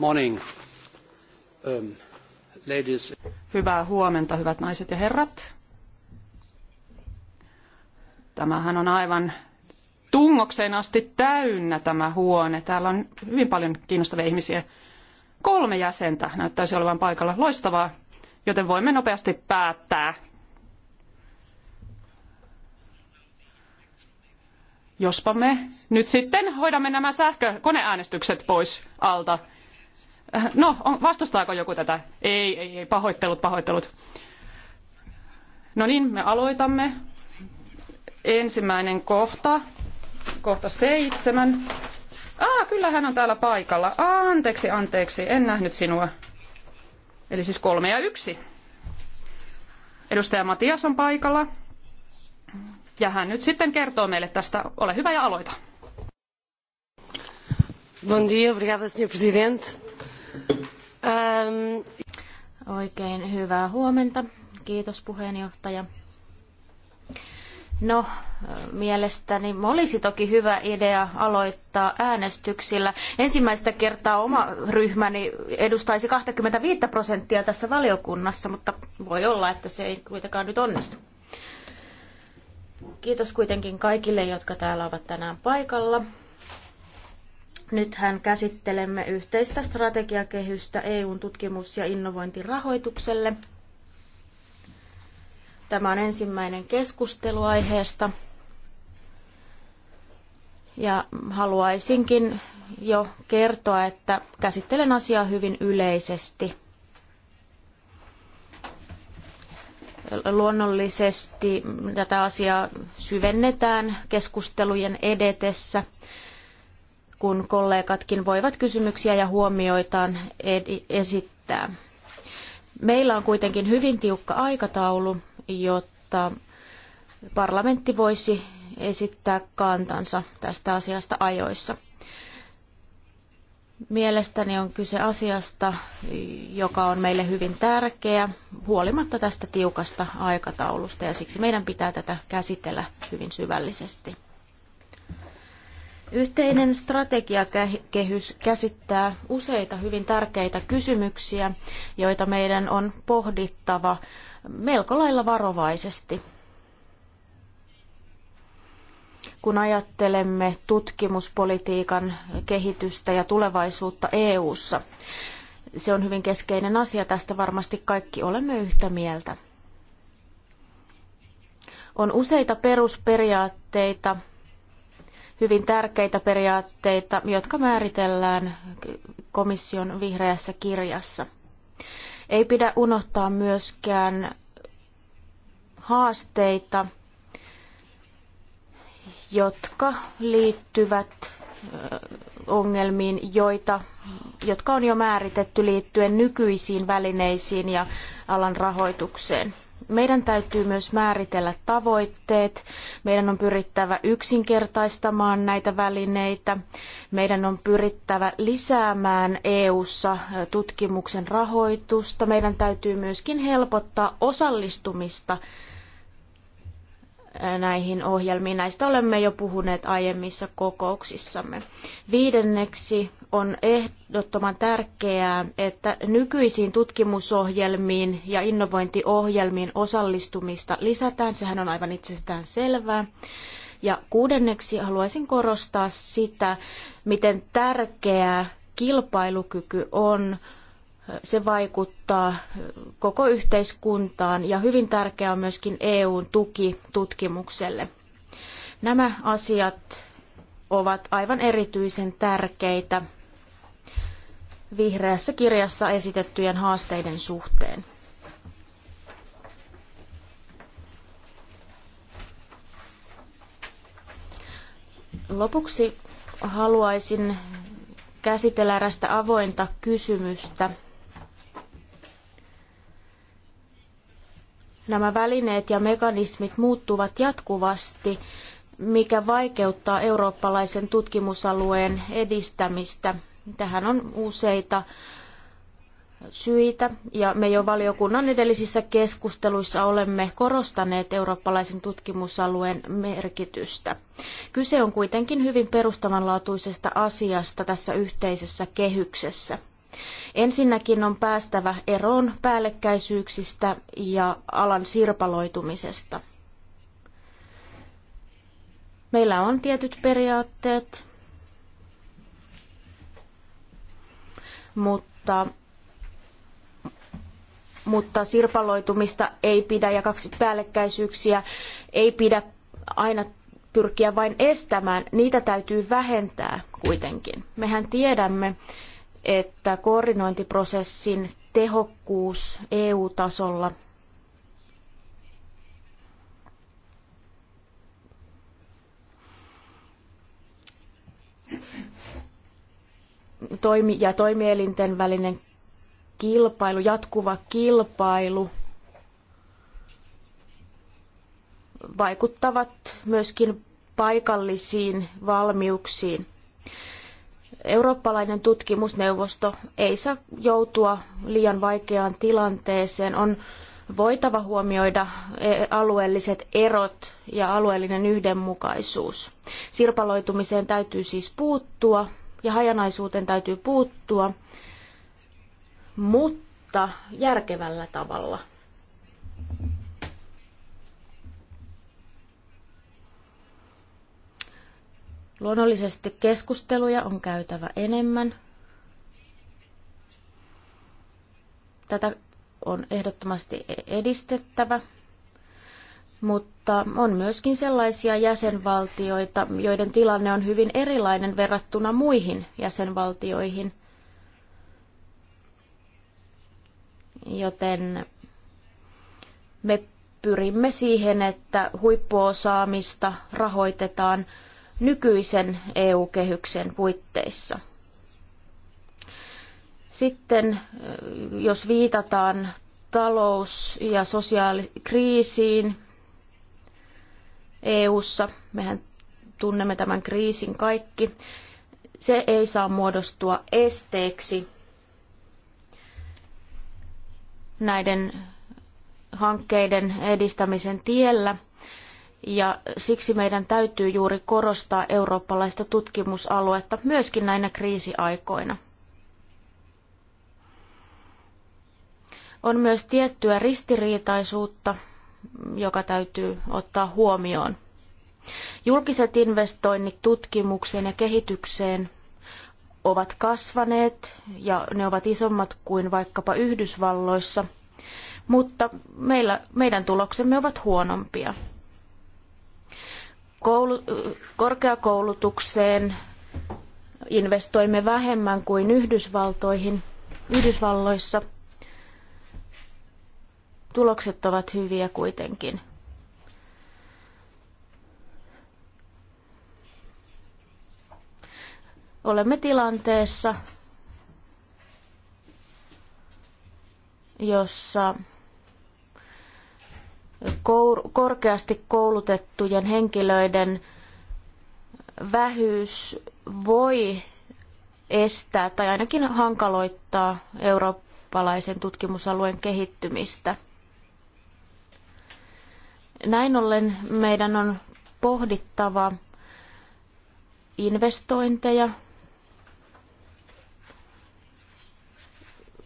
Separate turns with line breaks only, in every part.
Um,
Hyvää huomenta, hyvät naiset ja herrat. Tämähän on aivan tungokseen asti täynnä tämä huone. Täällä on hyvin paljon kiinnostavia ihmisiä. Kolme jäsentä näyttäisi olevan paikalla. Loistavaa, joten voimme nopeasti päättää. Jospa me nyt sitten hoidamme nämä sähkökoneäänestykset pois alta. Äh, no, on, vastustaako joku tätä? Ei, ei, ei, pahoittelut, pahoittelut. No niin, me aloitamme. Ensimmäinen kohta, kohta seitsemän. Ah, kyllä hän on täällä paikalla. Anteeksi, anteeksi, en nähnyt sinua. Eli siis kolme ja yksi. Edustaja Matias on paikalla. Ja hän nyt sitten kertoo meille tästä. Ole hyvä ja aloita.
Bom dia, obrigada, senhor presidente. Ähm. Oikein hyvää huomenta. Kiitos puheenjohtaja. No, mielestäni olisi toki hyvä idea aloittaa äänestyksillä. Ensimmäistä kertaa oma ryhmäni edustaisi 25 prosenttia tässä valiokunnassa, mutta voi olla, että se ei kuitenkaan nyt onnistu. Kiitos kuitenkin kaikille, jotka täällä ovat tänään paikalla. Nythän käsittelemme yhteistä strategiakehystä EUn tutkimus- ja innovointirahoitukselle. Tämä on ensimmäinen keskustelu aiheesta. Ja haluaisinkin jo kertoa, että käsittelen asiaa hyvin yleisesti. Luonnollisesti tätä asiaa syvennetään keskustelujen edetessä – kun kollegatkin voivat kysymyksiä ja huomioitaan esittää. Meillä on kuitenkin hyvin tiukka aikataulu, jotta parlamentti voisi esittää kantansa tästä asiasta ajoissa. Mielestäni on kyse asiasta, joka on meille hyvin tärkeä, huolimatta tästä tiukasta aikataulusta, ja siksi meidän pitää tätä käsitellä hyvin syvällisesti. Yhteinen strategiakehys käsittää useita hyvin tärkeitä kysymyksiä, joita meidän on pohdittava melko lailla varovaisesti. Kun ajattelemme tutkimuspolitiikan kehitystä ja tulevaisuutta EU:ssa, se on hyvin keskeinen asia, tästä varmasti kaikki olemme yhtä mieltä. On useita perusperiaatteita, hyvin tärkeitä periaatteita, jotka määritellään komission vihreässä kirjassa. Ei pidä unohtaa myöskään haasteita, jotka liittyvät ongelmiin, joita, jotka on jo määritetty liittyen nykyisiin välineisiin ja alan rahoitukseen. Meidän täytyy myös määritellä tavoitteet. Meidän on pyrittävä yksinkertaistamaan näitä välineitä. Meidän on pyrittävä lisäämään EU:ssa tutkimuksen rahoitusta. Meidän täytyy myöskin helpottaa osallistumista näihin ohjelmiin. Näistä olemme jo puhuneet aiemmissa kokouksissamme. Viidenneksi on ehdottoman tärkeää, että nykyisiin tutkimusohjelmiin ja innovointiohjelmiin osallistumista lisätään. Sehän on aivan itsestään selvää. Ja kuudenneksi haluaisin korostaa sitä, miten tärkeää kilpailukyky on se vaikuttaa koko yhteiskuntaan ja hyvin tärkeää on myöskin EUn tuki tutkimukselle. Nämä asiat ovat aivan erityisen tärkeitä vihreässä kirjassa esitettyjen haasteiden suhteen. Lopuksi haluaisin käsitellä erästä avointa kysymystä – nämä välineet ja mekanismit muuttuvat jatkuvasti, mikä vaikeuttaa eurooppalaisen tutkimusalueen edistämistä. Tähän on useita syitä ja me jo valiokunnan edellisissä keskusteluissa olemme korostaneet eurooppalaisen tutkimusalueen merkitystä. Kyse on kuitenkin hyvin perustavanlaatuisesta asiasta tässä yhteisessä kehyksessä. Ensinnäkin on päästävä eroon päällekkäisyyksistä ja alan sirpaloitumisesta. Meillä on tietyt periaatteet, mutta mutta sirpaloitumista ei pidä ja kaksi päällekkäisyyksiä ei pidä aina pyrkiä vain estämään, niitä täytyy vähentää kuitenkin. Mehän tiedämme, että koordinointiprosessin tehokkuus EU-tasolla toimi- ja toimielinten välinen kilpailu, jatkuva kilpailu vaikuttavat myöskin paikallisiin valmiuksiin eurooppalainen tutkimusneuvosto ei saa joutua liian vaikeaan tilanteeseen. On voitava huomioida e, alueelliset erot ja alueellinen yhdenmukaisuus. Sirpaloitumiseen täytyy siis puuttua ja hajanaisuuteen täytyy puuttua, mutta järkevällä tavalla. Luonnollisesti keskusteluja on käytävä enemmän. Tätä on ehdottomasti edistettävä, mutta on myöskin sellaisia jäsenvaltioita, joiden tilanne on hyvin erilainen verrattuna muihin jäsenvaltioihin. Joten me pyrimme siihen, että huippuosaamista rahoitetaan – nykyisen EU-kehyksen puitteissa. Sitten jos viitataan talous- ja sosiaalikriisiin EU:ssa, mehän tunnemme tämän kriisin kaikki, se ei saa muodostua esteeksi näiden hankkeiden edistämisen tiellä ja siksi meidän täytyy juuri korostaa eurooppalaista tutkimusaluetta myöskin näinä kriisiaikoina. On myös tiettyä ristiriitaisuutta, joka täytyy ottaa huomioon. Julkiset investoinnit tutkimukseen ja kehitykseen ovat kasvaneet ja ne ovat isommat kuin vaikkapa Yhdysvalloissa, mutta meillä, meidän tuloksemme ovat huonompia koulu- korkeakoulutukseen investoimme vähemmän kuin Yhdysvaltoihin. Yhdysvalloissa tulokset ovat hyviä kuitenkin. Olemme tilanteessa, jossa korkeasti koulutettujen henkilöiden vähyys voi estää tai ainakin hankaloittaa eurooppalaisen tutkimusalueen kehittymistä. Näin ollen meidän on pohdittava investointeja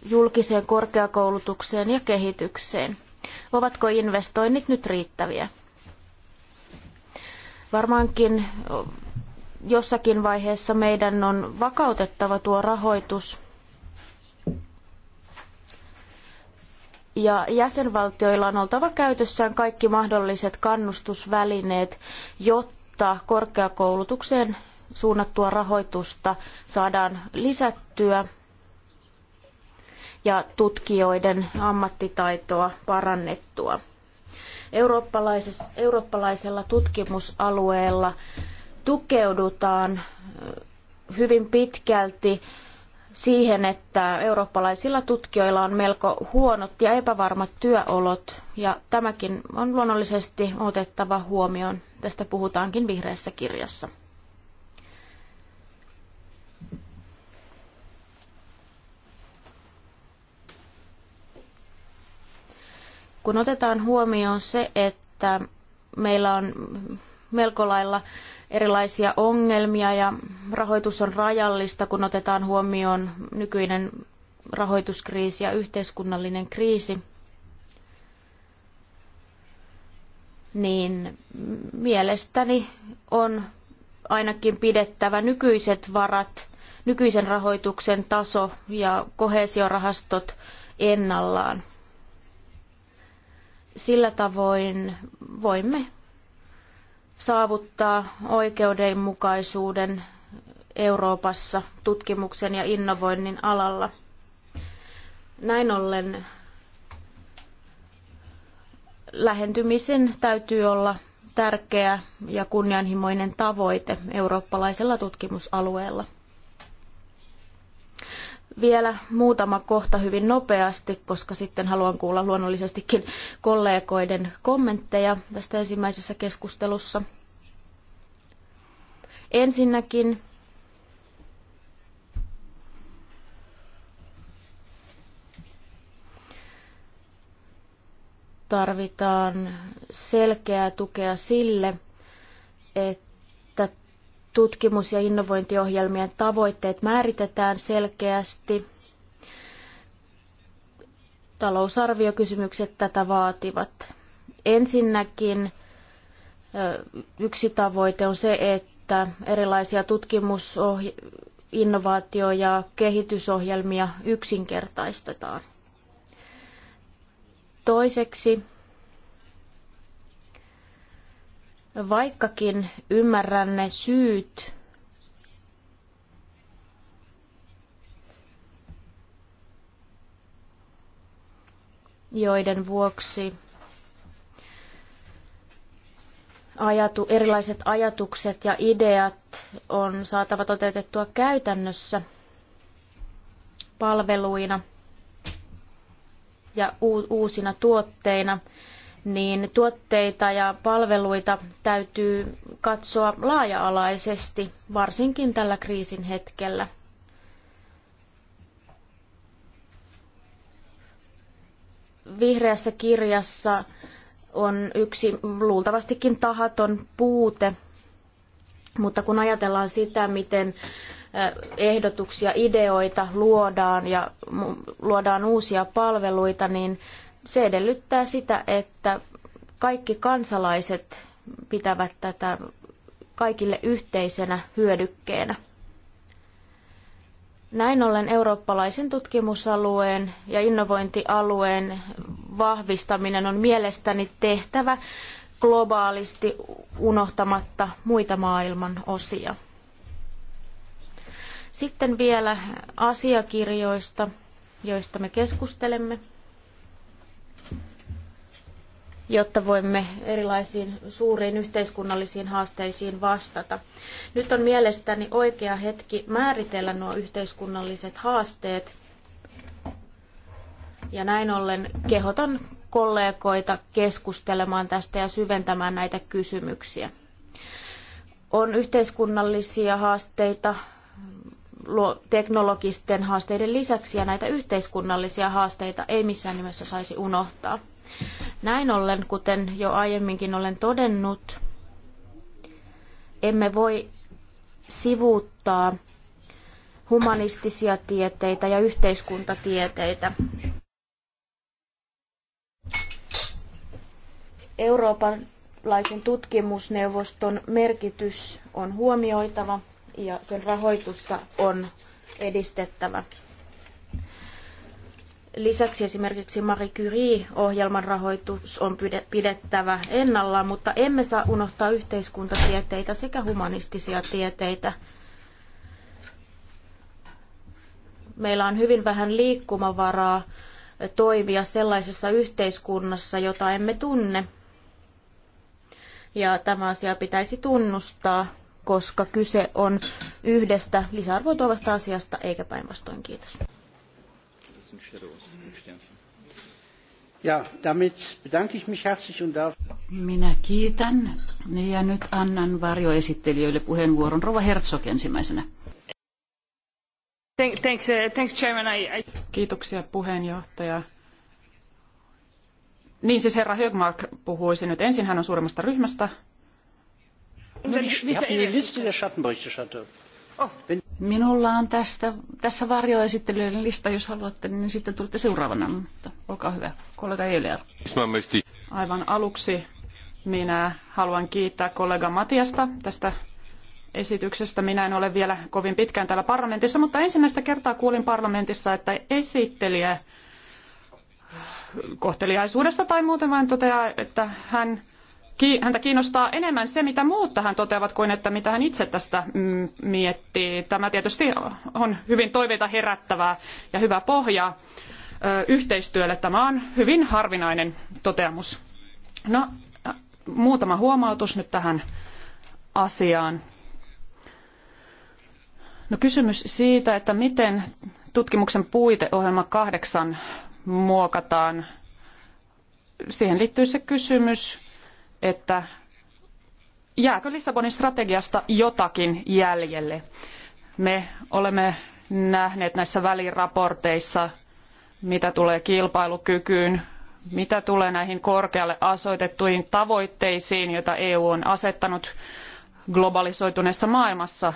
julkiseen korkeakoulutukseen ja kehitykseen – Ovatko investoinnit nyt riittäviä? Varmaankin jossakin vaiheessa meidän on vakautettava tuo rahoitus ja jäsenvaltioilla on oltava käytössään kaikki mahdolliset kannustusvälineet, jotta korkeakoulutukseen suunnattua rahoitusta saadaan lisättyä ja tutkijoiden ammattitaitoa parannettua. Eurooppalaisella tutkimusalueella tukeudutaan hyvin pitkälti siihen, että eurooppalaisilla tutkijoilla on melko huonot ja epävarmat työolot, ja tämäkin on luonnollisesti otettava huomioon. Tästä puhutaankin vihreässä kirjassa. kun otetaan huomioon se, että meillä on melko lailla erilaisia ongelmia ja rahoitus on rajallista, kun otetaan huomioon nykyinen rahoituskriisi ja yhteiskunnallinen kriisi, niin mielestäni on ainakin pidettävä nykyiset varat, nykyisen rahoituksen taso ja kohesiorahastot ennallaan. Sillä tavoin voimme saavuttaa oikeudenmukaisuuden Euroopassa tutkimuksen ja innovoinnin alalla. Näin ollen lähentymisen täytyy olla tärkeä ja kunnianhimoinen tavoite eurooppalaisella tutkimusalueella. Vielä muutama kohta hyvin nopeasti, koska sitten haluan kuulla luonnollisestikin kollegoiden kommentteja tästä ensimmäisessä keskustelussa. Ensinnäkin tarvitaan selkeää tukea sille, että tutkimus- ja innovointiohjelmien tavoitteet määritetään selkeästi. Talousarviokysymykset tätä vaativat. Ensinnäkin yksi tavoite on se, että erilaisia tutkimus-, innovaatio- ja kehitysohjelmia yksinkertaistetaan. Toiseksi Vaikkakin ymmärrän ne syyt, joiden vuoksi ajatu, erilaiset ajatukset ja ideat on saatava toteutettua käytännössä palveluina ja uusina tuotteina niin tuotteita ja palveluita täytyy katsoa laaja-alaisesti, varsinkin tällä kriisin hetkellä. Vihreässä kirjassa on yksi luultavastikin tahaton puute, mutta kun ajatellaan sitä, miten ehdotuksia, ideoita luodaan ja luodaan uusia palveluita, niin se edellyttää sitä, että kaikki kansalaiset pitävät tätä kaikille yhteisenä hyödykkeenä. Näin ollen eurooppalaisen tutkimusalueen ja innovointialueen vahvistaminen on mielestäni tehtävä globaalisti unohtamatta muita maailman osia. Sitten vielä asiakirjoista, joista me keskustelemme jotta voimme erilaisiin suuriin yhteiskunnallisiin haasteisiin vastata. Nyt on mielestäni oikea hetki määritellä nuo yhteiskunnalliset haasteet. Ja näin ollen kehotan kollegoita keskustelemaan tästä ja syventämään näitä kysymyksiä. On yhteiskunnallisia haasteita, teknologisten haasteiden lisäksi ja näitä yhteiskunnallisia haasteita ei missään nimessä saisi unohtaa. Näin ollen, kuten jo aiemminkin olen todennut, emme voi sivuuttaa humanistisia tieteitä ja yhteiskuntatieteitä. Euroopan tutkimusneuvoston merkitys on huomioitava ja sen rahoitusta on edistettävä. Lisäksi esimerkiksi Marie Curie-ohjelman rahoitus on pidettävä ennallaan, mutta emme saa unohtaa yhteiskuntatieteitä sekä humanistisia tieteitä. Meillä on hyvin vähän liikkumavaraa toimia sellaisessa yhteiskunnassa, jota emme tunne. Ja tämä asia pitäisi tunnustaa koska kyse on yhdestä lisäarvoa tuovasta asiasta, eikä päinvastoin. Kiitos.
Ja, damit bedanke ich mich herzlich und darf...
Minä kiitän ja nyt annan varjoesittelijöille puheenvuoron. Rova Herzog ensimmäisenä. Thanks, uh, thanks chairman. I, I... Kiitoksia puheenjohtaja. Niin siis herra Högmark puhuisi nyt. Ensin hän on suuremmasta ryhmästä
No niin,
niin,
oh. Minulla on tästä, tässä varjoesittelyiden lista, jos haluatte, niin sitten tulette seuraavana. Mutta olkaa hyvä, kollega Eiler. Siis Aivan aluksi minä haluan kiittää kollega Matiasta tästä esityksestä. Minä en ole vielä kovin pitkään täällä parlamentissa, mutta ensimmäistä kertaa kuulin parlamentissa, että esittelijä kohteliaisuudesta tai muuten vain toteaa, että hän häntä kiinnostaa enemmän se, mitä muut tähän toteavat, kuin että mitä hän itse tästä mm, miettii. Tämä tietysti on hyvin toiveita herättävää ja hyvä pohja yhteistyölle. Tämä on hyvin harvinainen toteamus. No, muutama huomautus nyt tähän asiaan. No kysymys siitä, että miten tutkimuksen puiteohjelma kahdeksan muokataan. Siihen liittyy se kysymys, että jääkö Lissabonin strategiasta jotakin jäljelle. Me olemme nähneet näissä väliraporteissa, mitä tulee kilpailukykyyn, mitä tulee näihin korkealle asoitettuihin tavoitteisiin, joita EU on asettanut globalisoituneessa maailmassa.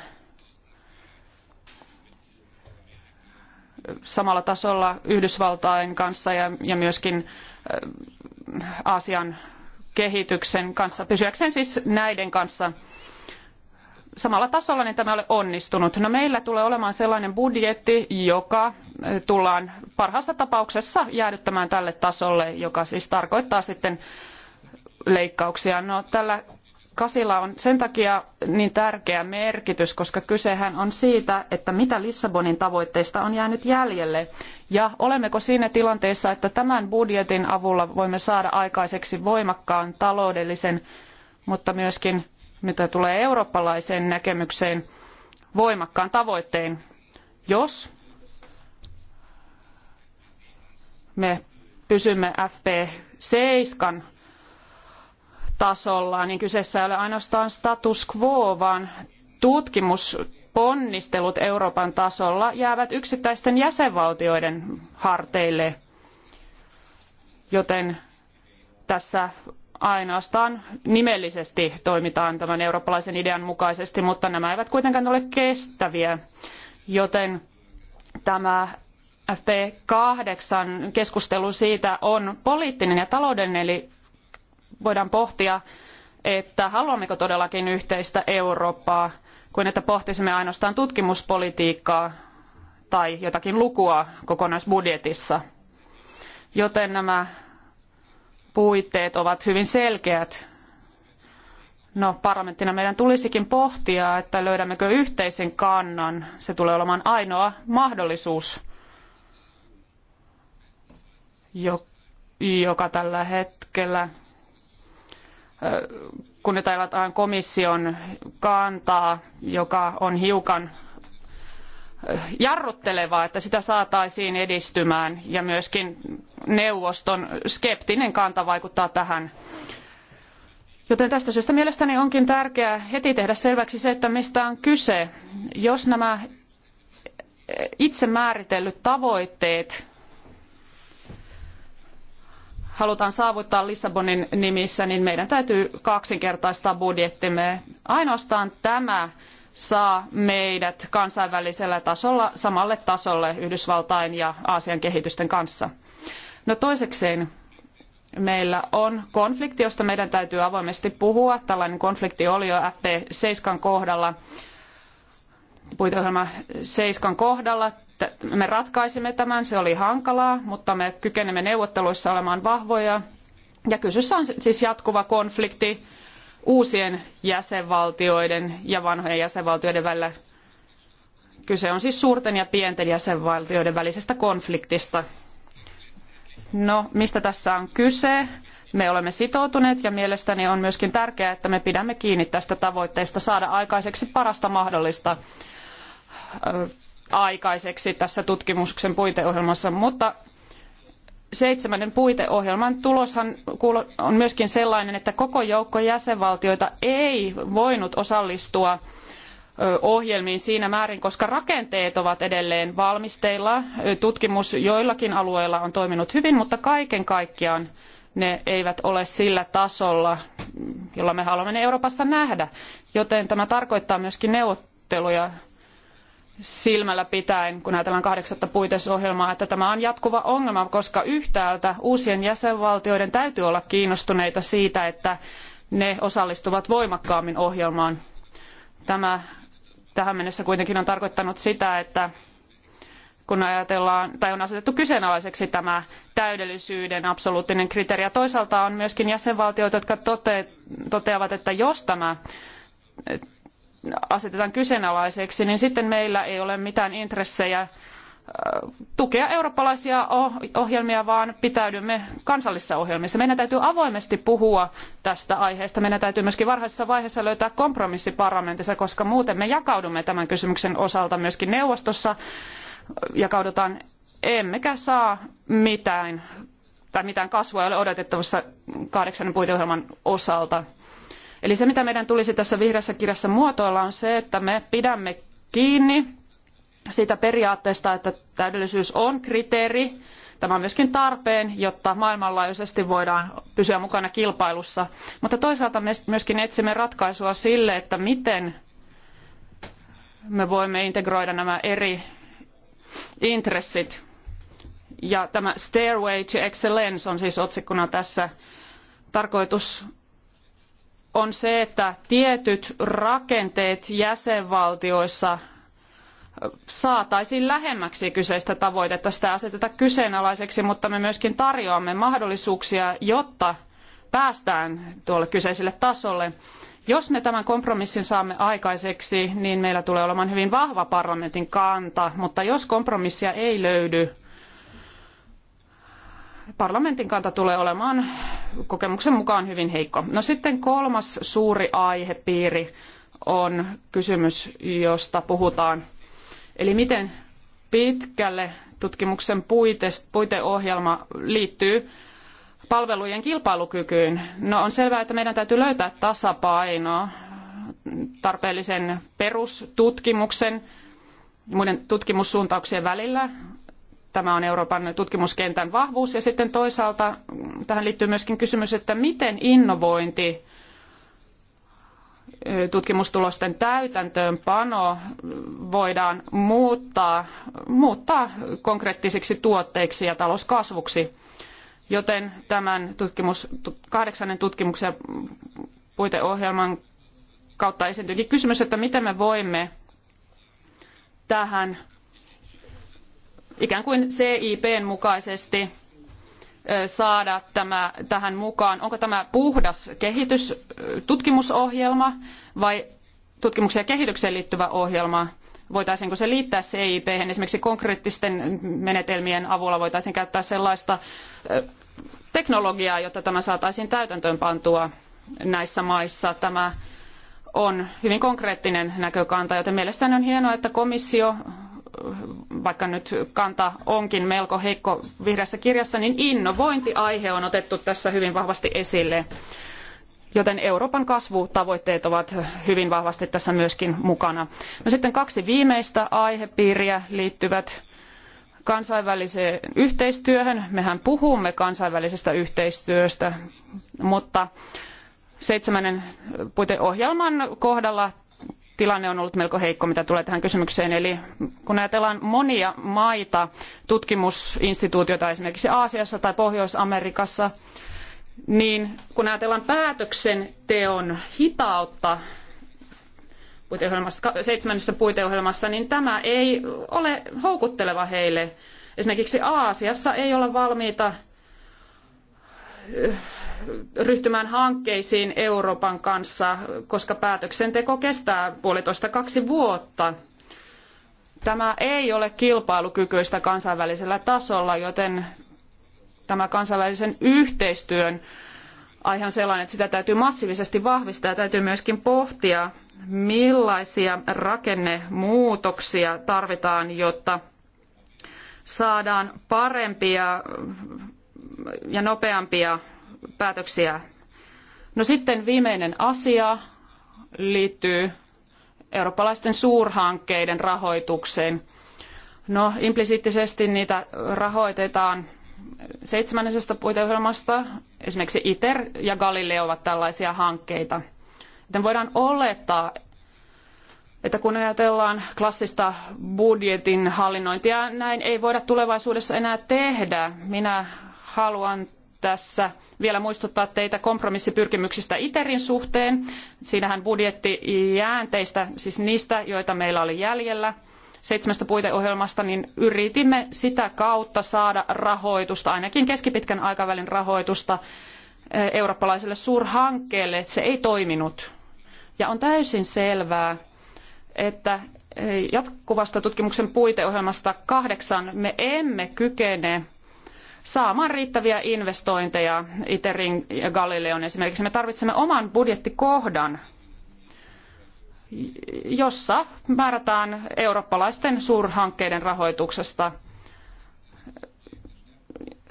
Samalla tasolla Yhdysvaltain kanssa ja, ja myöskin Aasian kehityksen kanssa, pysyäkseen siis näiden kanssa samalla tasolla, niin tämä ei ole onnistunut. No meillä tulee olemaan sellainen budjetti, joka tullaan parhaassa tapauksessa jäädyttämään tälle tasolle, joka siis tarkoittaa sitten leikkauksia. No tällä Kasilla on sen takia niin tärkeä merkitys, koska kysehän on siitä, että mitä Lissabonin tavoitteista on jäänyt jäljelle ja olemmeko siinä tilanteessa, että tämän budjetin avulla voimme saada aikaiseksi voimakkaan taloudellisen, mutta myöskin mitä tulee eurooppalaiseen näkemykseen, voimakkaan tavoitteen, jos me pysymme FP7 tasolla, niin kyseessä ei ole ainoastaan status quo, vaan tutkimusponnistelut Euroopan tasolla jäävät yksittäisten jäsenvaltioiden harteille. Joten tässä ainoastaan nimellisesti toimitaan tämän eurooppalaisen idean mukaisesti, mutta nämä eivät kuitenkaan ole kestäviä. Joten tämä FP8 keskustelu siitä on poliittinen ja taloudellinen, eli voidaan pohtia, että haluammeko todellakin yhteistä Eurooppaa, kuin että pohtisimme ainoastaan tutkimuspolitiikkaa tai jotakin lukua kokonaisbudjetissa. Joten nämä puitteet ovat hyvin selkeät. No, parlamenttina meidän tulisikin pohtia, että löydämmekö yhteisen kannan. Se tulee olemaan ainoa mahdollisuus, joka tällä hetkellä kun nyt ajatellaan komission kantaa, joka on hiukan jarruttelevaa, että sitä saataisiin edistymään ja myöskin neuvoston skeptinen kanta vaikuttaa tähän. Joten tästä syystä mielestäni onkin tärkeää heti tehdä selväksi se, että mistä on kyse. Jos nämä itse määritellyt tavoitteet halutaan saavuttaa Lissabonin nimissä, niin meidän täytyy kaksinkertaistaa budjettimme. Ainoastaan tämä saa meidät kansainvälisellä tasolla samalle tasolle Yhdysvaltain ja Aasian kehitysten kanssa. No toisekseen meillä on konflikti, josta meidän täytyy avoimesti puhua. Tällainen konflikti oli jo FP7 kohdalla, puiteohjelma 7 kohdalla me ratkaisimme tämän, se oli hankalaa, mutta me kykenemme neuvotteluissa olemaan vahvoja. Ja kysyssä on siis jatkuva konflikti uusien jäsenvaltioiden ja vanhojen jäsenvaltioiden välillä. Kyse on siis suurten ja pienten jäsenvaltioiden välisestä konfliktista. No, mistä tässä on kyse? Me olemme sitoutuneet ja mielestäni on myöskin tärkeää, että me pidämme kiinni tästä tavoitteesta saada aikaiseksi parasta mahdollista aikaiseksi tässä tutkimuksen puiteohjelmassa, mutta seitsemännen puiteohjelman tuloshan on myöskin sellainen, että koko joukko jäsenvaltioita ei voinut osallistua ohjelmiin siinä määrin, koska rakenteet ovat edelleen valmisteilla. Tutkimus joillakin alueilla on toiminut hyvin, mutta kaiken kaikkiaan ne eivät ole sillä tasolla, jolla me haluamme ne Euroopassa nähdä. Joten tämä tarkoittaa myöskin neuvotteluja silmällä pitäen, kun ajatellaan kahdeksatta puitesohjelmaa, että tämä on jatkuva ongelma, koska yhtäältä uusien jäsenvaltioiden täytyy olla kiinnostuneita siitä, että ne osallistuvat voimakkaammin ohjelmaan. Tämä tähän mennessä kuitenkin on tarkoittanut sitä, että kun ajatellaan, tai on asetettu kyseenalaiseksi tämä täydellisyyden absoluuttinen kriteeri. Ja toisaalta on myöskin jäsenvaltioita, jotka tote, toteavat, että jos tämä asetetaan kyseenalaiseksi, niin sitten meillä ei ole mitään intressejä tukea eurooppalaisia oh-, ohjelmia, vaan pitäydymme kansallisissa ohjelmissa. Meidän täytyy avoimesti puhua tästä aiheesta. Meidän täytyy myöskin varhaisessa vaiheessa löytää kompromissi parlamentissa, koska muuten me jakaudumme tämän kysymyksen osalta myöskin neuvostossa. Jakaudutaan, emmekä saa mitään, tai mitään kasvua ei ole odotettavissa kahdeksannen puiteohjelman osalta. Eli se, mitä meidän tulisi tässä vihreässä kirjassa muotoilla, on se, että me pidämme kiinni siitä periaatteesta, että täydellisyys on kriteeri. Tämä on myöskin tarpeen, jotta maailmanlaajuisesti voidaan pysyä mukana kilpailussa. Mutta toisaalta me myöskin etsimme ratkaisua sille, että miten me voimme integroida nämä eri intressit. Ja tämä Stairway to Excellence on siis otsikkona tässä tarkoitus on se, että tietyt rakenteet jäsenvaltioissa saataisiin lähemmäksi kyseistä tavoitetta. Sitä aseteta kyseenalaiseksi, mutta me myöskin tarjoamme mahdollisuuksia, jotta päästään tuolle kyseiselle tasolle. Jos me tämän kompromissin saamme aikaiseksi, niin meillä tulee olemaan hyvin vahva parlamentin kanta, mutta jos kompromissia ei löydy, parlamentin kanta tulee olemaan kokemuksen mukaan hyvin heikko. No sitten kolmas suuri aihepiiri on kysymys, josta puhutaan. Eli miten pitkälle tutkimuksen puite, puiteohjelma liittyy palvelujen kilpailukykyyn. No on selvää, että meidän täytyy löytää tasapaino tarpeellisen perustutkimuksen ja muiden tutkimussuuntauksien välillä tämä on Euroopan tutkimuskentän vahvuus. Ja sitten toisaalta tähän liittyy myöskin kysymys, että miten innovointi tutkimustulosten täytäntöönpano voidaan muuttaa, muuttaa konkreettisiksi tuotteiksi ja talouskasvuksi. Joten tämän tutkimus, kahdeksannen tutkimuksen puiteohjelman kautta esiintyykin kysymys, että miten me voimme tähän ikään kuin CIPn mukaisesti saada tämä, tähän mukaan? Onko tämä puhdas kehitys, tutkimusohjelma vai tutkimukseen ja kehitykseen liittyvä ohjelma? Voitaisiinko se liittää CIP? hen Esimerkiksi konkreettisten menetelmien avulla voitaisiin käyttää sellaista teknologiaa, jotta tämä saataisiin täytäntöön pantua näissä maissa. Tämä on hyvin konkreettinen näkökanta, joten mielestäni on hienoa, että komissio vaikka nyt kanta onkin melko heikko vihreässä kirjassa, niin innovointiaihe on otettu tässä hyvin vahvasti esille. Joten Euroopan kasvutavoitteet ovat hyvin vahvasti tässä myöskin mukana. No sitten kaksi viimeistä aihepiiriä liittyvät kansainväliseen yhteistyöhön. Mehän puhumme kansainvälisestä yhteistyöstä, mutta seitsemännen puiteohjelman kohdalla tilanne on ollut melko heikko, mitä tulee tähän kysymykseen. Eli kun ajatellaan monia maita, tutkimusinstituutioita esimerkiksi Aasiassa tai Pohjois-Amerikassa, niin kun ajatellaan päätöksenteon hitautta puiteohjelmassa, seitsemännessä puiteohjelmassa, niin tämä ei ole houkutteleva heille. Esimerkiksi Aasiassa ei olla valmiita ryhtymään hankkeisiin Euroopan kanssa, koska päätöksenteko kestää puolitoista kaksi vuotta. Tämä ei ole kilpailukykyistä kansainvälisellä tasolla, joten tämä kansainvälisen yhteistyön aihe on sellainen, että sitä täytyy massiivisesti vahvistaa ja täytyy myöskin pohtia, millaisia rakennemuutoksia tarvitaan, jotta saadaan parempia ja nopeampia päätöksiä. No sitten viimeinen asia liittyy eurooppalaisten suurhankkeiden rahoitukseen. No implisiittisesti niitä rahoitetaan seitsemännesestä puiteohjelmasta. Esimerkiksi ITER ja Galileo ovat tällaisia hankkeita. Joten voidaan olettaa, että kun ajatellaan klassista budjetin hallinnointia, näin ei voida tulevaisuudessa enää tehdä. Minä haluan tässä vielä muistuttaa teitä kompromissipyrkimyksistä ITERin suhteen. Siinähän budjettijäänteistä, siis niistä, joita meillä oli jäljellä, seitsemästä puiteohjelmasta, niin yritimme sitä kautta saada rahoitusta, ainakin keskipitkän aikavälin rahoitusta eh, eurooppalaiselle suurhankkeelle, että se ei toiminut. Ja on täysin selvää, että eh, jatkuvasta tutkimuksen puiteohjelmasta kahdeksan me emme kykene saamaan riittäviä investointeja ITERin ja Galileon esimerkiksi. Me tarvitsemme oman budjettikohdan, jossa määrätään eurooppalaisten suurhankkeiden rahoituksesta.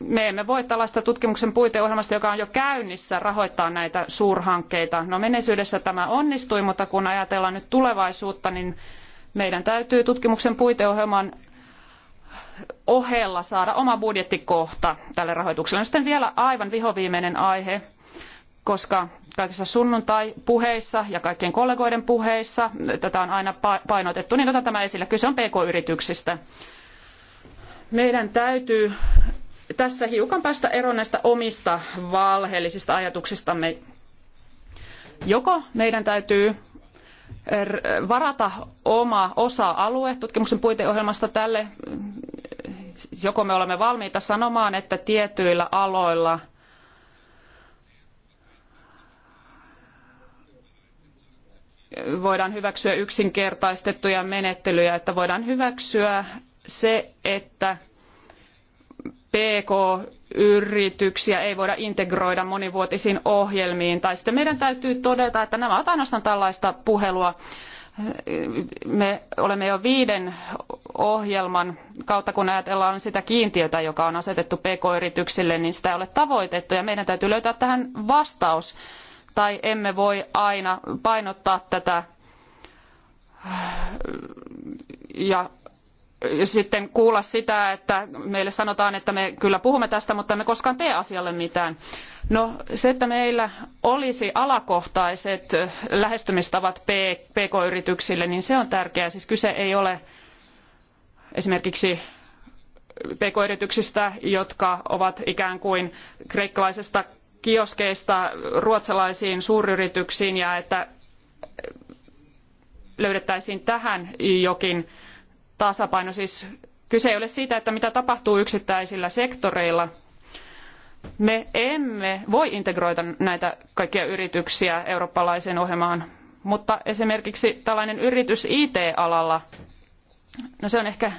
Me emme voi tällaista tutkimuksen puiteohjelmasta, joka on jo käynnissä, rahoittaa näitä suurhankkeita. No menneisyydessä tämä onnistui, mutta kun ajatellaan nyt tulevaisuutta, niin meidän täytyy tutkimuksen puiteohjelman ohella saada oma budjettikohta tälle rahoitukselle. No sitten vielä aivan vihoviimeinen aihe, koska kaikissa sunnuntai-puheissa ja kaikkien kollegoiden puheissa tätä on aina painotettu, niin otan tämä esille. Kyse on pk-yrityksistä. Meidän täytyy tässä hiukan päästä eroon näistä omista valheellisista ajatuksistamme. Joko meidän täytyy varata oma osa-alue tutkimuksen puiteohjelmasta tälle joko me olemme valmiita sanomaan, että tietyillä aloilla voidaan hyväksyä yksinkertaistettuja menettelyjä, että voidaan hyväksyä se, että PK-yrityksiä ei voida integroida monivuotisiin ohjelmiin. Tai sitten meidän täytyy todeta, että nämä ovat ainoastaan tällaista puhelua me olemme jo viiden ohjelman kautta, kun ajatellaan sitä kiintiötä, joka on asetettu pk-yrityksille, niin sitä ei ole tavoitettu ja meidän täytyy löytää tähän vastaus. Tai emme voi aina painottaa tätä ja sitten kuulla sitä, että meille sanotaan, että me kyllä puhumme tästä, mutta emme koskaan tee asialle mitään. No se, että meillä olisi alakohtaiset lähestymistavat PK-yrityksille, niin se on tärkeää. Siis kyse ei ole esimerkiksi PK-yrityksistä, jotka ovat ikään kuin kreikkalaisesta kioskeista ruotsalaisiin suuryrityksiin ja että löydettäisiin tähän jokin tasapaino. Siis kyse ei ole siitä, että mitä tapahtuu yksittäisillä sektoreilla. Me emme voi integroida näitä kaikkia yrityksiä eurooppalaiseen ohjelmaan, mutta esimerkiksi tällainen yritys IT-alalla, no se on ehkä eh,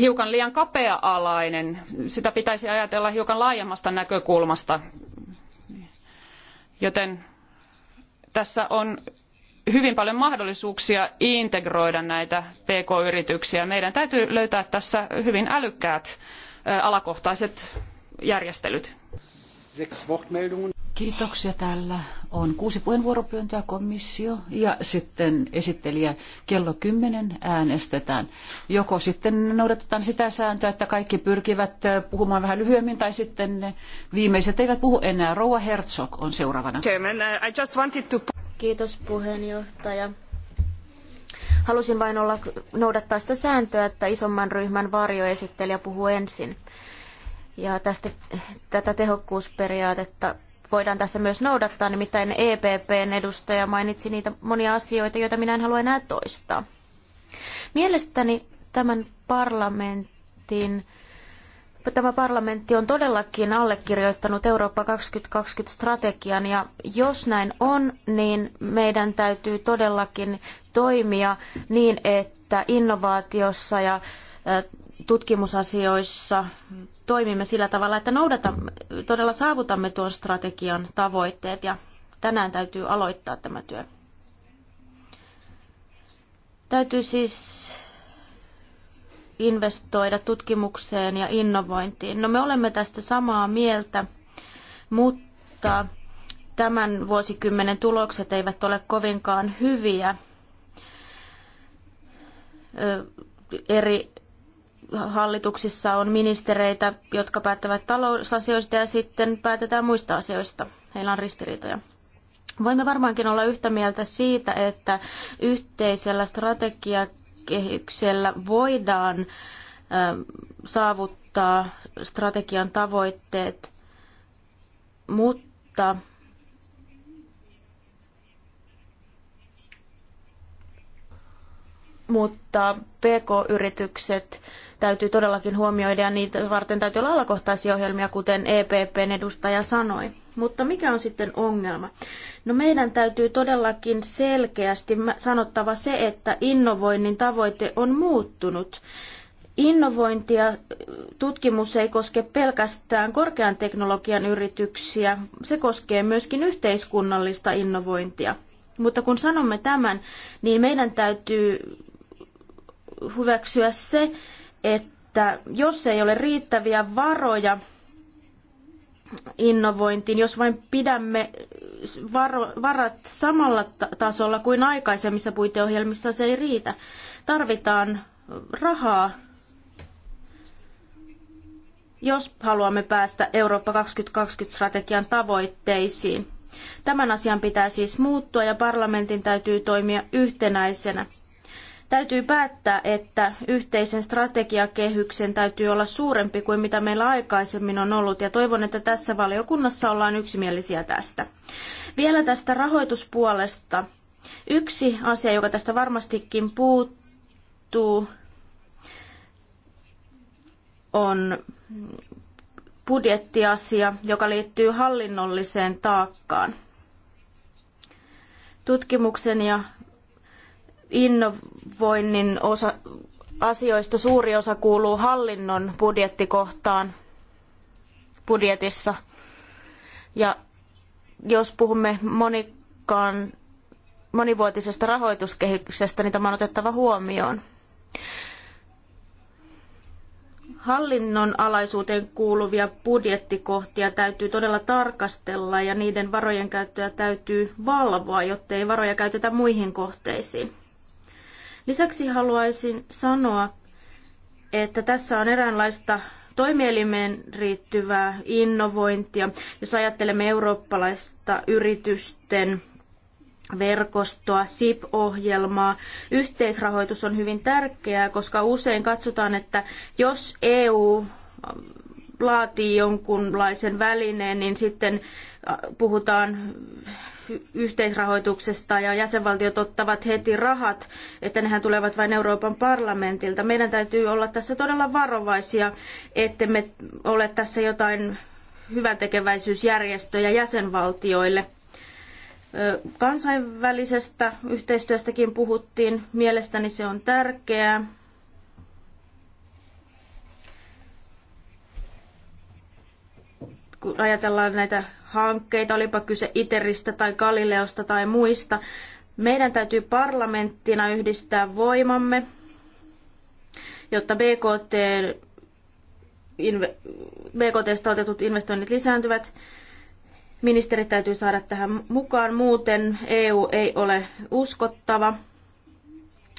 hiukan liian kapea-alainen. Sitä pitäisi ajatella hiukan laajemmasta näkökulmasta. Joten tässä on hyvin paljon mahdollisuuksia integroida näitä PK-yrityksiä. Meidän täytyy löytää tässä hyvin älykkäät alakohtaiset
järjestelyt.
Kiitoksia. Täällä on kuusi puheenvuoropyyntöä komissio ja sitten esittelijä kello kymmenen äänestetään. Joko sitten noudatetaan sitä sääntöä, että kaikki pyrkivät puhumaan vähän lyhyemmin tai sitten ne viimeiset eivät puhu enää. Rouva Herzog on seuraavana. Chairman,
I just wanted to... Kiitos puheenjohtaja. Halusin vain olla, noudattaa sitä sääntöä, että isomman ryhmän varjoesittelijä puhuu ensin. Ja tästä, tätä tehokkuusperiaatetta voidaan tässä myös noudattaa, nimittäin EPPn edustaja mainitsi niitä monia asioita, joita minä en halua enää toistaa. Mielestäni tämän parlamentin tämä parlamentti on todellakin allekirjoittanut Eurooppa 2020 strategian ja jos näin on, niin meidän täytyy todellakin toimia niin, että innovaatiossa ja tutkimusasioissa toimimme sillä tavalla, että noudatamme, todella saavutamme tuon strategian tavoitteet ja tänään täytyy aloittaa tämä työ. Täytyy siis investoida tutkimukseen ja innovointiin. No me olemme tästä samaa mieltä, mutta tämän vuosikymmenen tulokset eivät ole kovinkaan hyviä. Eri hallituksissa on ministereitä, jotka päättävät talousasioista ja sitten päätetään muista asioista. Heillä on ristiriitoja. Voimme varmaankin olla yhtä mieltä siitä, että yhteisellä strategia kehyksellä voidaan saavuttaa strategian tavoitteet, mutta mutta PK-yritykset täytyy todellakin huomioida ja niitä varten täytyy olla alakohtaisia ohjelmia, kuten EPPn edustaja sanoi. Mutta mikä on sitten ongelma? No meidän täytyy todellakin selkeästi sanottava se, että innovoinnin tavoite on muuttunut. Innovointi ja tutkimus ei koske pelkästään korkean teknologian yrityksiä, se koskee myöskin yhteiskunnallista innovointia. Mutta kun sanomme tämän, niin meidän täytyy hyväksyä se, että jos ei ole riittäviä varoja innovointiin, jos vain pidämme varat samalla tasolla kuin aikaisemmissa puiteohjelmissa, se ei riitä. Tarvitaan rahaa, jos haluamme päästä Eurooppa 2020-strategian tavoitteisiin. Tämän asian pitää siis muuttua ja parlamentin täytyy toimia yhtenäisenä. Täytyy päättää, että yhteisen strategiakehyksen täytyy olla suurempi kuin mitä meillä aikaisemmin on ollut, ja toivon, että tässä valiokunnassa ollaan yksimielisiä tästä. Vielä tästä rahoituspuolesta. Yksi asia, joka tästä varmastikin puuttuu, on budjettiasia, joka liittyy hallinnolliseen taakkaan. Tutkimuksen ja innovoinnin osa, asioista suuri osa kuuluu hallinnon budjettikohtaan budjetissa. Ja jos puhumme monikaan, monivuotisesta rahoituskehyksestä, niin tämä on otettava huomioon. Hallinnon alaisuuteen kuuluvia budjettikohtia täytyy todella tarkastella ja niiden varojen käyttöä täytyy valvoa, jottei varoja käytetä muihin kohteisiin. Lisäksi haluaisin sanoa, että tässä on eräänlaista toimielimeen riittyvää innovointia. Jos ajattelemme eurooppalaista yritysten verkostoa, SIP-ohjelmaa. Yhteisrahoitus on hyvin tärkeää, koska usein katsotaan, että jos EU laatii jonkunlaisen välineen, niin sitten äh, puhutaan yhteisrahoituksesta ja jäsenvaltiot ottavat heti rahat, että nehän tulevat vain Euroopan parlamentilta. Meidän täytyy olla tässä todella varovaisia, ettemme ole tässä jotain hyväntekeväisyysjärjestöjä jäsenvaltioille. Kansainvälisestä yhteistyöstäkin puhuttiin. Mielestäni se on tärkeää. Kun ajatellaan näitä hankkeita, olipa kyse ITERistä tai Galileosta tai muista. Meidän täytyy parlamenttina yhdistää voimamme, jotta BKT, inve, BKTstä otetut investoinnit lisääntyvät. Ministerit täytyy saada tähän mukaan, muuten EU ei ole uskottava.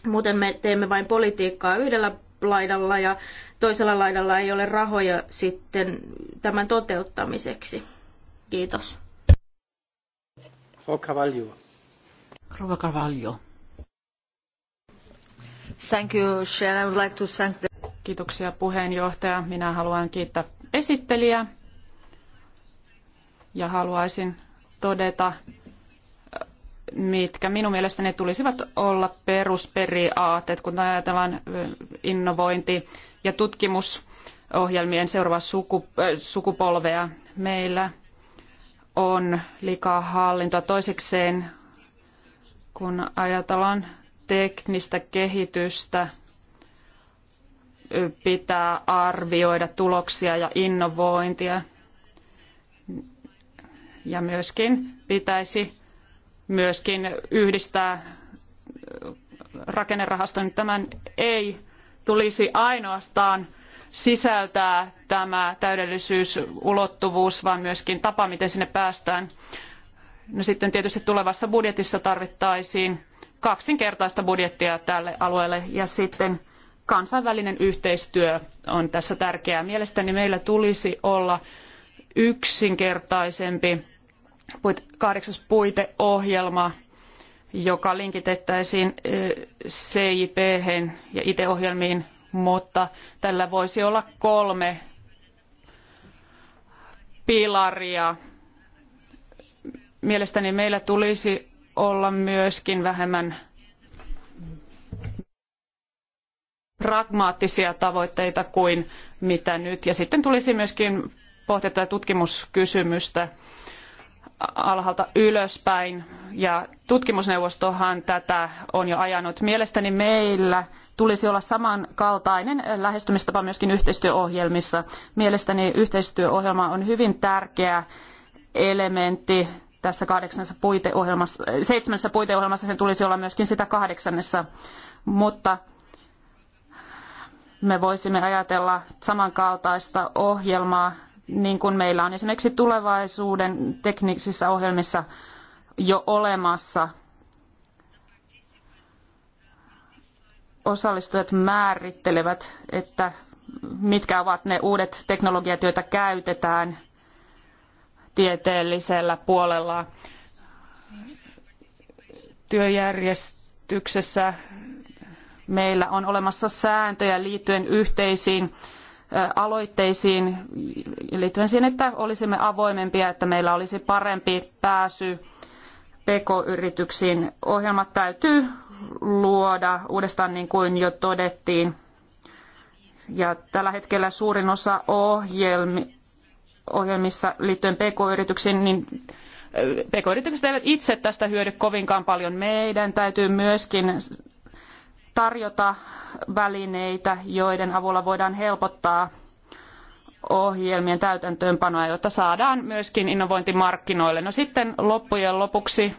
Muuten me teemme vain politiikkaa yhdellä laidalla ja toisella laidalla ei ole rahoja sitten tämän toteuttamiseksi. Kiitos.
Frau Cavallo.
Rova Carvalho. Thank you, Sharon. I would
like to thank the... Kiitoksia puheenjohtaja. Minä haluan kiittää esittelijää ja haluaisin todeta, mitkä minun mielestäni tulisivat olla perusperiaatteet, kun ajatellaan innovointi- ja tutkimusohjelmien seuraavaa sukupolvea. Meillä on liikaa hallintoa. Toisekseen, kun ajatellaan teknistä kehitystä, pitää arvioida tuloksia ja innovointia. Ja myöskin pitäisi myöskin yhdistää rakennerahaston. Tämän ei tulisi ainoastaan sisältää tämä täydellisyysulottuvuus, vaan myöskin tapa, miten sinne päästään. No sitten tietysti tulevassa budjetissa tarvittaisiin kaksinkertaista budjettia tälle alueelle ja sitten kansainvälinen yhteistyö on tässä tärkeää. Mielestäni meillä tulisi olla yksinkertaisempi kahdeksas puiteohjelma, joka linkitettäisiin CIP hen ja IT-ohjelmiin mutta tällä voisi olla kolme pilaria. Mielestäni meillä tulisi olla myöskin vähemmän pragmaattisia tavoitteita kuin mitä nyt. Ja sitten tulisi myöskin pohtia tätä tutkimuskysymystä alhaalta ylöspäin. Ja tutkimusneuvostohan tätä on jo ajanut. Mielestäni meillä tulisi olla samankaltainen lähestymistapa myöskin yhteistyöohjelmissa. Mielestäni yhteistyöohjelma on hyvin tärkeä elementti tässä kahdeksannessa puiteohjelmassa, seitsemännessä puiteohjelmassa sen tulisi olla myöskin sitä kahdeksannessa, mutta me voisimme ajatella samankaltaista ohjelmaa, niin kuin meillä on esimerkiksi tulevaisuuden teknisissä ohjelmissa jo olemassa – osallistujat määrittelevät, että mitkä ovat ne uudet teknologiat, joita käytetään tieteellisellä puolella työjärjestyksessä. Meillä on olemassa sääntöjä liittyen yhteisiin aloitteisiin liittyen siihen, että olisimme avoimempia, että meillä olisi parempi pääsy PK-yrityksiin. Ohjelmat täytyy luoda uudestaan niin kuin jo todettiin. Ja tällä hetkellä suurin osa ohjelmi, ohjelmissa liittyen pk-yrityksiin, niin eh, pk-yritykset eivät itse tästä hyödy kovinkaan paljon. Meidän täytyy myöskin tarjota välineitä, joiden avulla voidaan helpottaa ohjelmien täytäntöönpanoa, jotta saadaan myöskin innovointimarkkinoille. No sitten loppujen lopuksi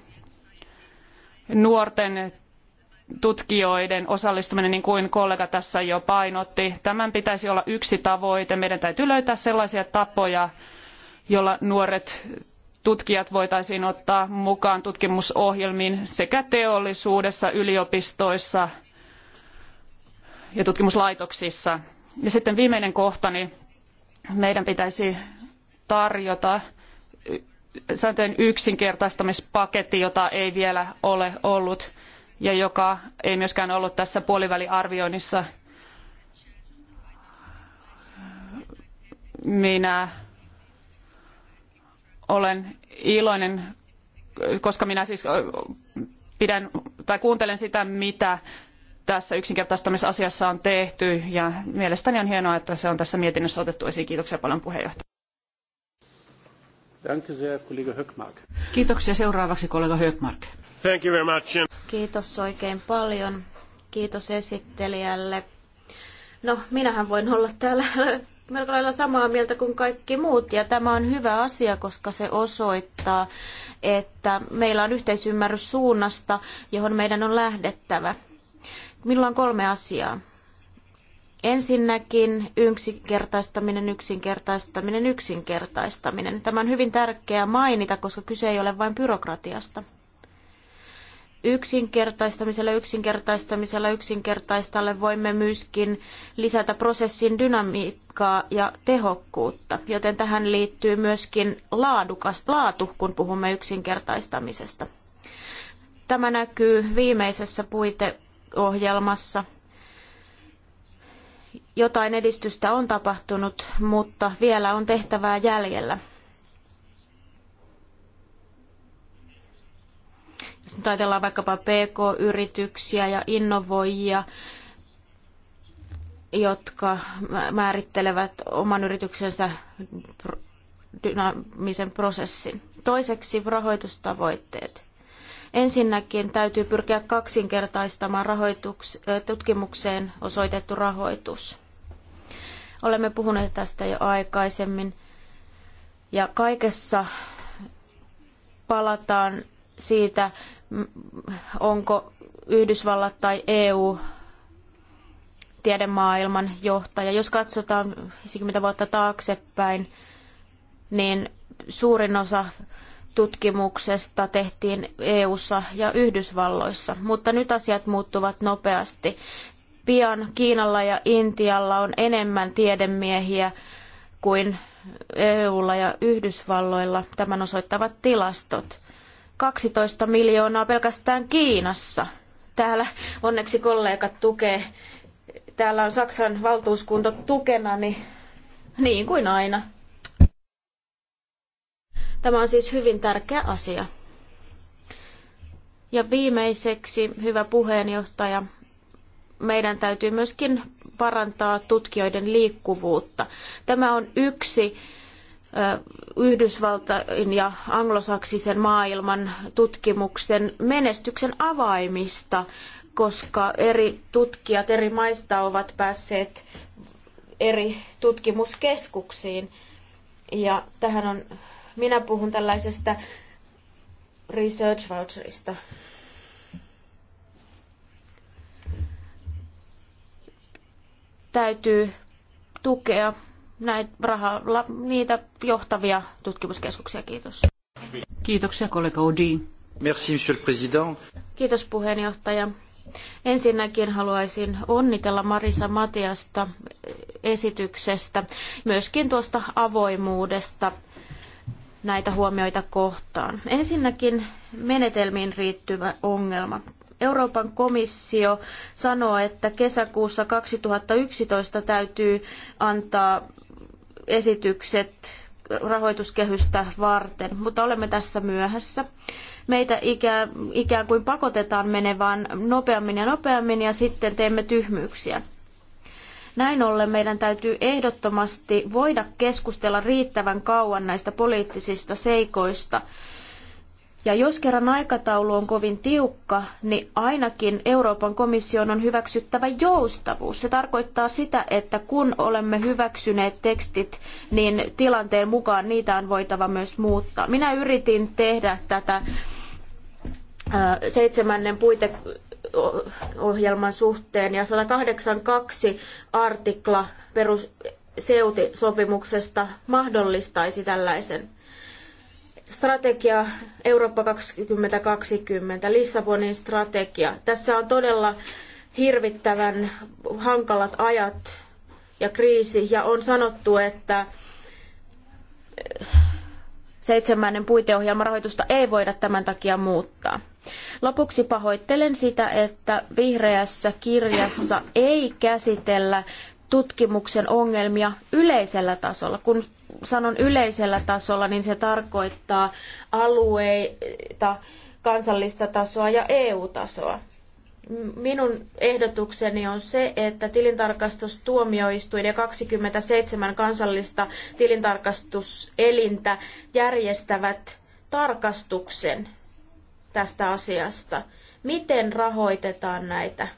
nuorten tutkijoiden osallistuminen, niin kuin kollega tässä jo painotti. Tämän pitäisi olla yksi tavoite. Meidän täytyy löytää sellaisia tapoja, joilla nuoret tutkijat voitaisiin ottaa mukaan tutkimusohjelmiin sekä teollisuudessa, yliopistoissa ja tutkimuslaitoksissa. Ja sitten viimeinen kohta, niin meidän pitäisi tarjota sääntöjen yksinkertaistamispaketti, jota ei vielä ole ollut – ja joka ei myöskään ollut tässä puoliväliarvioinnissa. Minä olen iloinen, koska minä siis pidän tai kuuntelen sitä, mitä tässä yksinkertaistamisasiassa on tehty ja mielestäni on hienoa, että se on tässä mietinnössä otettu esiin. Kiitoksia paljon puheenjohtaja.
Danke sehr, Höckmark.
Kiitoksia seuraavaksi kollega Höckmark.
Thank you very much.
Kiitos oikein paljon. Kiitos esittelijälle. No, minähän voin olla täällä melko lailla samaa mieltä kuin kaikki muut, ja tämä on hyvä asia, koska se osoittaa, että meillä on yhteisymmärrys suunnasta, johon meidän on lähdettävä. Minulla on kolme asiaa. Ensinnäkin yksinkertaistaminen, yksinkertaistaminen, yksinkertaistaminen. Tämä on hyvin tärkeää mainita, koska kyse ei ole vain byrokratiasta. Yksinkertaistamisella, yksinkertaistamisella, yksinkertaistalle voimme myöskin lisätä prosessin dynamiikkaa ja tehokkuutta, joten tähän liittyy myöskin laadukas, laatu, kun puhumme yksinkertaistamisesta. Tämä näkyy viimeisessä puiteohjelmassa – jotain edistystä on tapahtunut, mutta vielä on tehtävää jäljellä. Jos nyt ajatellaan vaikkapa PK-yrityksiä ja innovoijia, jotka määrittelevät oman yrityksensä dynaamisen prosessin. Toiseksi rahoitustavoitteet. Ensinnäkin täytyy pyrkiä kaksinkertaistamaan rahoituks- tutkimukseen osoitettu rahoitus. Olemme puhuneet tästä jo aikaisemmin. Ja kaikessa palataan siitä, onko Yhdysvallat tai EU tiedemaailman johtaja. Jos katsotaan 50 vuotta taaksepäin, niin suurin osa tutkimuksesta tehtiin EU:ssa ja Yhdysvalloissa, mutta nyt asiat muuttuvat nopeasti. Pian Kiinalla ja Intialla on enemmän tiedemiehiä kuin EUlla ja Yhdysvalloilla. Tämän osoittavat tilastot. 12 miljoonaa pelkästään Kiinassa. Täällä onneksi kollegat tukee. Täällä on Saksan valtuuskunta tukena, niin, niin kuin aina. Tämä on siis hyvin tärkeä asia. Ja viimeiseksi, hyvä puheenjohtaja, meidän täytyy myöskin parantaa tutkijoiden liikkuvuutta. Tämä on yksi Yhdysvaltain ja anglosaksisen maailman tutkimuksen menestyksen avaimista, koska eri tutkijat eri maista ovat päässeet eri tutkimuskeskuksiin. Ja tähän on minä puhun tällaisesta research voucherista. Täytyy tukea näitä rahalla niitä johtavia tutkimuskeskuksia. Kiitos. Kiitoksia kollega Odi.
Merci, monsieur le président.
Kiitos puheenjohtaja. Ensinnäkin haluaisin onnitella Marisa Matiasta esityksestä, myöskin tuosta avoimuudesta näitä huomioita kohtaan. Ensinnäkin menetelmiin riittyvä ongelma. Euroopan komissio sanoo, että kesäkuussa 2011 täytyy antaa esitykset rahoituskehystä varten, mutta olemme tässä myöhässä. Meitä ikään, kuin pakotetaan menevään nopeammin ja nopeammin ja sitten teemme tyhmyyksiä. Näin ollen meidän täytyy ehdottomasti voida keskustella riittävän kauan näistä poliittisista seikoista. Ja jos kerran aikataulu on kovin tiukka, niin ainakin Euroopan komission on hyväksyttävä joustavuus. Se tarkoittaa sitä, että kun olemme hyväksyneet tekstit, niin tilanteen mukaan niitä on voitava myös muuttaa. Minä yritin tehdä tätä seitsemännen puite ohjelman suhteen ja 182 artikla perus sopimuksesta mahdollistaisi tällaisen strategia Eurooppa 2020, Lissabonin strategia. Tässä on todella hirvittävän hankalat ajat ja kriisi ja on sanottu, että seitsemännen puiteohjelman rahoitusta ei voida tämän takia muuttaa. Lopuksi pahoittelen sitä, että vihreässä kirjassa ei käsitellä tutkimuksen ongelmia yleisellä tasolla. Kun sanon yleisellä tasolla, niin se tarkoittaa alueita, kansallista tasoa ja EU-tasoa. Minun ehdotukseni on se, että tilintarkastustuomioistuin ja 27 kansallista tilintarkastuselintä järjestävät tarkastuksen tästä asiasta. Miten rahoitetaan näitä?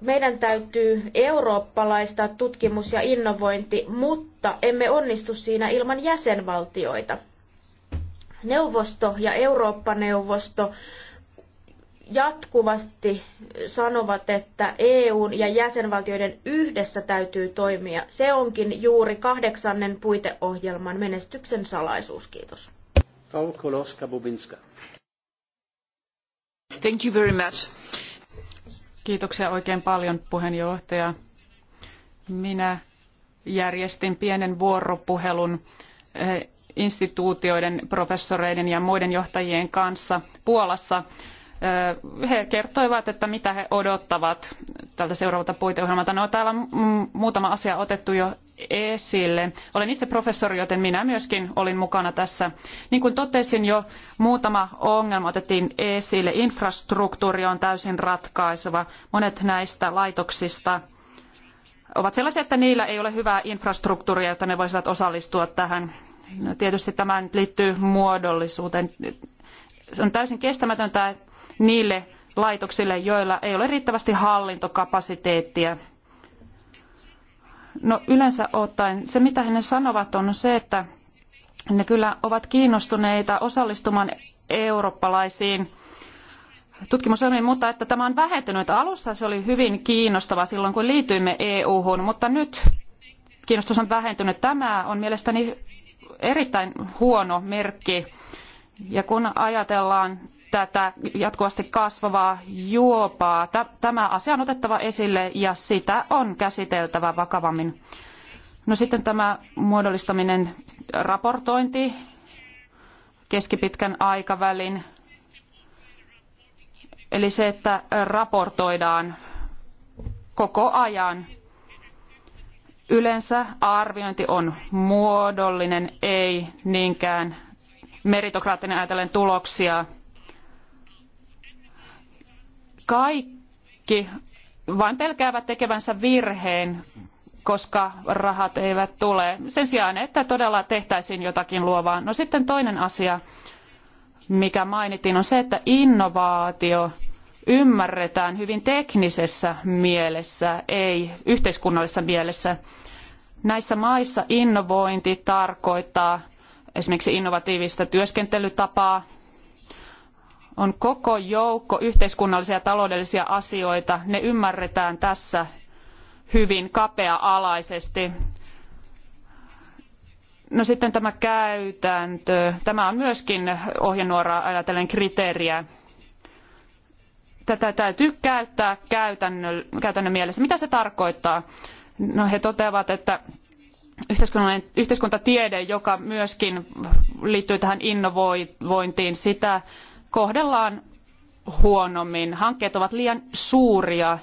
Meidän täytyy eurooppalaista tutkimus ja innovointi, mutta emme onnistu siinä ilman jäsenvaltioita. Neuvosto ja Eurooppa-neuvosto jatkuvasti sanovat, että EUn ja jäsenvaltioiden yhdessä täytyy toimia. Se onkin juuri kahdeksannen puiteohjelman menestyksen salaisuus. Kiitos.
Thank
you very much. Kiitoksia oikein paljon puheenjohtaja. Minä järjestin pienen vuoropuhelun eh, instituutioiden, professoreiden ja muiden johtajien kanssa Puolassa he kertoivat, että mitä he odottavat tältä seuraavalta puiteohjelmalta. No, täällä on muutama asia otettu jo esille. Olen itse professori, joten minä myöskin olin mukana tässä. Niin kuin totesin jo, muutama ongelma otettiin esille. Infrastruktuuri on täysin ratkaiseva. Monet näistä laitoksista ovat sellaisia, että niillä ei ole hyvää infrastruktuuria, jotta ne voisivat osallistua tähän. No, tietysti tämä liittyy muodollisuuteen. Se on täysin kestämätöntä, että niille laitoksille, joilla ei ole riittävästi hallintokapasiteettia. No yleensä ottaen se, mitä he sanovat, on se, että ne kyllä ovat kiinnostuneita osallistumaan eurooppalaisiin tutkimusohjelmiin, mutta että tämä on vähentynyt. Alussa se oli hyvin kiinnostava silloin, kun liityimme EU-hun, mutta nyt kiinnostus on vähentynyt. Tämä on mielestäni erittäin huono merkki. Ja kun ajatellaan tätä jatkuvasti kasvavaa juopaa, tämä asia on otettava esille ja sitä on käsiteltävä vakavammin. No sitten tämä muodollistaminen raportointi keskipitkän aikavälin. Eli se, että raportoidaan koko ajan. Yleensä arviointi on muodollinen, ei niinkään meritokraattinen ajatellen tuloksia. Kaikki vain pelkäävät tekevänsä virheen, koska rahat eivät tule. Sen sijaan, että todella tehtäisiin jotakin luovaa. No sitten toinen asia, mikä mainittiin, on se, että innovaatio ymmärretään hyvin teknisessä mielessä, ei yhteiskunnallisessa mielessä. Näissä maissa innovointi tarkoittaa esimerkiksi innovatiivista työskentelytapaa. On koko joukko yhteiskunnallisia ja taloudellisia asioita. Ne ymmärretään tässä hyvin kapea-alaisesti. No sitten tämä käytäntö. Tämä on myöskin ohjenuoraa ajatellen kriteeriä. Tätä täytyy käyttää käytännön, käytännön mielessä. Mitä se tarkoittaa? No he toteavat, että yhteiskuntatiede, joka myöskin liittyy tähän innovointiin, sitä kohdellaan huonommin. Hankkeet ovat liian suuria.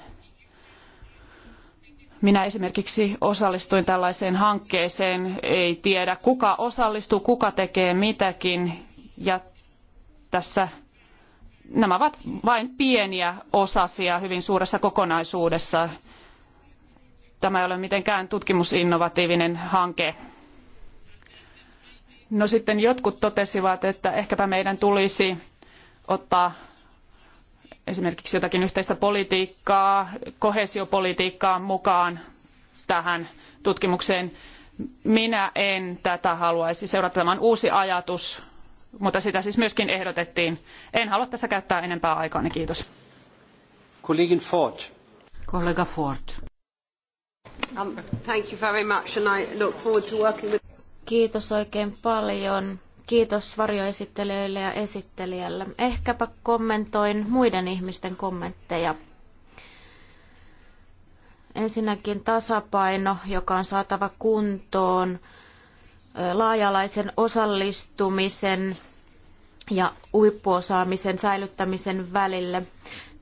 Minä esimerkiksi osallistuin tällaiseen hankkeeseen, ei tiedä kuka osallistuu, kuka tekee mitäkin. Ja tässä nämä ovat vain pieniä osasia hyvin suuressa kokonaisuudessa Tämä ei ole mitenkään tutkimusinnovatiivinen hanke. No sitten jotkut totesivat, että ehkäpä meidän tulisi ottaa esimerkiksi jotakin yhteistä politiikkaa, kohesiopolitiikkaa mukaan tähän tutkimukseen. Minä en tätä haluaisi seurata. Tämä on uusi ajatus, mutta sitä siis myöskin ehdotettiin. En halua tässä käyttää enempää aikaa, niin kiitos.
Kollegin Ford. Kollega Ford.
Um, thank you very much and I look forward to working with... Kiitos oikein paljon. Kiitos varjoesittelijöille ja esittelijälle. Ehkäpä kommentoin muiden ihmisten kommentteja. Ensinnäkin tasapaino, joka on saatava kuntoon, laajalaisen osallistumisen ja uippuosaamisen säilyttämisen välille.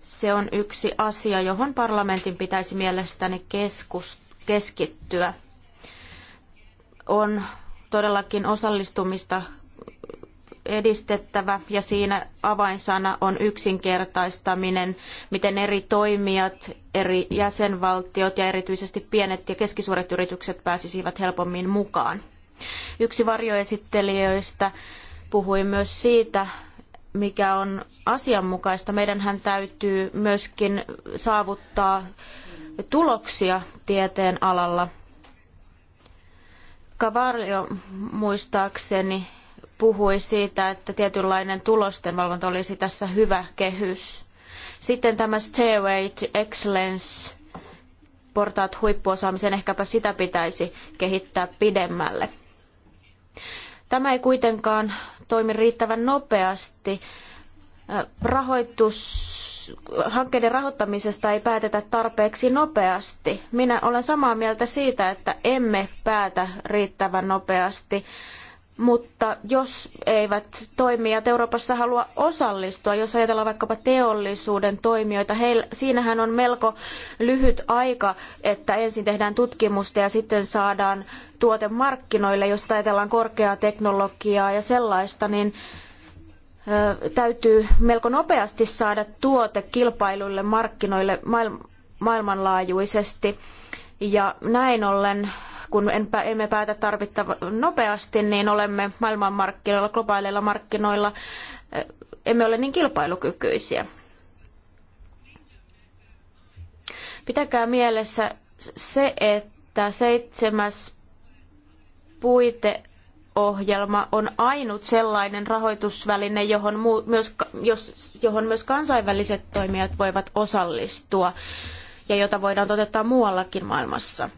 Se on yksi asia, johon parlamentin pitäisi mielestäni keskus, keskittyä. On todellakin osallistumista edistettävä ja siinä avainsana on yksinkertaistaminen, miten eri toimijat, eri jäsenvaltiot ja erityisesti pienet ja keskisuuret yritykset pääsisivät helpommin mukaan. Yksi varjoesittelijöistä puhui myös siitä, mikä on asianmukaista. Meidänhän täytyy myöskin saavuttaa tuloksia tieteen alalla. Kavarjo muistaakseni puhui siitä, että tietynlainen tulostenvalvonta olisi tässä hyvä kehys. Sitten tämä Stairway to Excellence, portaat huippuosaamisen, ehkäpä sitä pitäisi kehittää pidemmälle. Tämä ei kuitenkaan toimi riittävän nopeasti. Rahoitus, hankkeiden rahoittamisesta ei päätetä tarpeeksi nopeasti. Minä olen samaa mieltä siitä, että emme päätä riittävän nopeasti mutta jos eivät toimijat Euroopassa halua osallistua, jos ajatellaan vaikkapa teollisuuden toimijoita, heillä, siinähän on melko lyhyt aika, että ensin tehdään tutkimusta ja sitten saadaan tuote markkinoille, jos ajatellaan korkeaa teknologiaa ja sellaista, niin täytyy melko nopeasti saada tuote kilpailuille markkinoille maailmanlaajuisesti. Ja näin ollen kun emme päätä tarvittava nopeasti, niin olemme maailmanmarkkinoilla, globaaleilla markkinoilla, emme ole niin kilpailukykyisiä. Pitäkää mielessä se, että seitsemäs puiteohjelma on ainut sellainen rahoitusväline, johon, myös, jos, johon myös kansainväliset toimijat voivat osallistua ja jota voidaan toteuttaa muuallakin maailmassa.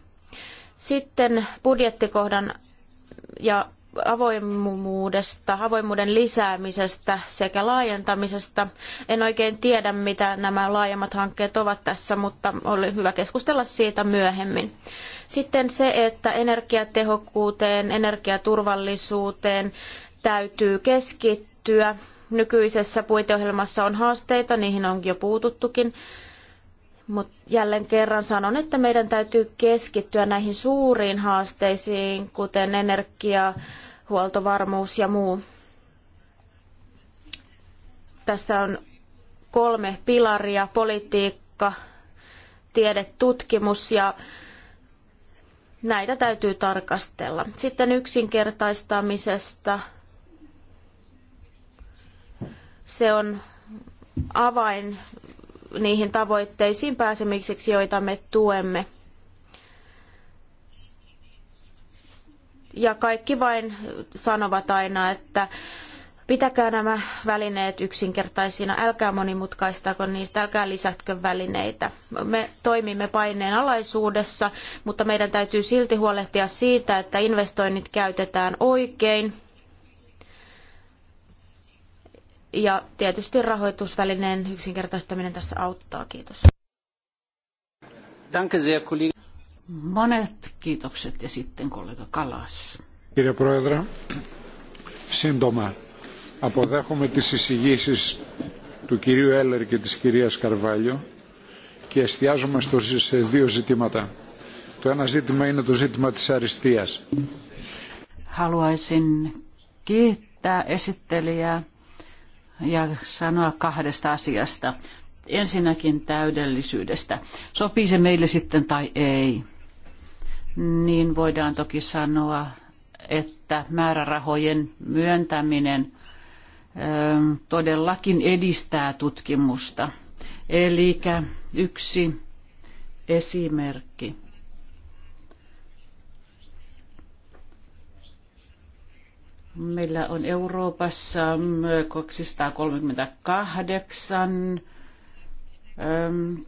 Sitten budjettikohdan ja avoimuudesta, avoimuuden lisäämisestä sekä laajentamisesta. En oikein tiedä, mitä nämä laajemmat hankkeet ovat tässä, mutta oli hyvä keskustella siitä myöhemmin. Sitten se, että energiatehokkuuteen, energiaturvallisuuteen täytyy keskittyä. Nykyisessä puiteohjelmassa on haasteita, niihin on jo puututtukin. Mutta jälleen kerran sanon, että meidän täytyy keskittyä näihin suuriin haasteisiin, kuten energia, huoltovarmuus ja muu. Tässä on kolme pilaria, politiikka, tiede, tutkimus ja näitä täytyy tarkastella. Sitten yksinkertaistamisesta. Se on avain niihin tavoitteisiin pääsemiseksi, joita me tuemme. Ja kaikki vain sanovat aina, että pitäkää nämä välineet yksinkertaisina, älkää monimutkaistako niistä, älkää lisätkö välineitä. Me toimimme paineen alaisuudessa, mutta meidän täytyy silti huolehtia siitä, että investoinnit käytetään oikein ja tietysti rahoitusvälineen yksinkertaistaminen tästä auttaa. Kiitos.
Danke
sehr, Kollege.
Monet
kiitokset ja sitten kollega Kalas.
Kirja Proedra, sintoma. Αποδέχομαι τις εισηγήσει του κυρίου Έλλερ και της κυρίας Καρβάλιο και εστιάζομαι στο, σε δύο ζητήματα. Το ένα ζήτημα είναι το
Haluaisin kiittää esittelijää ja sanoa kahdesta asiasta. Ensinnäkin täydellisyydestä. Sopii se meille sitten tai ei, niin voidaan toki sanoa, että määrärahojen myöntäminen ähm, todellakin edistää tutkimusta. Eli yksi esimerkki Meillä on Euroopassa 238 mm, mm,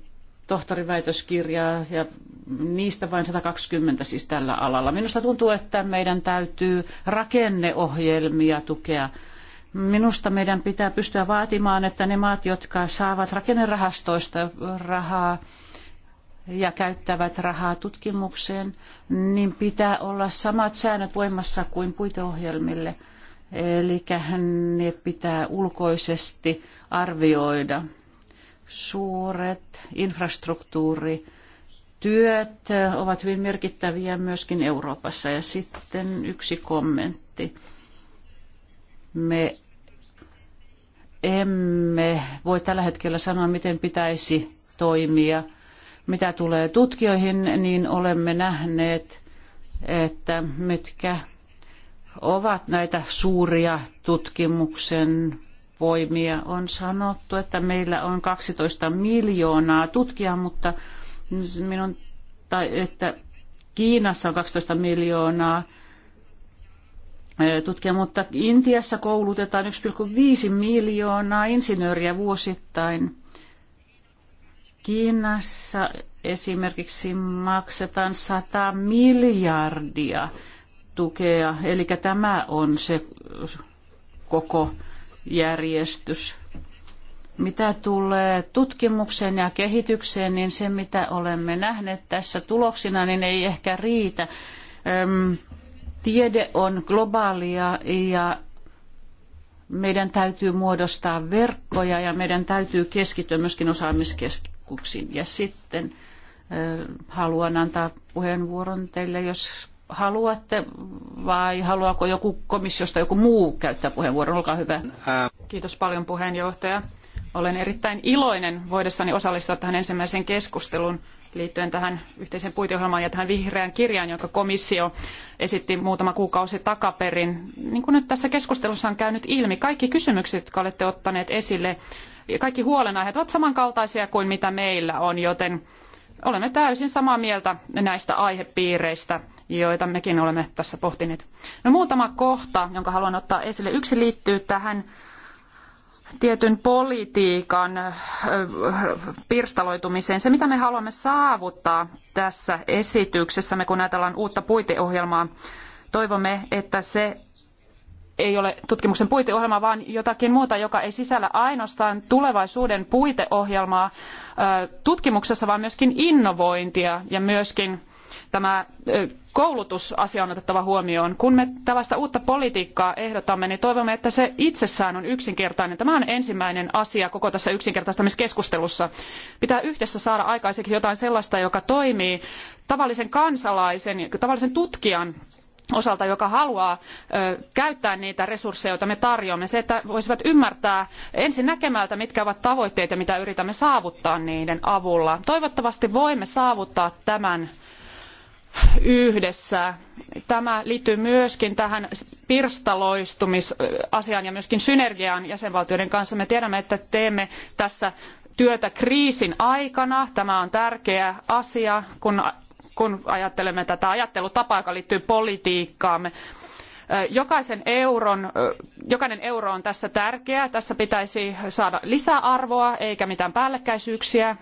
tohtoriväitöskirjaa ja niistä vain 120 siis tällä alalla. Minusta tuntuu, että meidän täytyy rakenneohjelmia tukea. Minusta meidän pitää pystyä vaatimaan, että ne maat, jotka saavat rakennerahastoista rahaa, ja käyttävät rahaa tutkimukseen, niin pitää olla samat säännöt voimassa kuin puiteohjelmille. Eli ne pitää ulkoisesti arvioida. Suuret infrastruktuuri työt ovat hyvin merkittäviä myöskin Euroopassa. Ja sitten yksi kommentti. Me emme voi tällä hetkellä sanoa, miten pitäisi toimia – mitä tulee tutkijoihin, niin olemme nähneet, että mitkä ovat näitä suuria tutkimuksen voimia. On sanottu, että meillä on 12 miljoonaa tutkijaa, mutta minun, tai että Kiinassa on 12 miljoonaa e, tutkijaa, mutta Intiassa koulutetaan 1,5 miljoonaa insinööriä vuosittain. Kiinassa esimerkiksi maksetaan 100 miljardia tukea, eli tämä on se koko järjestys. Mitä tulee tutkimukseen ja kehitykseen, niin se mitä olemme nähneet tässä tuloksina, niin ei ehkä riitä. tiede on globaalia ja meidän täytyy muodostaa verkkoja ja meidän täytyy keskittyä myöskin osaamiskeskuksiin kuksin Ja sitten haluan antaa puheenvuoron teille, jos haluatte, vai haluaako joku komissiosta joku muu käyttää puheenvuoron? Olkaa hyvä. Kiitos paljon puheenjohtaja. Olen erittäin iloinen voidessani osallistua tähän ensimmäiseen keskusteluun liittyen tähän yhteiseen puiteohjelmaan ja tähän vihreään kirjaan, jonka komissio esitti muutama kuukausi takaperin. Niin kuin nyt tässä keskustelussa on käynyt ilmi, kaikki kysymykset, jotka olette ottaneet esille, kaikki huolenaiheet ovat samankaltaisia kuin mitä meillä on, joten olemme täysin samaa mieltä näistä aihepiireistä, joita mekin olemme tässä pohtineet. No muutama kohta, jonka haluan ottaa esille. Yksi liittyy tähän tietyn politiikan pirstaloitumiseen. Se, mitä me haluamme saavuttaa tässä esityksessä, me kun ajatellaan uutta puiteohjelmaa, toivomme, että se ei ole tutkimuksen puiteohjelma, vaan jotakin muuta, joka ei sisällä ainoastaan tulevaisuuden puiteohjelmaa tutkimuksessa, vaan myöskin innovointia ja myöskin tämä koulutusasia on otettava huomioon. Kun me tällaista uutta politiikkaa ehdotamme, niin toivomme, että se itsessään on yksinkertainen. Tämä on ensimmäinen asia koko tässä yksinkertaistamiskeskustelussa. Pitää yhdessä saada aikaiseksi jotain sellaista, joka toimii tavallisen kansalaisen, tavallisen tutkijan osalta, joka haluaa käyttää niitä resursseja, joita me tarjoamme. Se, että voisivat ymmärtää ensin näkemältä, mitkä ovat tavoitteet ja mitä yritämme saavuttaa niiden avulla. Toivottavasti voimme saavuttaa tämän yhdessä. Tämä liittyy myöskin tähän pirstaloistumisasiaan ja myöskin synergiaan jäsenvaltioiden kanssa. Me tiedämme, että teemme tässä työtä kriisin aikana. Tämä on tärkeä asia, kun kun ajattelemme tätä ajattelutapaa, joka liittyy politiikkaamme. Jokaisen euron, jokainen euro on tässä tärkeä. Tässä pitäisi saada lisäarvoa eikä mitään päällekkäisyyksiä.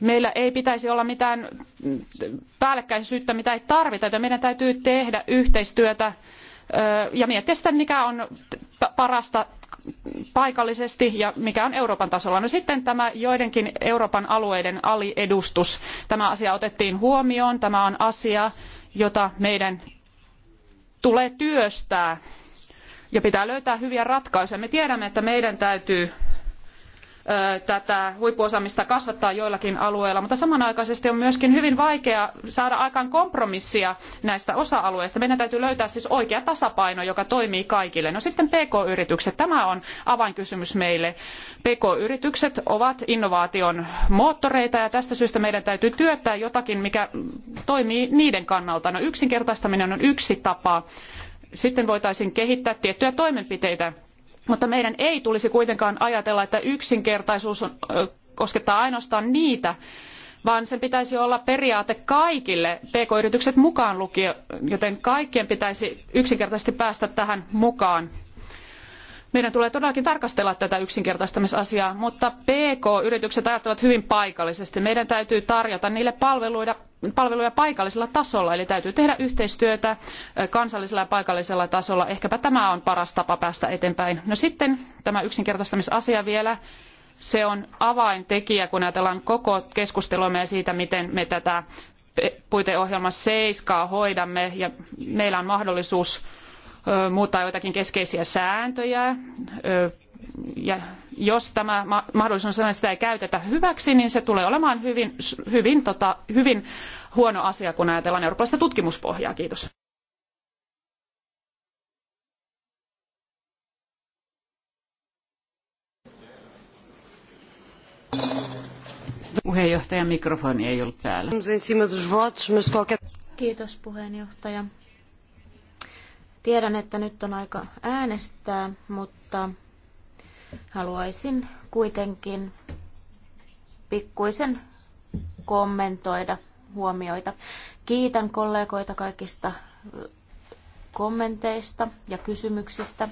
Meillä ei pitäisi olla mitään päällekkäisyyttä, mitä ei tarvita, joten meidän täytyy tehdä yhteistyötä ja miettiä sitä, mikä on parasta paikallisesti ja mikä on Euroopan tasolla. No sitten tämä joidenkin Euroopan alueiden aliedustus. Tämä asia otettiin huomioon. Tämä on asia, jota meidän tulee työstää ja pitää löytää hyviä ratkaisuja. Me tiedämme, että meidän täytyy tätä huippuosaamista kasvattaa joillakin alueilla, mutta samanaikaisesti on myöskin hyvin vaikea saada aikaan kompromissia näistä osa-alueista. Meidän täytyy löytää siis oikea tasapaino, joka toimii kaikille. No sitten PK-yritykset, tämä on avainkysymys meille. PK-yritykset ovat innovaation moottoreita ja tästä syystä meidän täytyy työttää jotakin, mikä toimii niiden kannalta. No yksinkertaistaminen on yksi tapa. Sitten voitaisiin kehittää tiettyjä toimenpiteitä mutta meidän ei tulisi kuitenkaan ajatella, että yksinkertaisuus on, koskettaa ainoastaan niitä, vaan sen pitäisi olla periaate kaikille, pk-yritykset mukaan lukien, joten kaikkien pitäisi yksinkertaisesti päästä tähän mukaan. Meidän tulee todellakin tarkastella tätä yksinkertaistamisasiaa, mutta PK-yritykset ajattelevat hyvin paikallisesti. Meidän täytyy tarjota niille palveluja paikallisella tasolla, eli täytyy tehdä yhteistyötä kansallisella ja paikallisella tasolla. Ehkäpä tämä on paras tapa päästä eteenpäin. No sitten tämä yksinkertaistamisasia vielä. Se on avaintekijä, kun ajatellaan koko keskustelua ja siitä, miten me tätä puiteohjelma seiskaa hoidamme ja meillä on mahdollisuus muuttaa joitakin keskeisiä sääntöjä, ja jos tämä mahdollisuus on, sitä ei käytetä hyväksi, niin se tulee olemaan hyvin, hyvin, tota, hyvin huono asia, kun ajatellaan eurooppalaista tutkimuspohjaa. Kiitos. Puheenjohtajan mikrofoni ei ollut päällä.
Kiitos puheenjohtaja. Tiedän, että nyt on aika äänestää, mutta haluaisin kuitenkin pikkuisen kommentoida huomioita. Kiitän kollegoita kaikista kommenteista ja kysymyksistä.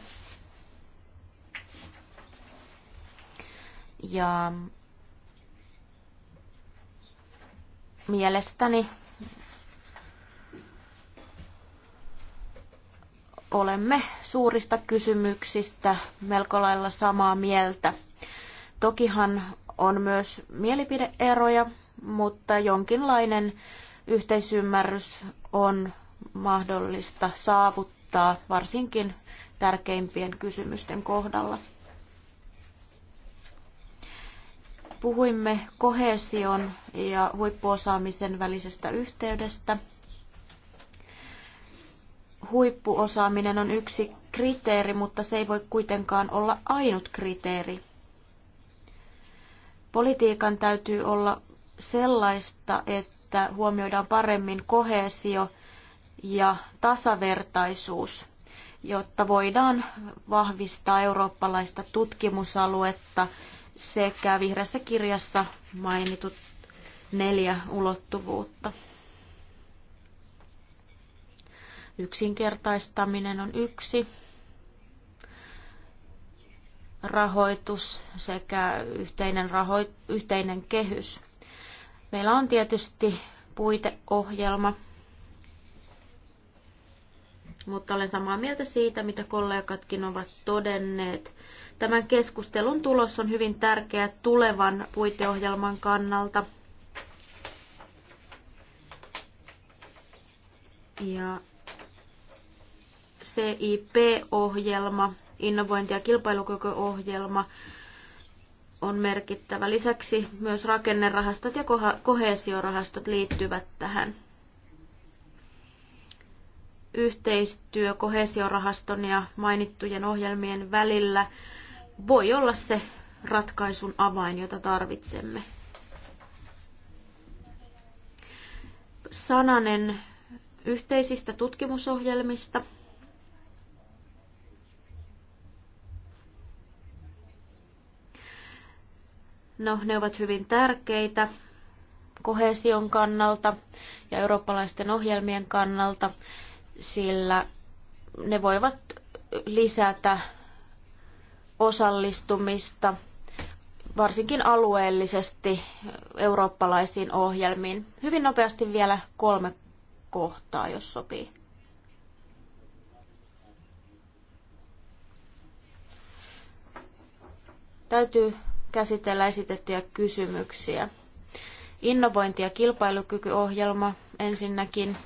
Ja mielestäni olemme suurista kysymyksistä melko lailla samaa mieltä. Tokihan on myös mielipideeroja, mutta jonkinlainen yhteisymmärrys on mahdollista saavuttaa varsinkin tärkeimpien kysymysten kohdalla. Puhuimme kohesion ja huippuosaamisen välisestä yhteydestä – huippuosaaminen on yksi kriteeri, mutta se ei voi kuitenkaan olla ainut kriteeri. Politiikan täytyy olla sellaista, että huomioidaan paremmin kohesio ja tasavertaisuus, jotta voidaan vahvistaa eurooppalaista tutkimusaluetta sekä vihreässä kirjassa mainitut neljä ulottuvuutta. Yksinkertaistaminen on yksi. Rahoitus sekä yhteinen, rahoit, yhteinen kehys. Meillä on tietysti puiteohjelma, mutta olen samaa mieltä siitä, mitä kollegatkin ovat todenneet. Tämän keskustelun tulos on hyvin tärkeä tulevan puiteohjelman kannalta. Ja CIP-ohjelma, innovointi- ja kilpailukykyohjelma on merkittävä. Lisäksi myös rakennerahastot ja kohesiorahastot liittyvät tähän. Yhteistyö kohesiorahaston ja mainittujen ohjelmien välillä voi olla se ratkaisun avain, jota tarvitsemme. Sananen yhteisistä tutkimusohjelmista – No, ne ovat hyvin tärkeitä kohesion kannalta ja eurooppalaisten ohjelmien kannalta, sillä ne voivat lisätä osallistumista varsinkin alueellisesti eurooppalaisiin ohjelmiin. Hyvin nopeasti vielä kolme kohtaa, jos sopii. Täytyy käsitellä esitettyjä kysymyksiä. Innovointi- ja kilpailukykyohjelma ensinnäkin.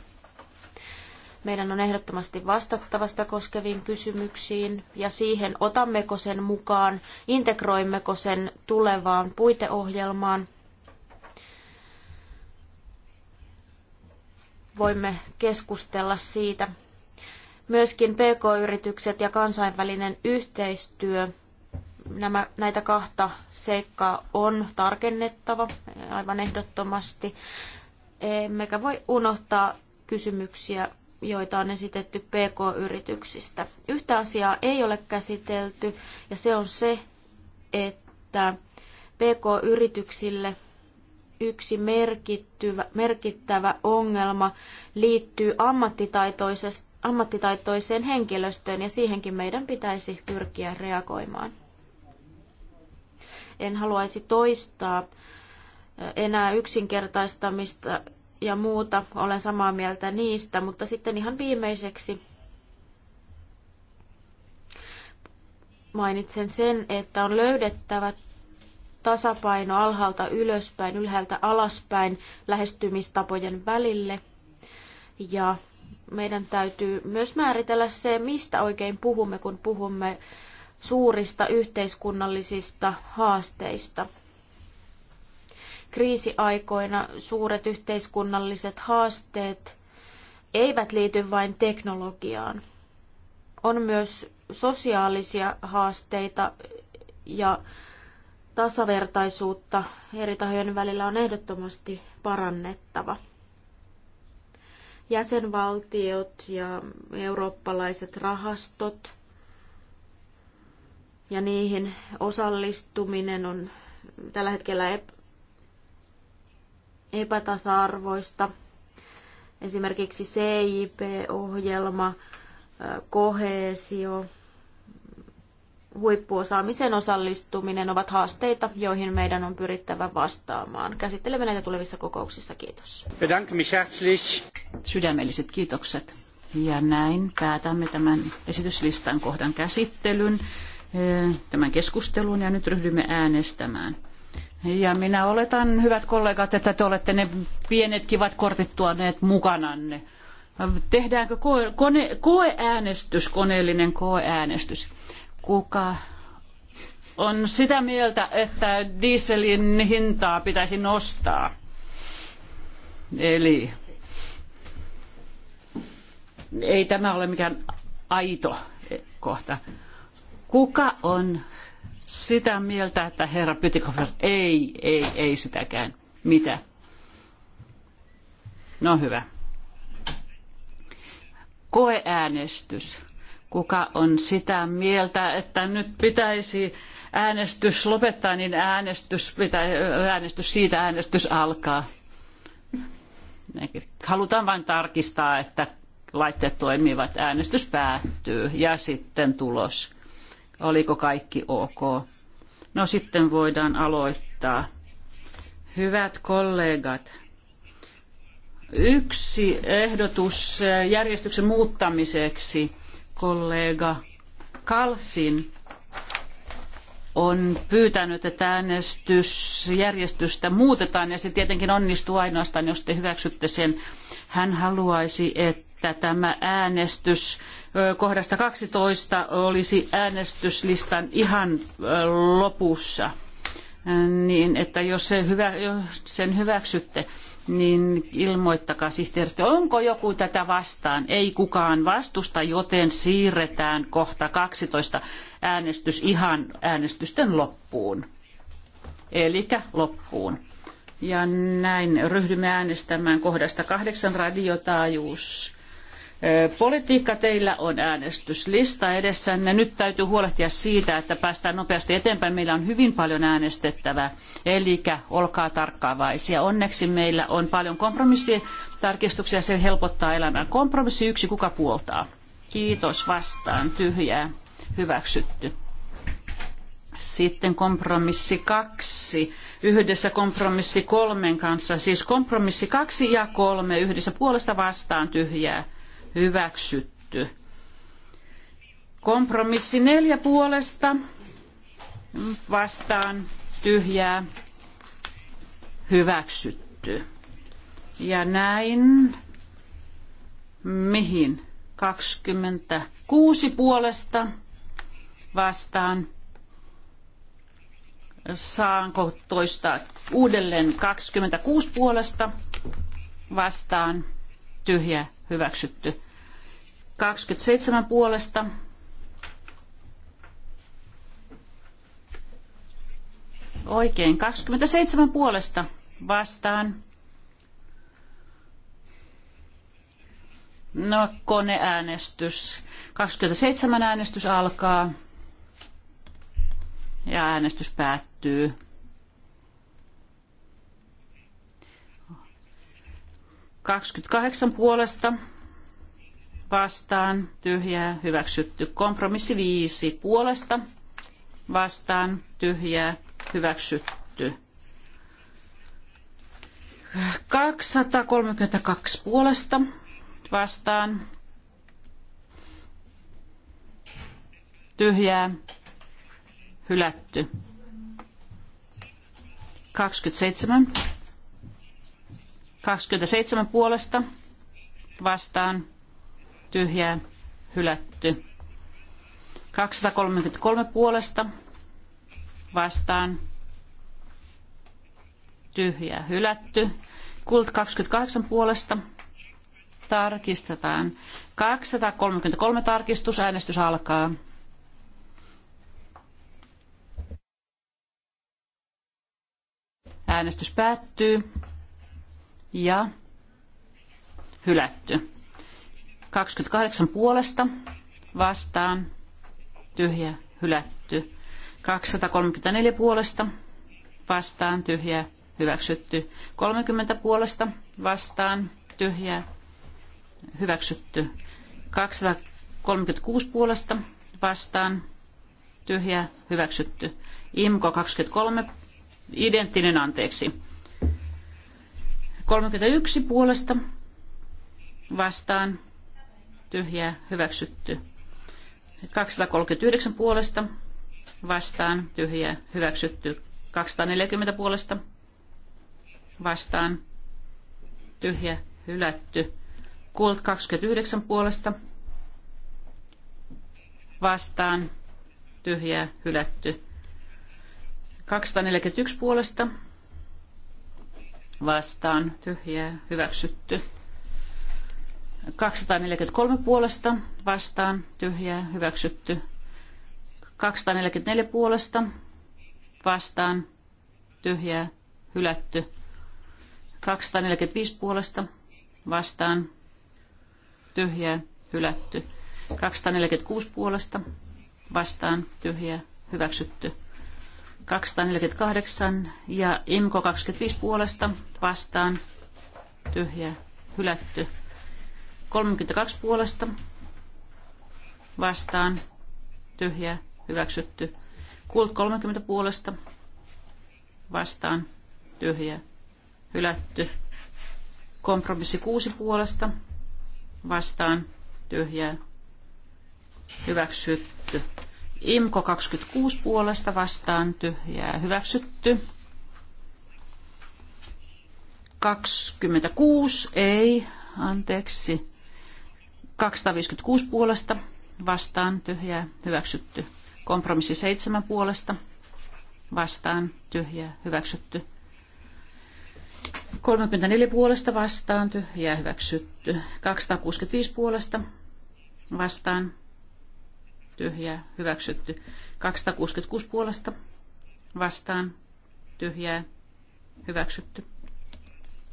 Meidän on ehdottomasti vastattava sitä koskeviin kysymyksiin ja siihen otammeko sen mukaan, integroimmeko sen tulevaan puiteohjelmaan. Voimme keskustella siitä. Myöskin PK-yritykset ja kansainvälinen yhteistyö nämä, näitä kahta seikkaa on tarkennettava aivan ehdottomasti. Emmekä voi unohtaa kysymyksiä, joita on esitetty PK-yrityksistä. Yhtä asiaa ei ole käsitelty, ja se on se, että PK-yrityksille yksi merkittävä ongelma liittyy ammattitaitoiseen henkilöstöön, ja siihenkin meidän pitäisi pyrkiä reagoimaan. En haluaisi toistaa enää yksinkertaistamista ja muuta. Olen samaa mieltä niistä, mutta sitten ihan viimeiseksi mainitsen sen, että on löydettävä tasapaino alhaalta ylöspäin, ylhäältä alaspäin lähestymistapojen välille. Ja meidän täytyy myös määritellä se, mistä oikein puhumme, kun puhumme suurista yhteiskunnallisista haasteista. Kriisiaikoina suuret yhteiskunnalliset haasteet eivät liity vain teknologiaan. On myös sosiaalisia haasteita ja tasavertaisuutta eri tahojen välillä on ehdottomasti parannettava. Jäsenvaltiot ja eurooppalaiset rahastot – ja niihin osallistuminen on tällä hetkellä epätasa-arvoista. Esimerkiksi CIP-ohjelma, kohesio, huippuosaamisen osallistuminen ovat haasteita, joihin meidän on pyrittävä vastaamaan. Käsittelemme näitä tulevissa kokouksissa. Kiitos.
Sydämelliset kiitokset. Ja näin päätämme tämän esityslistan kohdan käsittelyn. Eh, tämän keskustelun ja nyt ryhdymme äänestämään. Ja minä oletan, hyvät kollegat, että te olette ne pienet kivat kortit tuoneet mukananne. Tehdäänkö koe, kone, koeäänestys, koneellinen koeäänestys? Kuka on sitä mieltä, että dieselin hintaa pitäisi nostaa? Eli ei tämä ole mikään aito kohta. Kuka on sitä mieltä, että herra Pytikofer, ei, ei, ei sitäkään. Mitä? No hyvä. Koeäänestys. Kuka on sitä mieltä, että nyt pitäisi äänestys lopettaa, niin äänestys, pitäisi äänestys siitä äänestys alkaa. Halutaan vain tarkistaa, että laitteet toimivat. Äänestys päättyy ja sitten tulos. Oliko kaikki ok? No sitten voidaan aloittaa. Hyvät kollegat, yksi ehdotus eh, järjestyksen muuttamiseksi kollega Kalfin on pyytänyt, että äänestysjärjestystä muutetaan ja se tietenkin onnistuu ainoastaan, jos te hyväksytte sen. Hän haluaisi, että että tämä äänestys kohdasta 12 olisi äänestyslistan ihan lopussa. Niin, että jos, se hyvä, jos sen hyväksytte, niin ilmoittakaa sihteeristö, onko joku tätä vastaan. Ei kukaan vastusta, joten siirretään kohta 12 äänestys ihan äänestysten loppuun. Eli loppuun. Ja näin ryhdymme äänestämään kohdasta kahdeksan radiotaajuus politiikka. Teillä on äänestyslista edessänne. Nyt täytyy huolehtia siitä, että päästään nopeasti eteenpäin. Meillä on hyvin paljon äänestettävää. Eli olkaa tarkkaavaisia. Onneksi meillä on paljon kompromissitarkistuksia. Se helpottaa elämää. Kompromissi yksi, kuka puoltaa? Kiitos vastaan. Tyhjää. Hyväksytty. Sitten kompromissi kaksi yhdessä kompromissi kolmen kanssa. Siis kompromissi kaksi ja kolme yhdessä puolesta vastaan tyhjää hyväksytty. Kompromissi neljä puolesta vastaan tyhjää hyväksytty. Ja näin mihin? 26 puolesta vastaan. Saanko toistaa uudelleen 26 puolesta vastaan tyhjä hyväksytty. 27 puolesta Oikein. 27 puolesta vastaan. No, koneäänestys. 27 äänestys alkaa. Ja äänestys päättyy. 28 puolesta vastaan, tyhjää, hyväksytty. Kompromissi 5 puolesta vastaan, tyhjää, hyväksytty. 232 puolesta vastaan, tyhjää, hylätty. 27 27 puolesta vastaan tyhjää hylätty. 233 puolesta vastaan tyhjää hylätty. Kult 28 puolesta tarkistetaan. 233 tarkistus, äänestys alkaa. Äänestys päättyy ja hylätty. 28 puolesta vastaan tyhjä hylätty. 234 puolesta vastaan tyhjä hyväksytty. 30 puolesta vastaan tyhjä hyväksytty. 236 puolesta vastaan tyhjä hyväksytty. IMKO 23 identtinen anteeksi 31 puolesta vastaan tyhjää hyväksytty. 239 puolesta vastaan tyhjää hyväksytty. 240 puolesta vastaan tyhjä hylätty. Kult 29 puolesta vastaan tyhjää hylätty. 241 puolesta vastaan tyhjää hyväksytty. 243 puolesta vastaan tyhjää hyväksytty. 244 puolesta vastaan tyhjää hylätty. 245 puolesta vastaan tyhjää hylätty. 246 puolesta vastaan tyhjää hyväksytty. 248 ja IMKO 25 puolesta vastaan tyhjä hylätty. 32 puolesta vastaan tyhjä hyväksytty. Kult 30 puolesta vastaan tyhjä hylätty. Kompromissi 6 puolesta vastaan tyhjä hyväksytty. IMKO 26 puolesta vastaan tyhjää hyväksytty. 26 ei, anteeksi. 256 puolesta vastaan tyhjää hyväksytty. Kompromissi 7 puolesta vastaan tyhjää hyväksytty. 34 puolesta vastaan tyhjää hyväksytty. 265 puolesta vastaan tyhjää, hyväksytty. 266 puolesta vastaan, tyhjää, hyväksytty.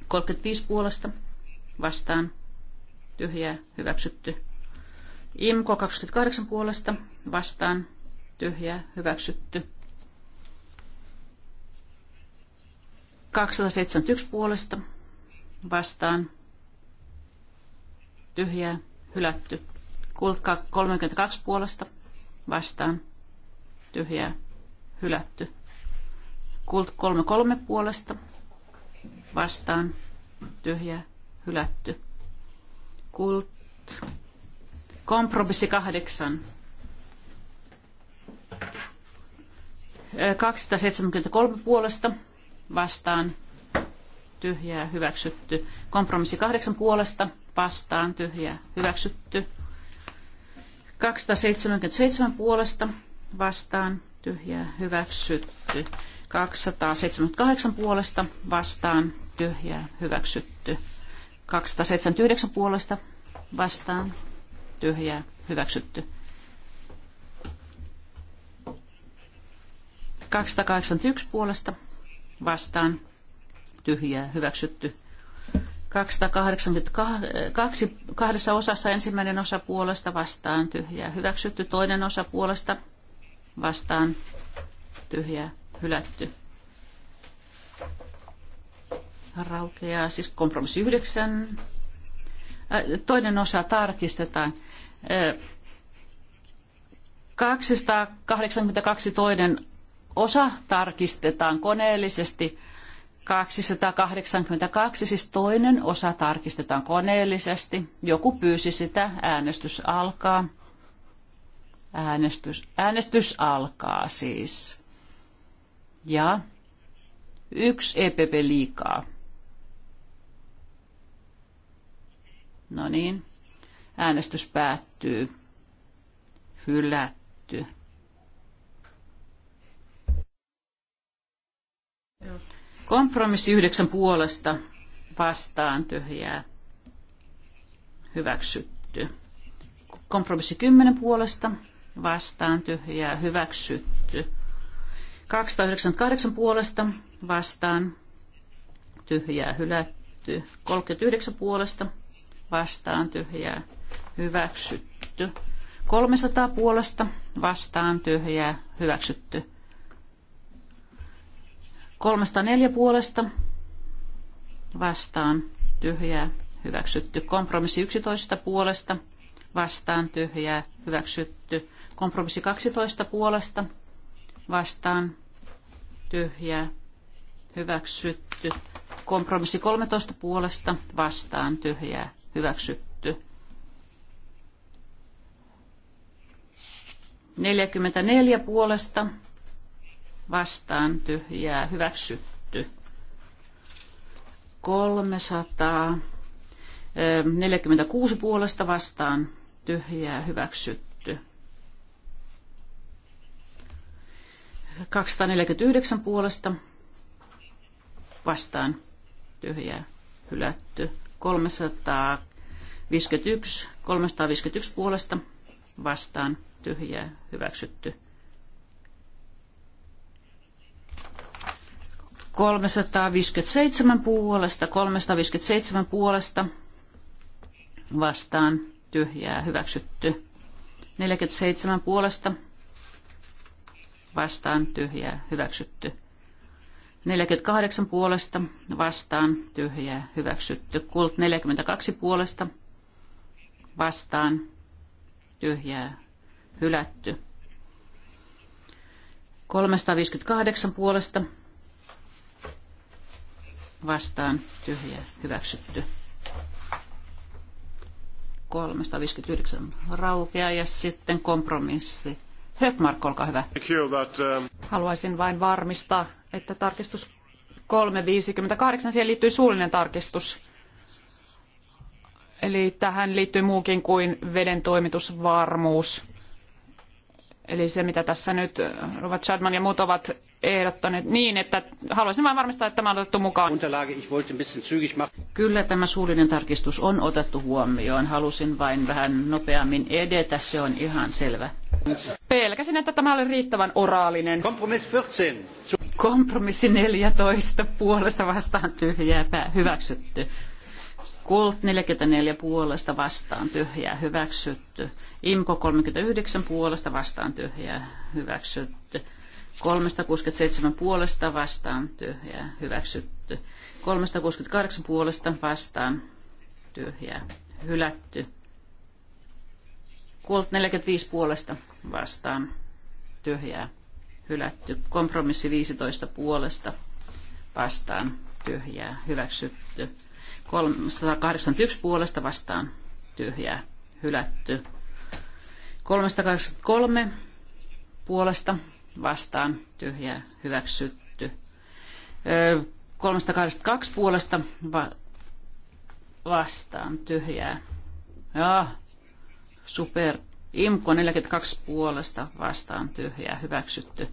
35 puolesta vastaan, tyhjää, hyväksytty. IMKO 28 puolesta vastaan, tyhjää, hyväksytty. 271 puolesta vastaan, tyhjää, hylätty. Kultka 32 puolesta vastaan. Tyhjää. Hylätty. Kult 33 puolesta vastaan. Tyhjää. Hylätty. Kult kompromissi kahdeksan. 273 puolesta vastaan tyhjää hyväksytty. Kompromissi kahdeksan puolesta vastaan tyhjää hyväksytty. 277 puolesta vastaan tyhjää hyväksytty. 278 puolesta vastaan tyhjää hyväksytty. 279 puolesta vastaan tyhjää hyväksytty. 281 puolesta vastaan tyhjää hyväksytty. 282 kahdessa osassa ensimmäinen osa puolesta vastaan tyhjää hyväksytty, toinen osa puolesta vastaan tyhjää hylätty. Raukeaa siis kompromissi 9. Äh, toinen osa tarkistetaan. 282 äh, toinen osa tarkistetaan koneellisesti – 282, siis toinen osa tarkistetaan koneellisesti. Joku pyysi sitä, äänestys alkaa. Äänestys, äänestys alkaa siis. Ja yksi EPP liikaa. No niin, äänestys päättyy. Hylätty. Kompromissi yhdeksän puolesta vastaan tyhjää hyväksytty. Kompromissi kymmenen puolesta vastaan tyhjää hyväksytty. 298 puolesta vastaan tyhjää hylätty. 39 puolesta vastaan tyhjää hyväksytty. 300 puolesta vastaan tyhjää hyväksytty. 304 puolesta vastaan tyhjää hyväksytty. Kompromissi 11 puolesta vastaan tyhjää hyväksytty. Kompromissi 12 puolesta vastaan tyhjää hyväksytty. Kompromissi 13 puolesta vastaan tyhjää hyväksytty. 44 puolesta vastaan tyhjää hyväksytty. 346 puolesta vastaan tyhjää hyväksytty. 249 puolesta vastaan tyhjää hylätty. 351, 351 puolesta vastaan tyhjää hyväksytty. 357 puolesta, 357 puolesta vastaan tyhjää hyväksytty. 47 puolesta vastaan tyhjää hyväksytty. 48 puolesta vastaan tyhjää hyväksytty. Kult 42 puolesta vastaan tyhjää hylätty. 358 puolesta vastaan tyhjä hyväksytty. 359 raukea ja sitten kompromissi. Höckmark, olkaa hyvä. Um, Haluaisin vain varmistaa, että tarkistus 358, siihen liittyy suullinen tarkistus. Eli tähän liittyy muukin kuin veden toimitusvarmuus. Eli se, mitä tässä nyt äh, Robert Chadman ja muut ovat ehdottaneet niin, että haluaisin vain varmistaa, että tämä on otettu mukaan. Kyllä tämä suullinen tarkistus on otettu huomioon. Halusin vain vähän nopeammin edetä, se on ihan selvä. Pelkäsin, että tämä oli riittävän oraalinen. Kompromissi 14 puolesta vastaan tyhjää hyväksytty. Kult 44 puolesta vastaan tyhjää hyväksytty. Imko 39 puolesta vastaan tyhjää hyväksytty. 367 puolesta vastaan tyhjää hyväksytty. 368 puolesta vastaan tyhjää hylätty. Kult 45 puolesta vastaan tyhjää hylätty. Kompromissi 15 puolesta vastaan tyhjää hyväksytty. 381 puolesta vastaan tyhjää hylätty. 383 puolesta vastaan tyhjää hyväksytty. 382 puolesta va- vastaan tyhjää. Ja, super. Imko 42 puolesta vastaan tyhjää hyväksytty.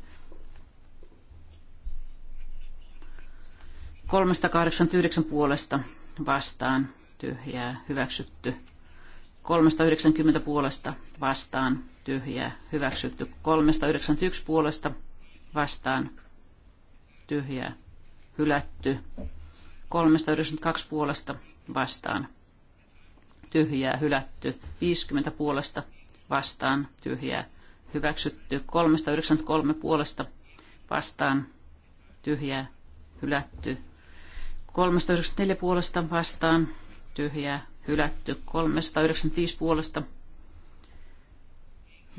389 puolesta vastaan tyhjää hyväksytty. 390 puolesta vastaan tyhjää hyväksytty. 391 puolesta vastaan tyhjää hylätty. 392 puolesta vastaan tyhjää hylätty. 50 puolesta vastaan tyhjää hyväksytty. 393 puolesta vastaan tyhjää hylätty. 394 puolesta vastaan, tyhjää, hylätty. 395 puolesta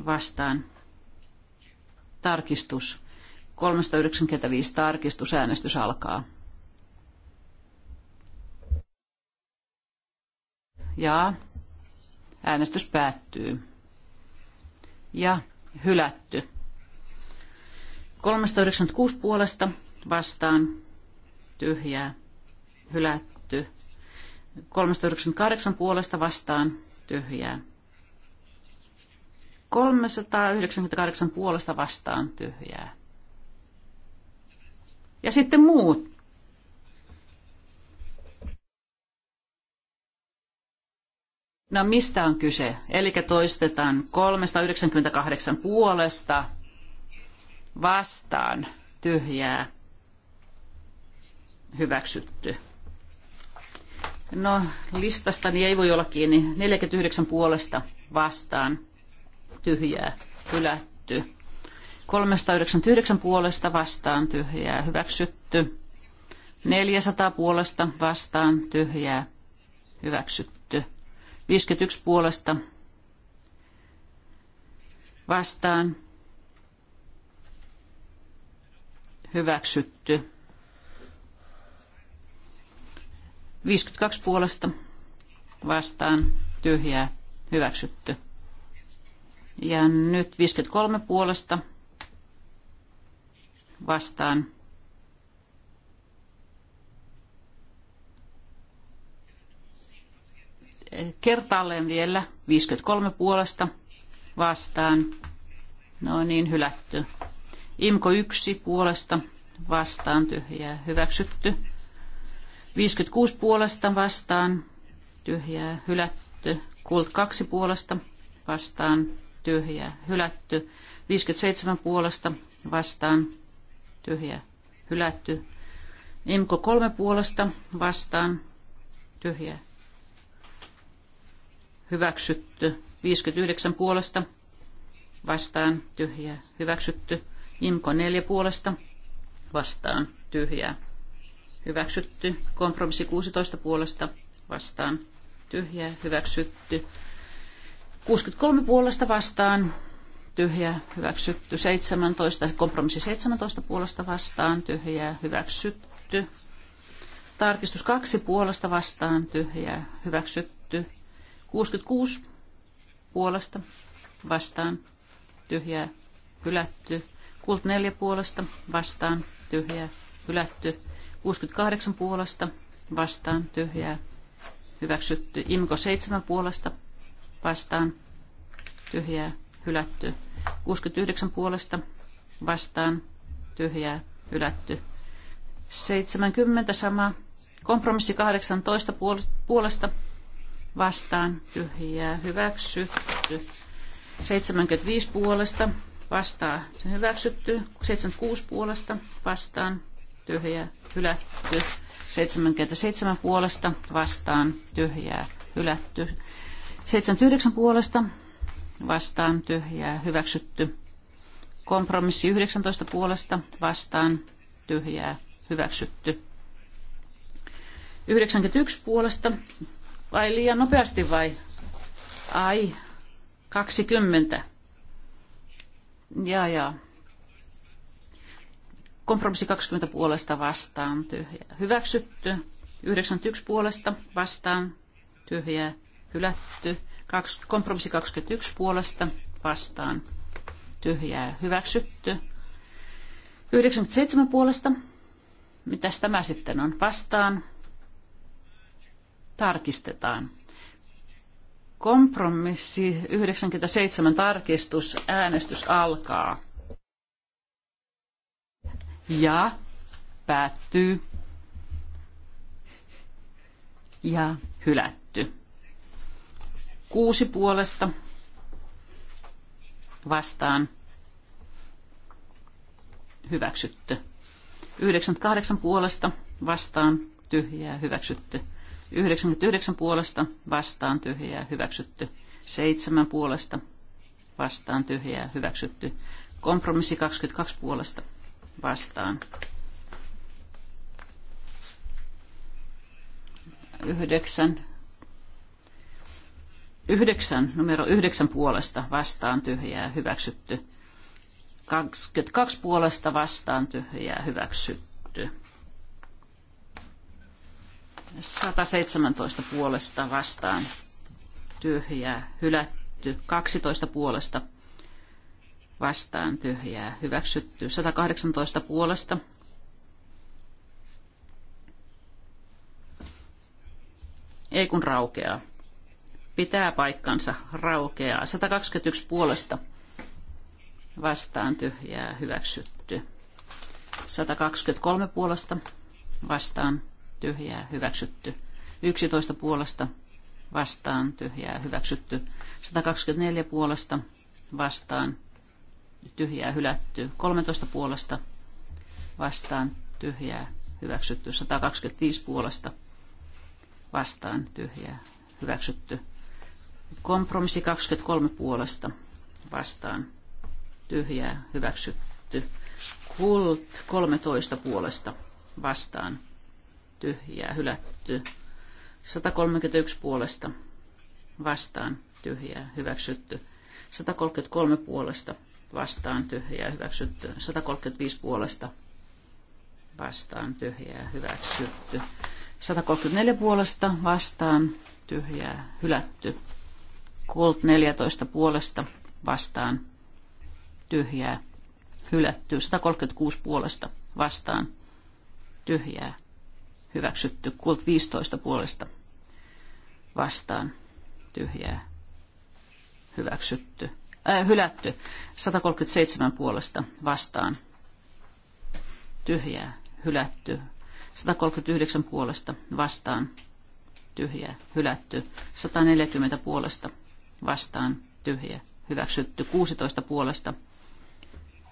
vastaan, tarkistus. 395 äänestys alkaa. Ja äänestys päättyy. Ja hylätty. 396 puolesta vastaan tyhjää hylätty. 398 puolesta vastaan tyhjää. 398 puolesta vastaan tyhjää. Ja sitten muut. No mistä on kyse? Eli toistetaan 398 puolesta vastaan tyhjää hyväksytty. No, listastani ei voi olla kiinni. 49 puolesta vastaan. Tyhjää. Hylätty. 399 puolesta vastaan. Tyhjää. Hyväksytty. 400 puolesta vastaan. Tyhjää. Hyväksytty. 51 puolesta vastaan. Hyväksytty. 52 puolesta vastaan tyhjää hyväksytty. Ja nyt 53 puolesta vastaan kertaalleen vielä 53 puolesta vastaan. No niin, hylätty. Imko 1 puolesta vastaan tyhjää hyväksytty. 56 puolesta vastaan, tyhjää hylätty. Kult 2 puolesta vastaan, tyhjää hylätty. 57 puolesta vastaan, tyhjää hylätty. Imko 3 puolesta vastaan, tyhjää hyväksytty. 59 puolesta vastaan, tyhjää hyväksytty. Imko 4 puolesta vastaan, tyhjää hyväksytty. Kompromissi 16 puolesta vastaan tyhjä, hyväksytty. 63 puolesta vastaan tyhjä, hyväksytty. 17, kompromissi 17 puolesta vastaan tyhjä, hyväksytty. Tarkistus 2 puolesta vastaan tyhjä, hyväksytty. 66 puolesta vastaan tyhjä, hylätty. Kult 4 puolesta vastaan tyhjä, hylätty. 68 puolesta vastaan tyhjää hyväksytty. Imko 7 puolesta vastaan tyhjää hylätty. 69 puolesta vastaan tyhjää hylätty. 70 sama. Kompromissi 18 puolesta vastaan tyhjää hyväksytty. 75 puolesta vastaan hyväksytty. 76 puolesta vastaan tyhjää, hylätty. 77 puolesta vastaan, tyhjää, hylätty. 79 puolesta vastaan, tyhjää, hyväksytty. Kompromissi 19 puolesta vastaan, tyhjää, hyväksytty. 91 puolesta, vai liian nopeasti vai? Ai, 20. Jaa, jaa. Kompromissi 20 puolesta vastaan tyhjää. Hyväksytty. 91 puolesta vastaan tyhjää. Hylätty. Kompromissi 21 puolesta vastaan tyhjää. Hyväksytty. 97 puolesta. Mitäs tämä sitten on? Vastaan. Tarkistetaan. Kompromissi 97 tarkistus. Äänestys alkaa ja päättyy ja hylätty. Kuusi puolesta vastaan hyväksytty. 98 puolesta vastaan tyhjää hyväksytty. 99 puolesta vastaan tyhjää hyväksytty. 7 puolesta vastaan tyhjää hyväksytty. Kompromissi 22 puolesta vastaan. Yhdeksän. Yhdeksän, numero yhdeksän puolesta vastaan tyhjää hyväksytty. 22 puolesta vastaan tyhjää hyväksytty. 117 puolesta vastaan tyhjää hylätty. 12 puolesta vastaan tyhjää hyväksytty. 118 puolesta ei kun raukeaa. Pitää paikkansa, raukeaa. 121 puolesta vastaan tyhjää hyväksytty. 123 puolesta vastaan tyhjää hyväksytty. 11 puolesta vastaan tyhjää hyväksytty. 124 puolesta vastaan tyhjää hylätty. 13 puolesta vastaan tyhjää hyväksytty. 125 puolesta vastaan tyhjää hyväksytty. Kompromissi 23 puolesta vastaan tyhjää hyväksytty. Kult 13 puolesta vastaan tyhjää hylätty. 131 puolesta vastaan tyhjää hyväksytty. 133 puolesta vastaan tyhjää hyväksytty. 135 puolesta vastaan tyhjää hyväksytty. 134 puolesta vastaan tyhjää hylätty. Colt 14 puolesta vastaan tyhjää hylätty. 136 puolesta vastaan tyhjää hyväksytty. Kult 15 puolesta vastaan tyhjää hyväksytty äh, hylätty. 137 puolesta vastaan tyhjää hylätty. 139 puolesta vastaan tyhjää hylätty. 140 puolesta vastaan tyhjä hyväksytty. 16 puolesta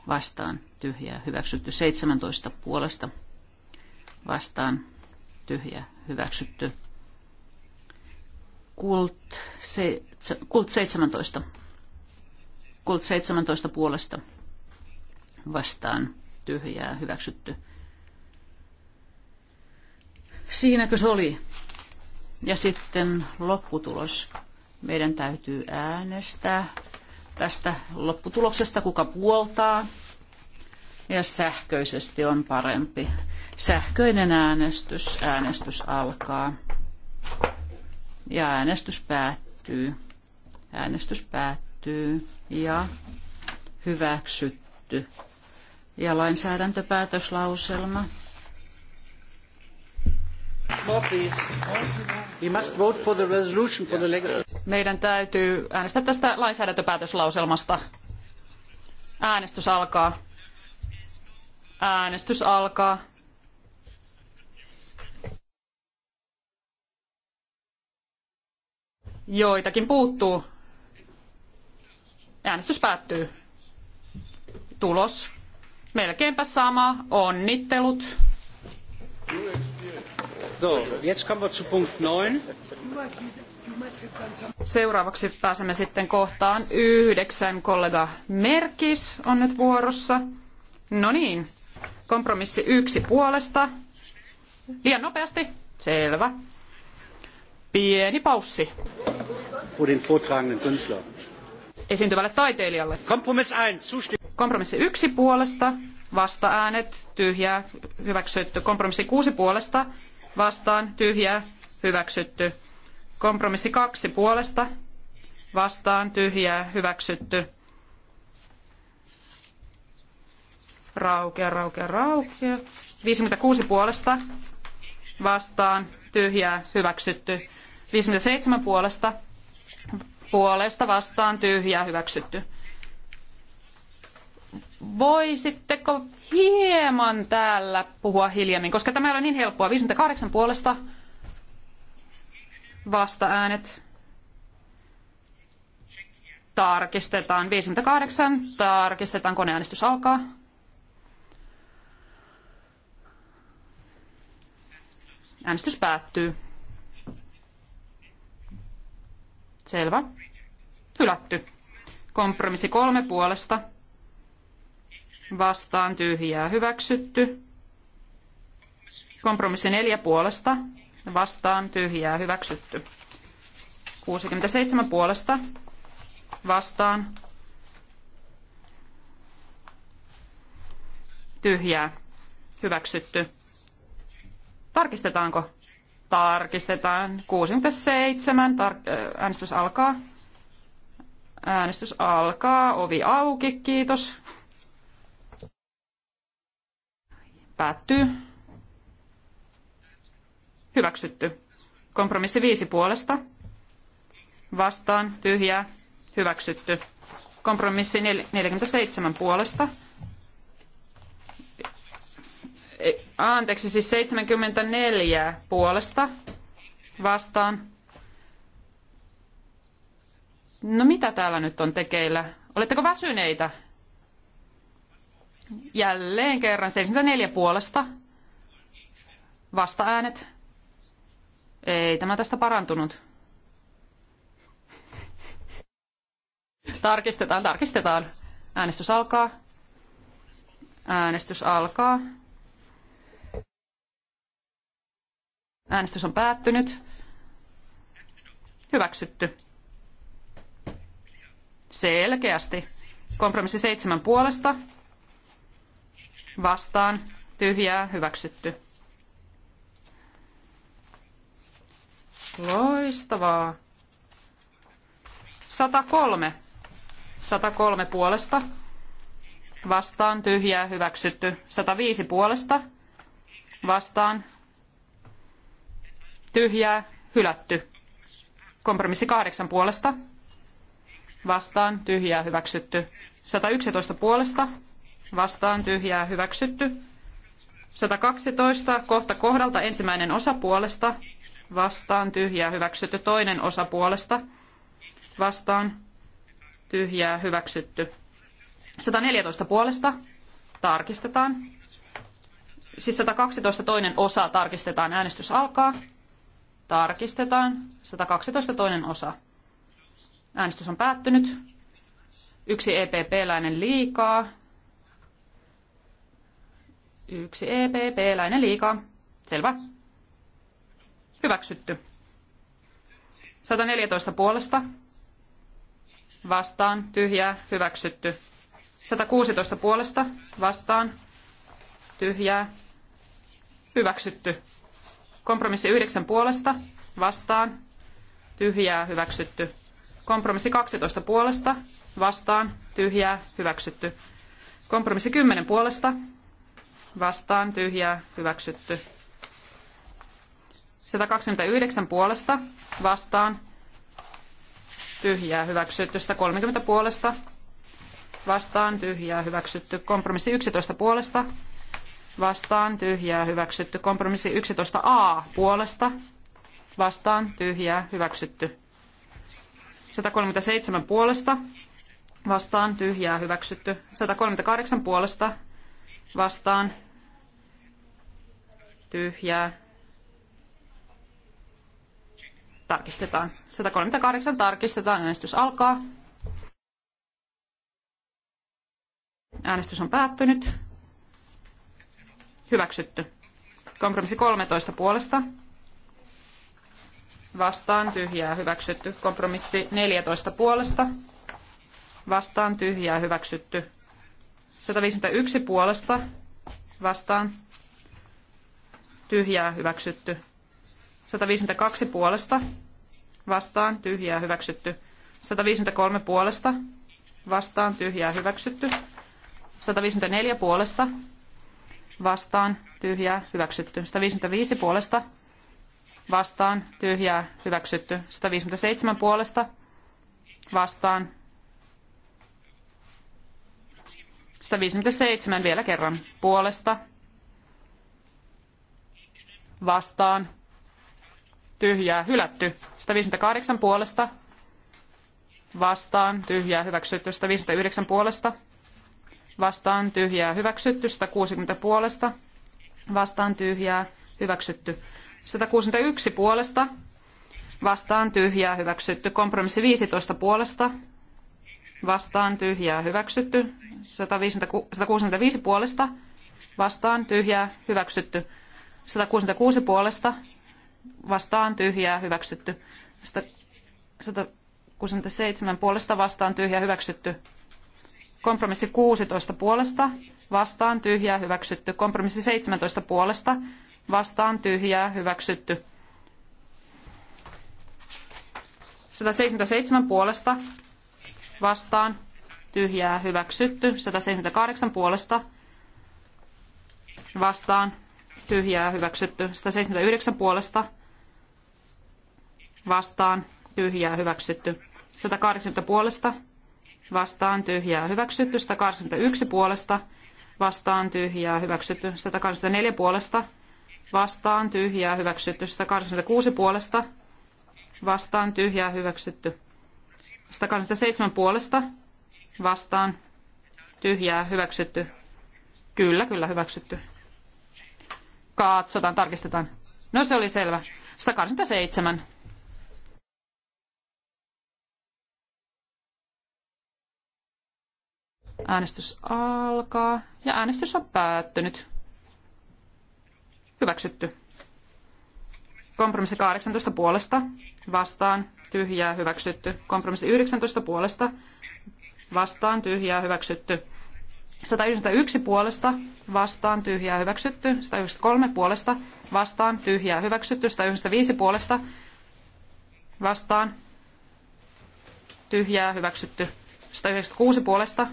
vastaan tyhjää hyväksytty. 17 puolesta vastaan tyhjä hyväksytty. Kult, se, kult 17 Kult 17 puolesta vastaan tyhjää hyväksytty. Siinäkö se oli? Ja sitten lopputulos. Meidän täytyy äänestää tästä lopputuloksesta, kuka puoltaa. Ja sähköisesti on parempi. Sähköinen äänestys. Äänestys alkaa. Ja äänestys päättyy. Äänestys päättyy päättyy ja hyväksytty. Ja lainsäädäntöpäätöslauselma. Meidän täytyy äänestää tästä lainsäädäntöpäätöslauselmasta. Äänestys alkaa. Äänestys alkaa. Joitakin puuttuu. Äänestys päättyy. Tulos. Melkeinpä sama. Onnittelut. Seuraavaksi pääsemme sitten kohtaan yhdeksän. Kollega Merkis on nyt vuorossa. No niin, kompromissi yksi puolesta. Liian nopeasti. Selvä. Pieni paussi.
Für den vortragenden Künstler
esiintyvälle taiteilijalle. Kompromissi yksi puolesta, vasta-äänet, tyhjää, hyväksytty. Kompromissi kuusi puolesta, vastaan, tyhjää, hyväksytty. Kompromissi kaksi puolesta, vastaan, tyhjää, hyväksytty. Raukea, raukea, raukea. 56 puolesta, vastaan, tyhjää, hyväksytty. 57 puolesta, puolesta vastaan tyhjä hyväksytty. Voisitteko hieman täällä puhua hiljemmin, koska tämä ei ole niin helppoa. 58 puolesta vastaäänet tarkistetaan. 58 tarkistetaan, koneäänestys alkaa. Äänestys päättyy. Selvä. Hylätty. Kompromissi kolme puolesta. Vastaan tyhjää hyväksytty. Kompromissi neljä puolesta. Vastaan tyhjää hyväksytty. 67 puolesta. Vastaan tyhjää hyväksytty. Tarkistetaanko? Tarkistetaan. 67. Tar- äänestys alkaa. Äänestys alkaa. Ovi auki, kiitos. Päättyy. Hyväksytty. Kompromissi viisi puolesta. Vastaan. Tyhjää. Hyväksytty. Kompromissi 47 puolesta. Eh, anteeksi, siis 74 puolesta. Vastaan No mitä täällä nyt on tekeillä? Oletteko väsyneitä? Jälleen kerran 74 puolesta. äänet. Ei tämä tästä parantunut. Tarkistetaan, tarkistetaan. Äänestys alkaa. Äänestys alkaa. Äänestys on päättynyt. Hyväksytty. Selkeästi. Kompromissi seitsemän puolesta. Vastaan. Tyhjää. Hyväksytty. Loistavaa. 103. 103 puolesta. Vastaan tyhjää hyväksytty. 105 puolesta. Vastaan tyhjää hylätty. Kompromissi 8 puolesta vastaan tyhjää hyväksytty. 111 puolesta vastaan tyhjää hyväksytty. 112 kohta kohdalta ensimmäinen osa puolesta vastaan tyhjää hyväksytty. Toinen osa puolesta vastaan tyhjää hyväksytty. 114 puolesta tarkistetaan. Siis 112 toinen osa tarkistetaan. Äänestys alkaa. Tarkistetaan. 112 toinen osa. Äänestys on päättynyt. Yksi EPP-läinen liikaa. Yksi EPP-läinen liikaa. Selvä. Hyväksytty. 114 puolesta. Vastaan. Tyhjää. Hyväksytty. 116 puolesta. Vastaan. Tyhjää. Hyväksytty. Kompromissi 9 puolesta. Vastaan. Tyhjää. Hyväksytty. Kompromissi 12 puolesta, vastaan, tyhjää, hyväksytty. Kompromissi 10 puolesta, vastaan, tyhjää, hyväksytty. 129 puolesta, vastaan, tyhjää, hyväksytty. 130 puolesta, vastaan, tyhjää, hyväksytty. Kompromissi 11 puolesta, vastaan, tyhjää, hyväksytty. Kompromissi 11a puolesta, vastaan, tyhjää, hyväksytty. 137 puolesta vastaan tyhjää hyväksytty. 138 puolesta vastaan tyhjää. Tarkistetaan. 138 tarkistetaan. Äänestys alkaa. Äänestys on päättynyt. Hyväksytty. Kompromissi 13 puolesta vastaan tyhjää hyväksytty. Kompromissi 14 puolesta vastaan tyhjää hyväksytty. 151 puolesta vastaan tyhjää hyväksytty. 152 puolesta vastaan tyhjää hyväksytty. 153 puolesta vastaan tyhjää hyväksytty. 154 puolesta vastaan tyhjää hyväksytty. 155 puolesta vastaan tyhjää hyväksytty. 157 puolesta vastaan 157 vielä kerran puolesta vastaan tyhjää hylätty. 158 puolesta vastaan tyhjää hyväksytty. 159 puolesta vastaan tyhjää hyväksytty. 160 puolesta vastaan tyhjää hyväksytty. 161 puolesta vastaan tyhjää hyväksytty. Kompromissi 15 puolesta vastaan tyhjää hyväksytty. 165 puolesta vastaan tyhjää hyväksytty. 166 puolesta vastaan tyhjää hyväksytty. 167 puolesta vastaan tyhjää hyväksytty. Kompromissi 16 puolesta vastaan tyhjää hyväksytty. Kompromissi 17 puolesta vastaan tyhjää hyväksytty. 177 puolesta vastaan tyhjää hyväksytty. 178 puolesta vastaan tyhjää hyväksytty. 179 puolesta vastaan tyhjää hyväksytty. 180 puolesta vastaan tyhjää hyväksytty. 181 puolesta vastaan tyhjää hyväksytty. 184 puolesta vastaan tyhjää hyväksytty. 186 puolesta vastaan tyhjää hyväksytty. 187 puolesta vastaan tyhjää hyväksytty. Kyllä, kyllä hyväksytty. Katsotaan, tarkistetaan. No se oli selvä. 187. Äänestys alkaa ja äänestys on päättynyt. Hyväksytty. Kompromissi 18 puolesta vastaan tyhjää hyväksytty. Kompromissi 19 puolesta vastaan tyhjää hyväksytty. 191 puolesta vastaan tyhjää hyväksytty. 193 puolesta vastaan tyhjää hyväksytty. 195 puolesta vastaan tyhjää hyväksytty. 196 puolesta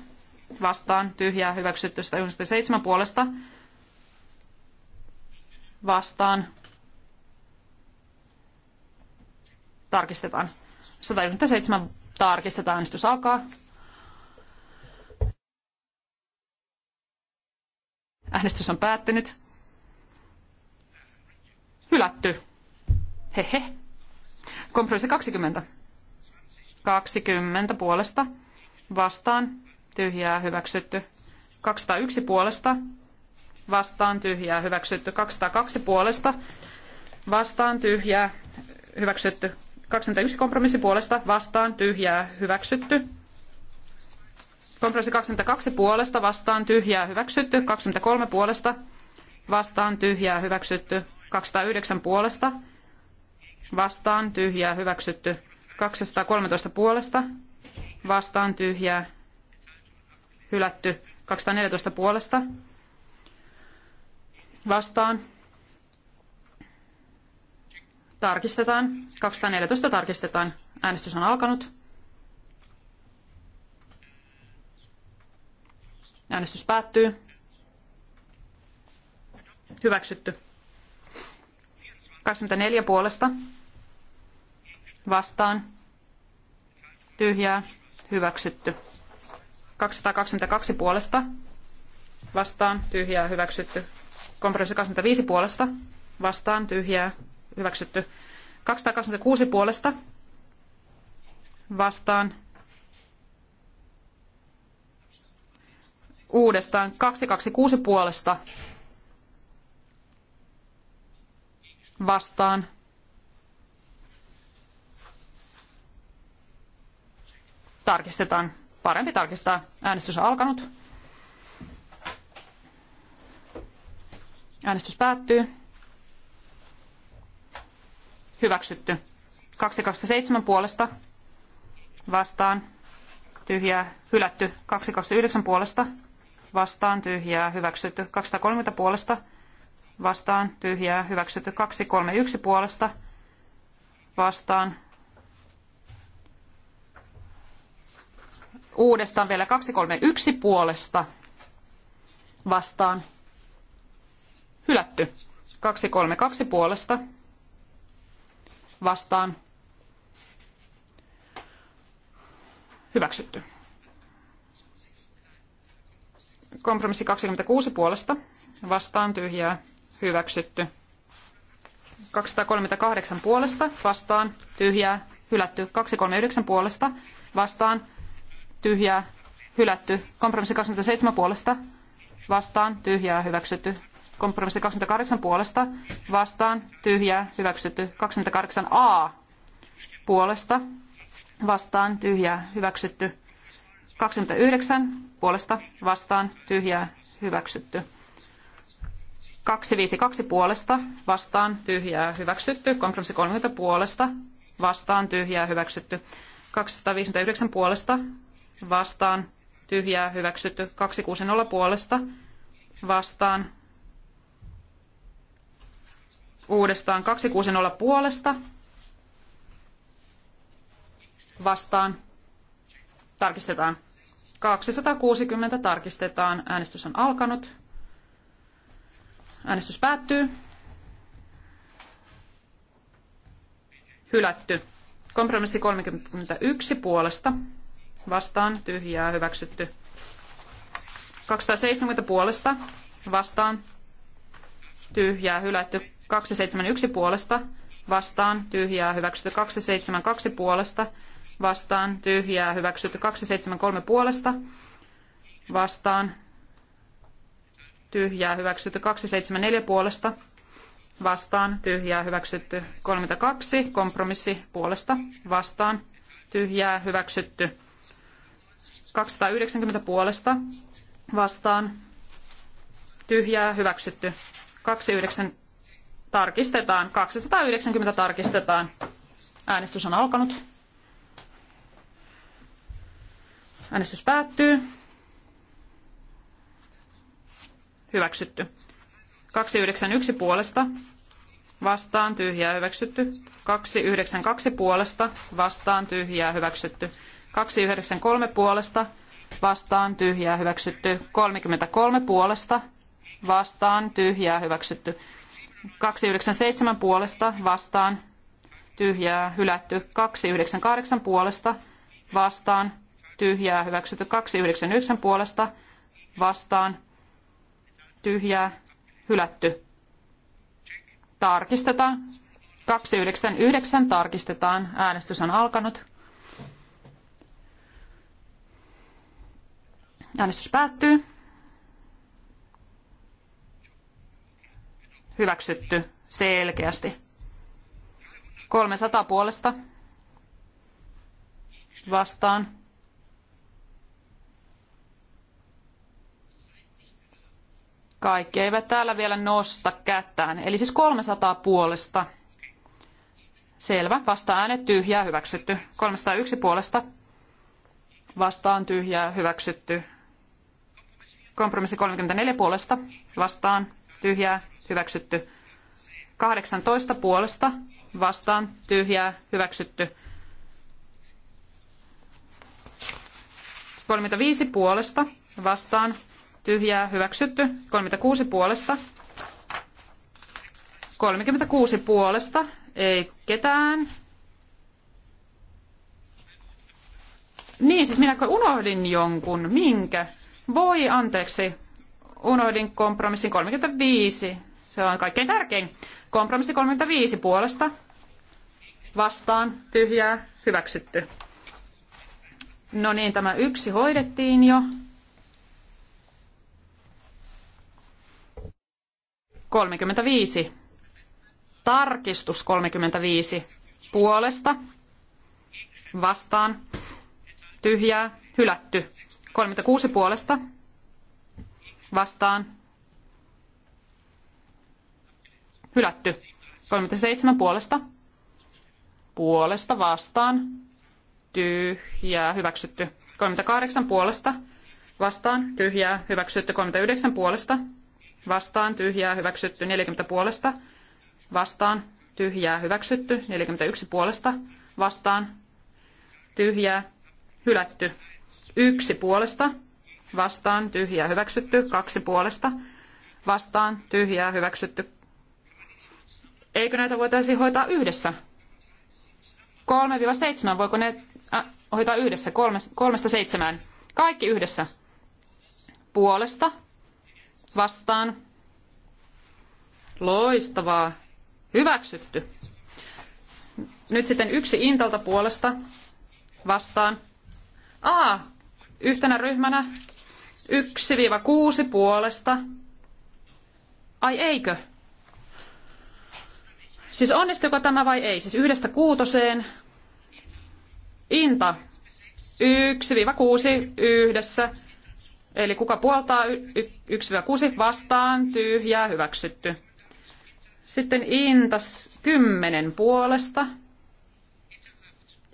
vastaan tyhjää hyväksytty. 197 puolesta vastaan, vastaan. Tarkistetaan. 197 tarkistetaan. Äänestys alkaa. Äänestys on päättynyt. Hylätty. Hehe. Kompromissi 20. 20 puolesta. Vastaan. Tyhjää hyväksytty. 201 puolesta vastaan tyhjää hyväksytty 202 puolesta vastaan tyhjää hyväksytty 21 kompromissi puolesta vastaan tyhjää hyväksytty kompromissi 22 puolesta vastaan tyhjää hyväksytty 23 puolesta vastaan tyhjää hyväksytty 209 puolesta vastaan tyhjää hyväksytty 213 puolesta vastaan tyhjää hylätty 214 puolesta vastaan. Tarkistetaan. 214 tarkistetaan. Äänestys on alkanut. Äänestys päättyy. Hyväksytty. 24 puolesta. Vastaan. Tyhjää. Hyväksytty. 222 puolesta. Vastaan. Tyhjää. Hyväksytty. Kompromissi 25 puolesta vastaan tyhjää hyväksytty. 226 puolesta vastaan uudestaan 226 puolesta vastaan tarkistetaan. Parempi tarkistaa. Äänestys on alkanut. Äänestys päättyy. Hyväksytty. 227 puolesta vastaan tyhjää hylätty. 229 puolesta vastaan tyhjää hyväksytty. 230 puolesta vastaan tyhjää hyväksytty. 231 puolesta vastaan uudestaan vielä 231 puolesta vastaan Hylätty. 232 puolesta vastaan. Hyväksytty. Kompromissi 26 puolesta vastaan tyhjää. Hyväksytty. 238 puolesta vastaan tyhjää. Hylätty. 239 puolesta vastaan tyhjää. Hylätty. Kompromissi 27 puolesta vastaan tyhjää. Hyväksytty. Kompromissi 28 puolesta vastaan tyhjää hyväksytty. 28a puolesta vastaan tyhjää hyväksytty. 29 puolesta vastaan tyhjää hyväksytty. 252 puolesta vastaan tyhjää hyväksytty. Kompromissi 30 puolesta vastaan tyhjää hyväksytty. 259 puolesta vastaan tyhjää hyväksytty. 260 puolesta vastaan uudestaan 260 puolesta vastaan tarkistetaan. 260 tarkistetaan. Äänestys on alkanut. Äänestys päättyy. Hylätty. Kompromissi 31 puolesta. Vastaan tyhjää hyväksytty. 270 puolesta. Vastaan tyhjää hylätty. 271 puolesta vastaan tyhjää hyväksytty 272 puolesta vastaan tyhjää hyväksytty 273 puolesta vastaan tyhjää hyväksytty 274 puolesta vastaan tyhjää hyväksytty 32 kompromissi puolesta vastaan tyhjää hyväksytty 290 puolesta vastaan tyhjää hyväksytty 29 tarkistetaan. 290 tarkistetaan. Äänestys on alkanut. Äänestys päättyy. Hyväksytty. 291 puolesta. Vastaan tyhjää hyväksytty. 292 puolesta. Vastaan tyhjää hyväksytty. 293 puolesta. Vastaan tyhjää hyväksytty. 33 puolesta. Vastaan tyhjää hyväksytty. 297 puolesta vastaan tyhjää hylätty 298 puolesta vastaan tyhjää hyväksytty 299 puolesta vastaan tyhjää hylätty. Tarkistetaan. 299 tarkistetaan. Äänestys on alkanut. Äänestys päättyy. hyväksytty selkeästi. 300 puolesta vastaan. Kaikki eivät täällä vielä nosta kättään. Eli siis 300 puolesta. Selvä. Vasta äänet tyhjää hyväksytty. 301 puolesta. Vastaan tyhjää hyväksytty. Kompromissi 34 puolesta. Vastaan tyhjää, hyväksytty. 18 puolesta, vastaan, tyhjää, hyväksytty. 35 puolesta, vastaan, tyhjää, hyväksytty. 36 puolesta, 36 puolesta, ei ketään. Niin, siis minä unohdin jonkun. Minkä? Voi, anteeksi unohdin kompromissin 35. Se on kaikkein tärkein. Kompromissi 35 puolesta. Vastaan tyhjää hyväksytty. No niin, tämä yksi hoidettiin jo. 35. Tarkistus 35. Puolesta. Vastaan. Tyhjää. Hylätty. 36 puolesta vastaan hylätty. 37 puolesta puolesta vastaan tyhjää hyväksytty. 38 puolesta vastaan tyhjää hyväksytty. 39 puolesta vastaan tyhjää hyväksytty. 40 puolesta vastaan tyhjää hyväksytty. 41 puolesta vastaan tyhjää hylätty. Yksi puolesta vastaan tyhjää hyväksytty, kaksi puolesta vastaan tyhjää hyväksytty. Eikö näitä voitaisi hoitaa yhdessä? 3-7, voiko ne äh, hoitaa yhdessä? Kolmesta seitsemään. Kaikki yhdessä. Puolesta vastaan. Loistavaa. Hyväksytty. Nyt sitten yksi Intalta puolesta vastaan. Aa, yhtenä ryhmänä 1-6 puolesta. Ai eikö? Siis onnistuiko tämä vai ei? Siis yhdestä kuutoseen. Inta. 1-6 yhdessä. Eli kuka puoltaa 1-6 vastaan, tyhjää, hyväksytty. Sitten inta 10 puolesta.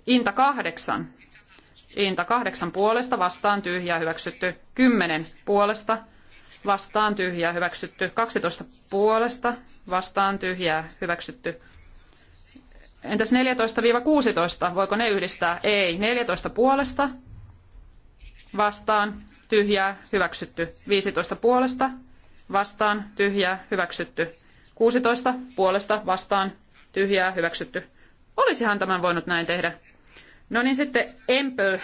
Inta 8 Inta kahdeksan puolesta vastaan tyhjää hyväksytty. 10 puolesta vastaan tyhjää hyväksytty. 12 puolesta vastaan tyhjää hyväksytty. Entäs 14-16? Voiko ne yhdistää? Ei. 14 puolesta vastaan tyhjää hyväksytty. 15 puolesta vastaan tyhjää hyväksytty. 16 puolesta vastaan tyhjää hyväksytty. Olisihan tämän voinut näin tehdä. No niin sitten Empel.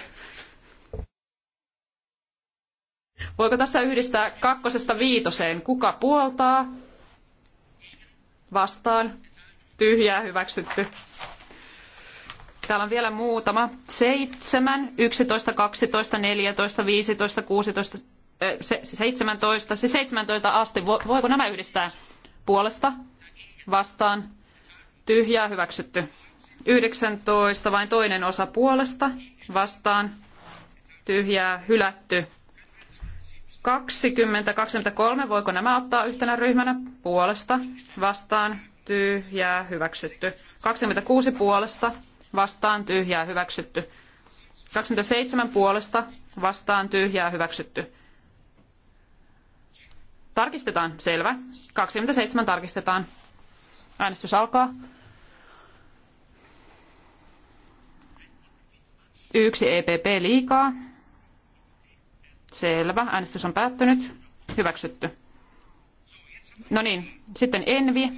Voiko tässä yhdistää kakkosesta viitoseen? Kuka puoltaa? Vastaan. Tyhjää hyväksytty. Täällä on vielä muutama. 7, 11, 12, 14, 15, 16, 17, siis 17 asti. Voiko nämä yhdistää? Puolesta, vastaan, tyhjää hyväksytty. 19 vain toinen osa puolesta vastaan tyhjää hylätty. 20, 23, voiko nämä ottaa yhtenä ryhmänä puolesta vastaan tyhjää hyväksytty. 26 puolesta vastaan tyhjää hyväksytty. 27 puolesta vastaan tyhjää hyväksytty. Tarkistetaan, selvä. 27 tarkistetaan. Äänestys alkaa. Yksi EPP liikaa. Selvä. Äänestys on päättynyt. Hyväksytty. No niin, sitten Envi.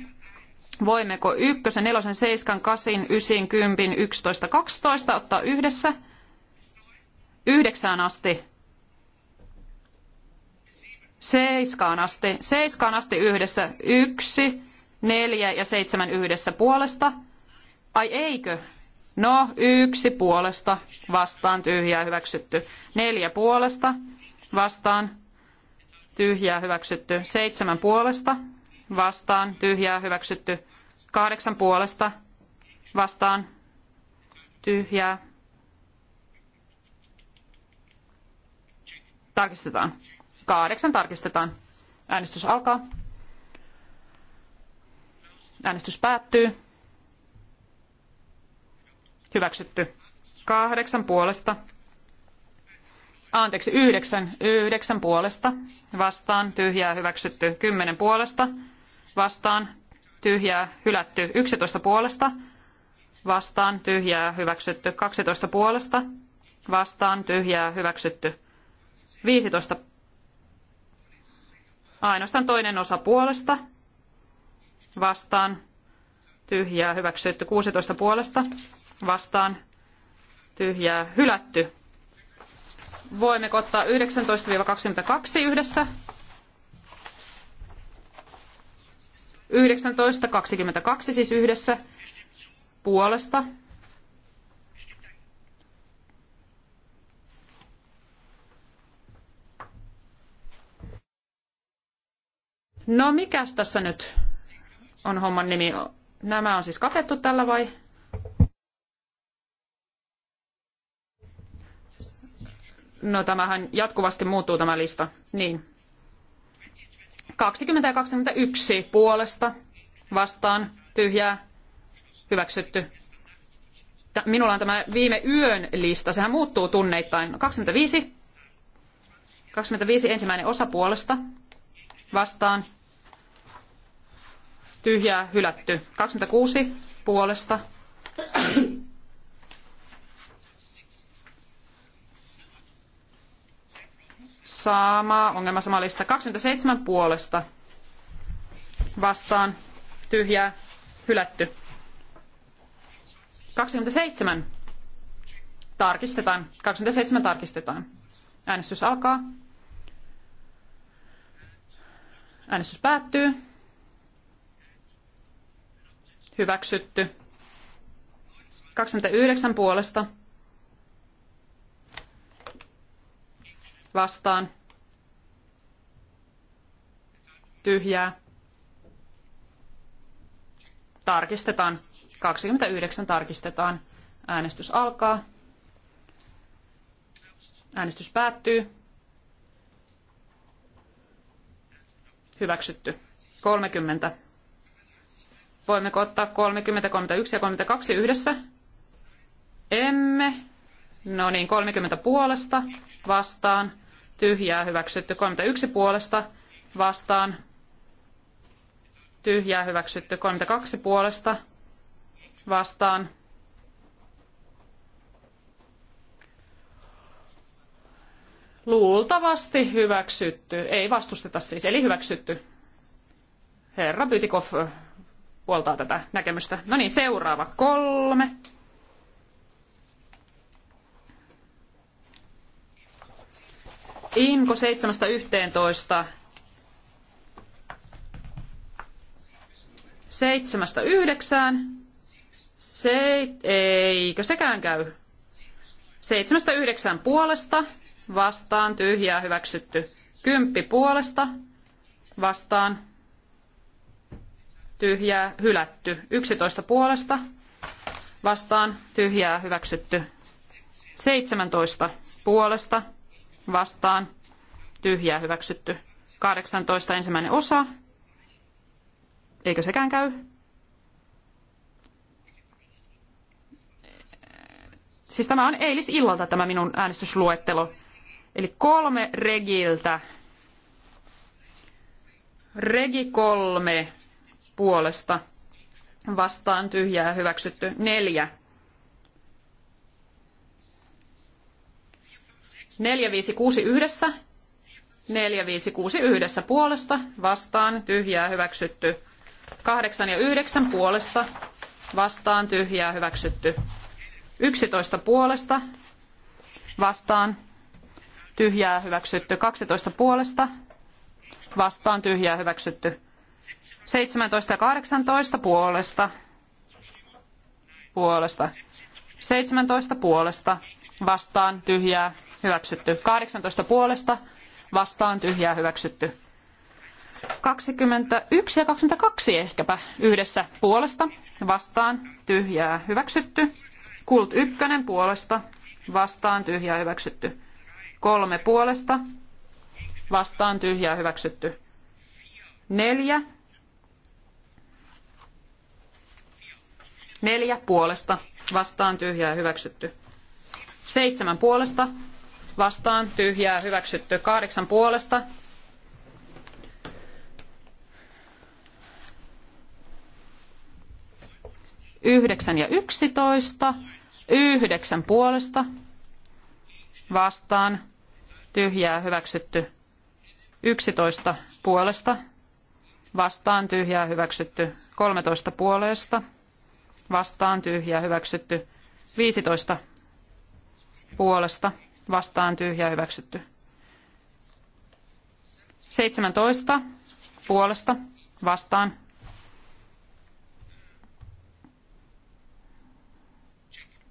Voimmeko ykkösen, nelosen, seiskan, kasin, ysin, kympin, yksitoista, kaksitoista ottaa yhdessä? Yhdeksään asti. Seiskaan asti. Seiskaan asti yhdessä. Yksi, neljä ja seitsemän yhdessä puolesta. Ai eikö? No, yksi puolesta, vastaan, tyhjää, hyväksytty. Neljä puolesta, vastaan, tyhjää, hyväksytty. Seitsemän puolesta, vastaan, tyhjää, hyväksytty. Kahdeksan puolesta, vastaan, tyhjää. Tarkistetaan. Kahdeksan tarkistetaan. Äänestys alkaa. Äänestys päättyy. Hyväksytty. Kahdeksan puolesta. Anteeksi, yhdeksän. Yhdeksän puolesta. Vastaan. Tyhjää. Hyväksytty. Kymmenen puolesta. Vastaan. Tyhjää. Hylätty. Yksitoista puolesta. Vastaan. Tyhjää. Hyväksytty. Kaksitoista puolesta. Vastaan. Tyhjää. Hyväksytty. Viisitoista. Ainoastaan toinen osa puolesta. Vastaan tyhjää hyväksytty Kuusitoista puolesta vastaan tyhjää hylätty. Voimme ottaa 19-22 yhdessä. 19-22 siis yhdessä puolesta. No mikäs tässä nyt on homman nimi? Nämä on siis katettu tällä vai? No tämähän jatkuvasti muuttuu tämä lista. Niin. 20 ja 21 puolesta vastaan tyhjää hyväksytty. Minulla on tämä viime yön lista, sehän muuttuu tunneittain. 25, 25 ensimmäinen osa puolesta vastaan tyhjää hylätty. 26 puolesta sama ongelma, sama lista. 27 puolesta vastaan tyhjää hylätty. 27 tarkistetaan. 27 tarkistetaan. Äänestys alkaa. Äänestys päättyy. Hyväksytty. 29 puolesta vastaan tyhjää. Tarkistetaan. 29 tarkistetaan. Äänestys alkaa. Äänestys päättyy. Hyväksytty. 30. Voimmeko ottaa 30, 31 ja 32 yhdessä? Emme. No niin, 30 puolesta vastaan, tyhjää hyväksytty. 31 puolesta vastaan, tyhjää hyväksytty. 32 puolesta vastaan, luultavasti hyväksytty. Ei vastusteta siis, eli hyväksytty. Herra Bytikov puoltaa tätä näkemystä. No niin, seuraava kolme IMKO 7.11. 7.9. Se, eikö sekään käy? 7.9. puolesta vastaan tyhjää hyväksytty. 10 puolesta vastaan tyhjää hylätty. 11 puolesta vastaan tyhjää hyväksytty. 17 puolesta vastaan tyhjää hyväksytty. 18 ensimmäinen osa. Eikö sekään käy? Siis tämä on eilisillalta tämä minun äänestysluettelo. Eli kolme regiltä. Regi kolme puolesta vastaan tyhjää hyväksytty. Neljä 4, yhdessä. 4, yhdessä puolesta. Vastaan tyhjää hyväksytty. 8 ja 9 puolesta. Vastaan tyhjää hyväksytty. 11 puolesta. Vastaan tyhjää hyväksytty. 12 puolesta. Vastaan tyhjää hyväksytty. 17 ja 18 puolesta. Puolesta. 17 puolesta. Vastaan tyhjää hyväksytty. 18 puolesta vastaan tyhjää hyväksytty. 21 ja 22 ehkäpä yhdessä puolesta vastaan tyhjää hyväksytty. Kult 1 puolesta vastaan tyhjää hyväksytty. Kolme puolesta vastaan tyhjää hyväksytty. Neljä. Neljä puolesta vastaan tyhjää hyväksytty. Seitsemän puolesta vastaan tyhjää hyväksytty. Kahdeksan puolesta Yhdeksän ja yksitoista. Yhdeksän puolesta vastaan tyhjää hyväksytty. Yksitoista puolesta vastaan tyhjää hyväksytty. Kolmetoista puolesta vastaan tyhjää hyväksytty. Viisitoista puolesta vastaan tyhjä hyväksytty. 17 puolesta vastaan.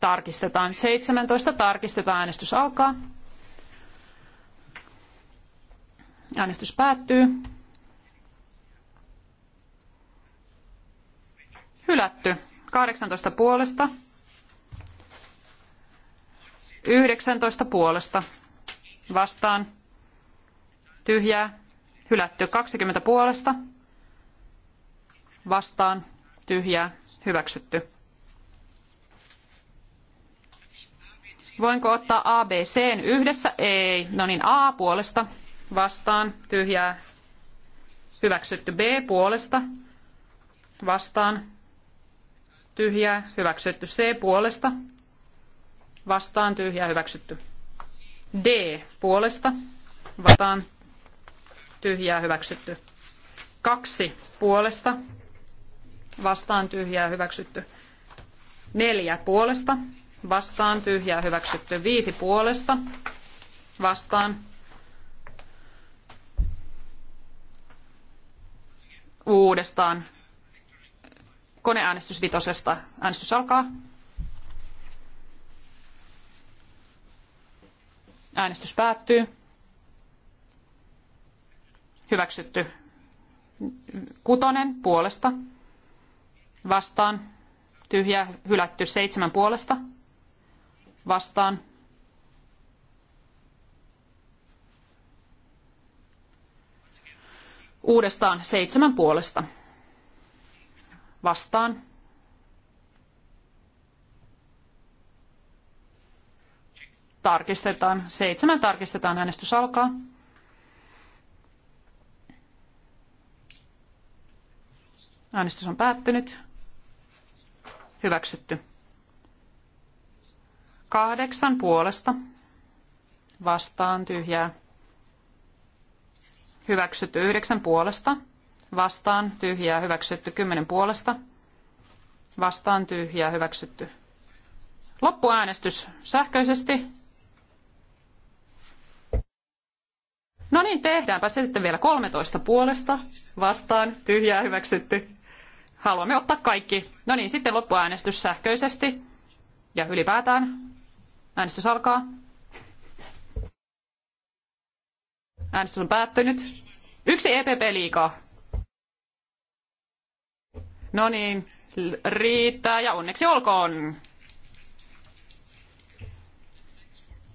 Tarkistetaan. 17 tarkistetaan. Äänestys alkaa. Äänestys päättyy. Hylätty. 18 puolesta 19 puolesta vastaan tyhjää hylätty 20 puolesta vastaan tyhjää hyväksytty. Voinko ottaa A, B, yhdessä? Ei. No niin, A puolesta vastaan tyhjää hyväksytty. B puolesta vastaan tyhjää hyväksytty. C puolesta vastaan tyhjää hyväksytty. D puolesta vastaan tyhjää hyväksytty. Kaksi puolesta vastaan tyhjää hyväksytty. Neljä puolesta vastaan tyhjää hyväksytty. Viisi puolesta vastaan uudestaan koneäänestys vitosesta. Äänestys alkaa. Äänestys päättyy. Hyväksytty. Kutonen puolesta. Vastaan. Tyhjä. Hylätty. Seitsemän puolesta. Vastaan. Uudestaan seitsemän puolesta. Vastaan. tarkistetaan. Seitsemän tarkistetaan. Äänestys alkaa. Äänestys on päättynyt. Hyväksytty. Kahdeksan puolesta. Vastaan tyhjää. Hyväksytty yhdeksän puolesta. Vastaan tyhjää. Hyväksytty kymmenen puolesta. Vastaan tyhjää. Hyväksytty. Loppuäänestys sähköisesti. No niin, tehdäänpä se sitten vielä 13 puolesta. Vastaan, tyhjää hyväksytty. Haluamme ottaa kaikki. No niin, sitten loppuäänestys sähköisesti. Ja ylipäätään äänestys alkaa. Äänestys on päättynyt. Yksi EPP liikaa. No niin, riittää ja onneksi olkoon.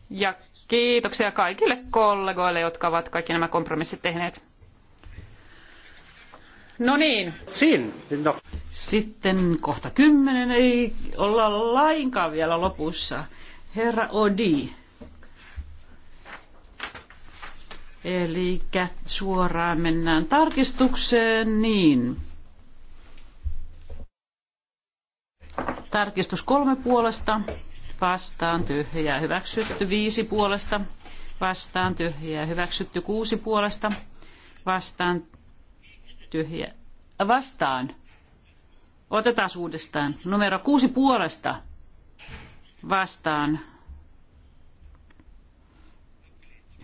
Ja Kiitoksia kaikille kollegoille, jotka ovat kaikki nämä kompromissit tehneet. No niin. No. Sitten kohta kymmenen ei olla lainkaan vielä lopussa. Herra Odi. Eli suoraan mennään tarkistukseen, niin. Tarkistus kolme puolesta vastaan tyhjää hyväksytty. Viisi puolesta vastaan tyhjää hyväksytty. Kuusi puolesta vastaan tyhjää vastaan. Otetaan uudestaan. Numero kuusi puolesta vastaan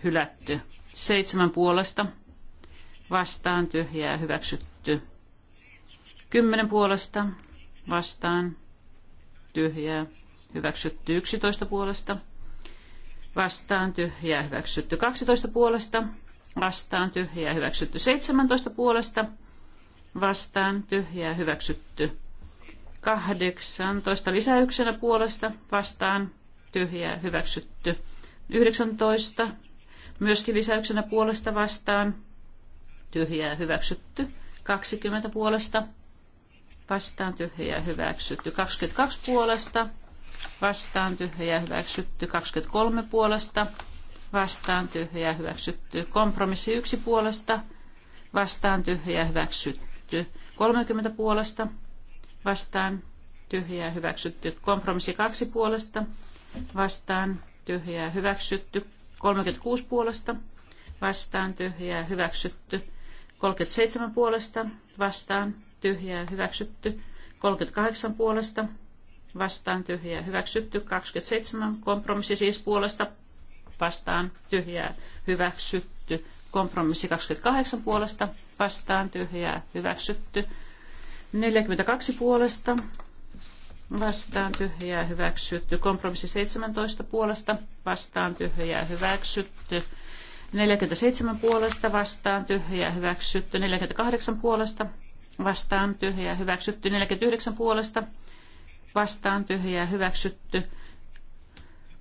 hylätty. Seitsemän puolesta vastaan tyhjää hyväksytty. Kymmenen puolesta vastaan tyhjää hyväksytty 11 puolesta, vastaan tyhjä hyväksytty 12 puolesta, vastaan tyhjä hyväksytty 17 puolesta, vastaan tyhjä hyväksytty 18 lisäyksenä puolesta, vastaan tyhjä hyväksytty 19 myöskin lisäyksenä puolesta vastaan tyhjää hyväksytty 20 puolesta vastaan tyhjää hyväksytty 22 puolesta vastaan tyhjä hyväksytty 23 puolesta, vastaan tyhjä hyväksytty kompromissi 1 puolesta, vastaan tyhjä hyväksytty 30 puolesta, vastaan tyhjä hyväksytty kompromissi 2 puolesta, vastaan tyhjä hyväksytty 36 puolesta, vastaan tyhjä hyväksytty 37 puolesta, vastaan tyhjä hyväksytty 38 puolesta, vastaan tyhjää hyväksytty. 27 kompromissi siis puolesta vastaan tyhjää hyväksytty. Kompromissi 28 puolesta vastaan tyhjää hyväksytty. 42 puolesta vastaan tyhjää hyväksytty. Kompromissi 17 puolesta vastaan tyhjää hyväksytty. 47 puolesta vastaan tyhjää hyväksytty. 48 puolesta vastaan tyhjää hyväksytty. 49 puolesta vastaan tyhjää hyväksytty.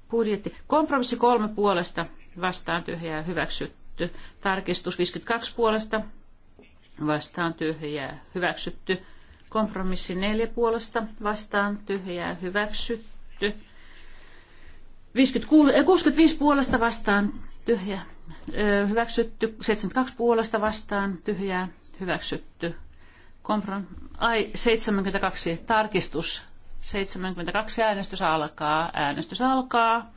Budjetti. Kompromissi kolme puolesta vastaan tyhjää hyväksytty. Tarkistus 52 puolesta vastaan tyhjää hyväksytty. Kompromissi neljä puolesta vastaan tyhjää hyväksytty. 56, 65 eh, puolesta vastaan tyhjä hyväksytty. 72 puolesta vastaan tyhjää hyväksytty. Komprom- ai, 72 tarkistus 72 äänestys alkaa. Äänestys alkaa.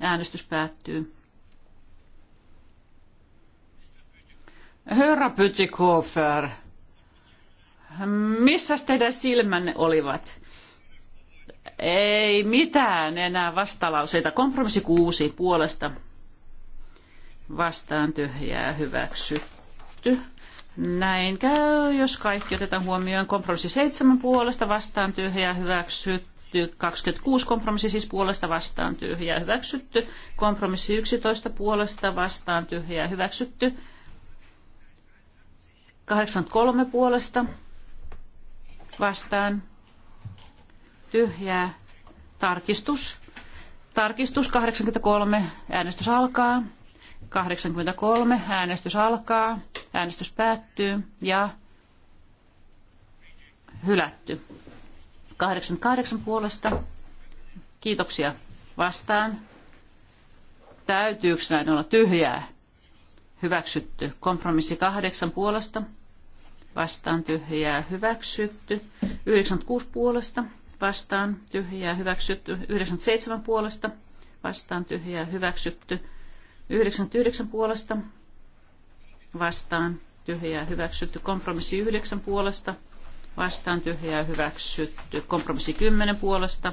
Äänestys päättyy. Herra Pytikofer, missä teidän silmänne olivat? Ei mitään enää vastalauseita. Kompromissi kuusi puolesta vastaan tyhjää hyväksytty hyväksytty. Näin käy, jos kaikki otetaan huomioon. Kompromissi 7 puolesta vastaan tyhjä hyväksytty. 26 kompromissi siis puolesta vastaan tyhjä hyväksytty. Kompromissi 11 puolesta vastaan tyhjä hyväksytty. 83 puolesta vastaan tyhjää tarkistus. Tarkistus 83. Äänestys alkaa. 83. Äänestys alkaa. Äänestys päättyy ja hylätty. 88 puolesta. Kiitoksia vastaan. Täytyykö näin olla tyhjää? Hyväksytty. Kompromissi kahdeksan puolesta. Vastaan tyhjää hyväksytty. 96 puolesta. Vastaan tyhjää hyväksytty. 97 puolesta. Vastaan tyhjää hyväksytty. 99 puolesta vastaan tyhjää hyväksytty. Kompromissi 9 puolesta vastaan tyhjää hyväksytty. Kompromissi 10 puolesta.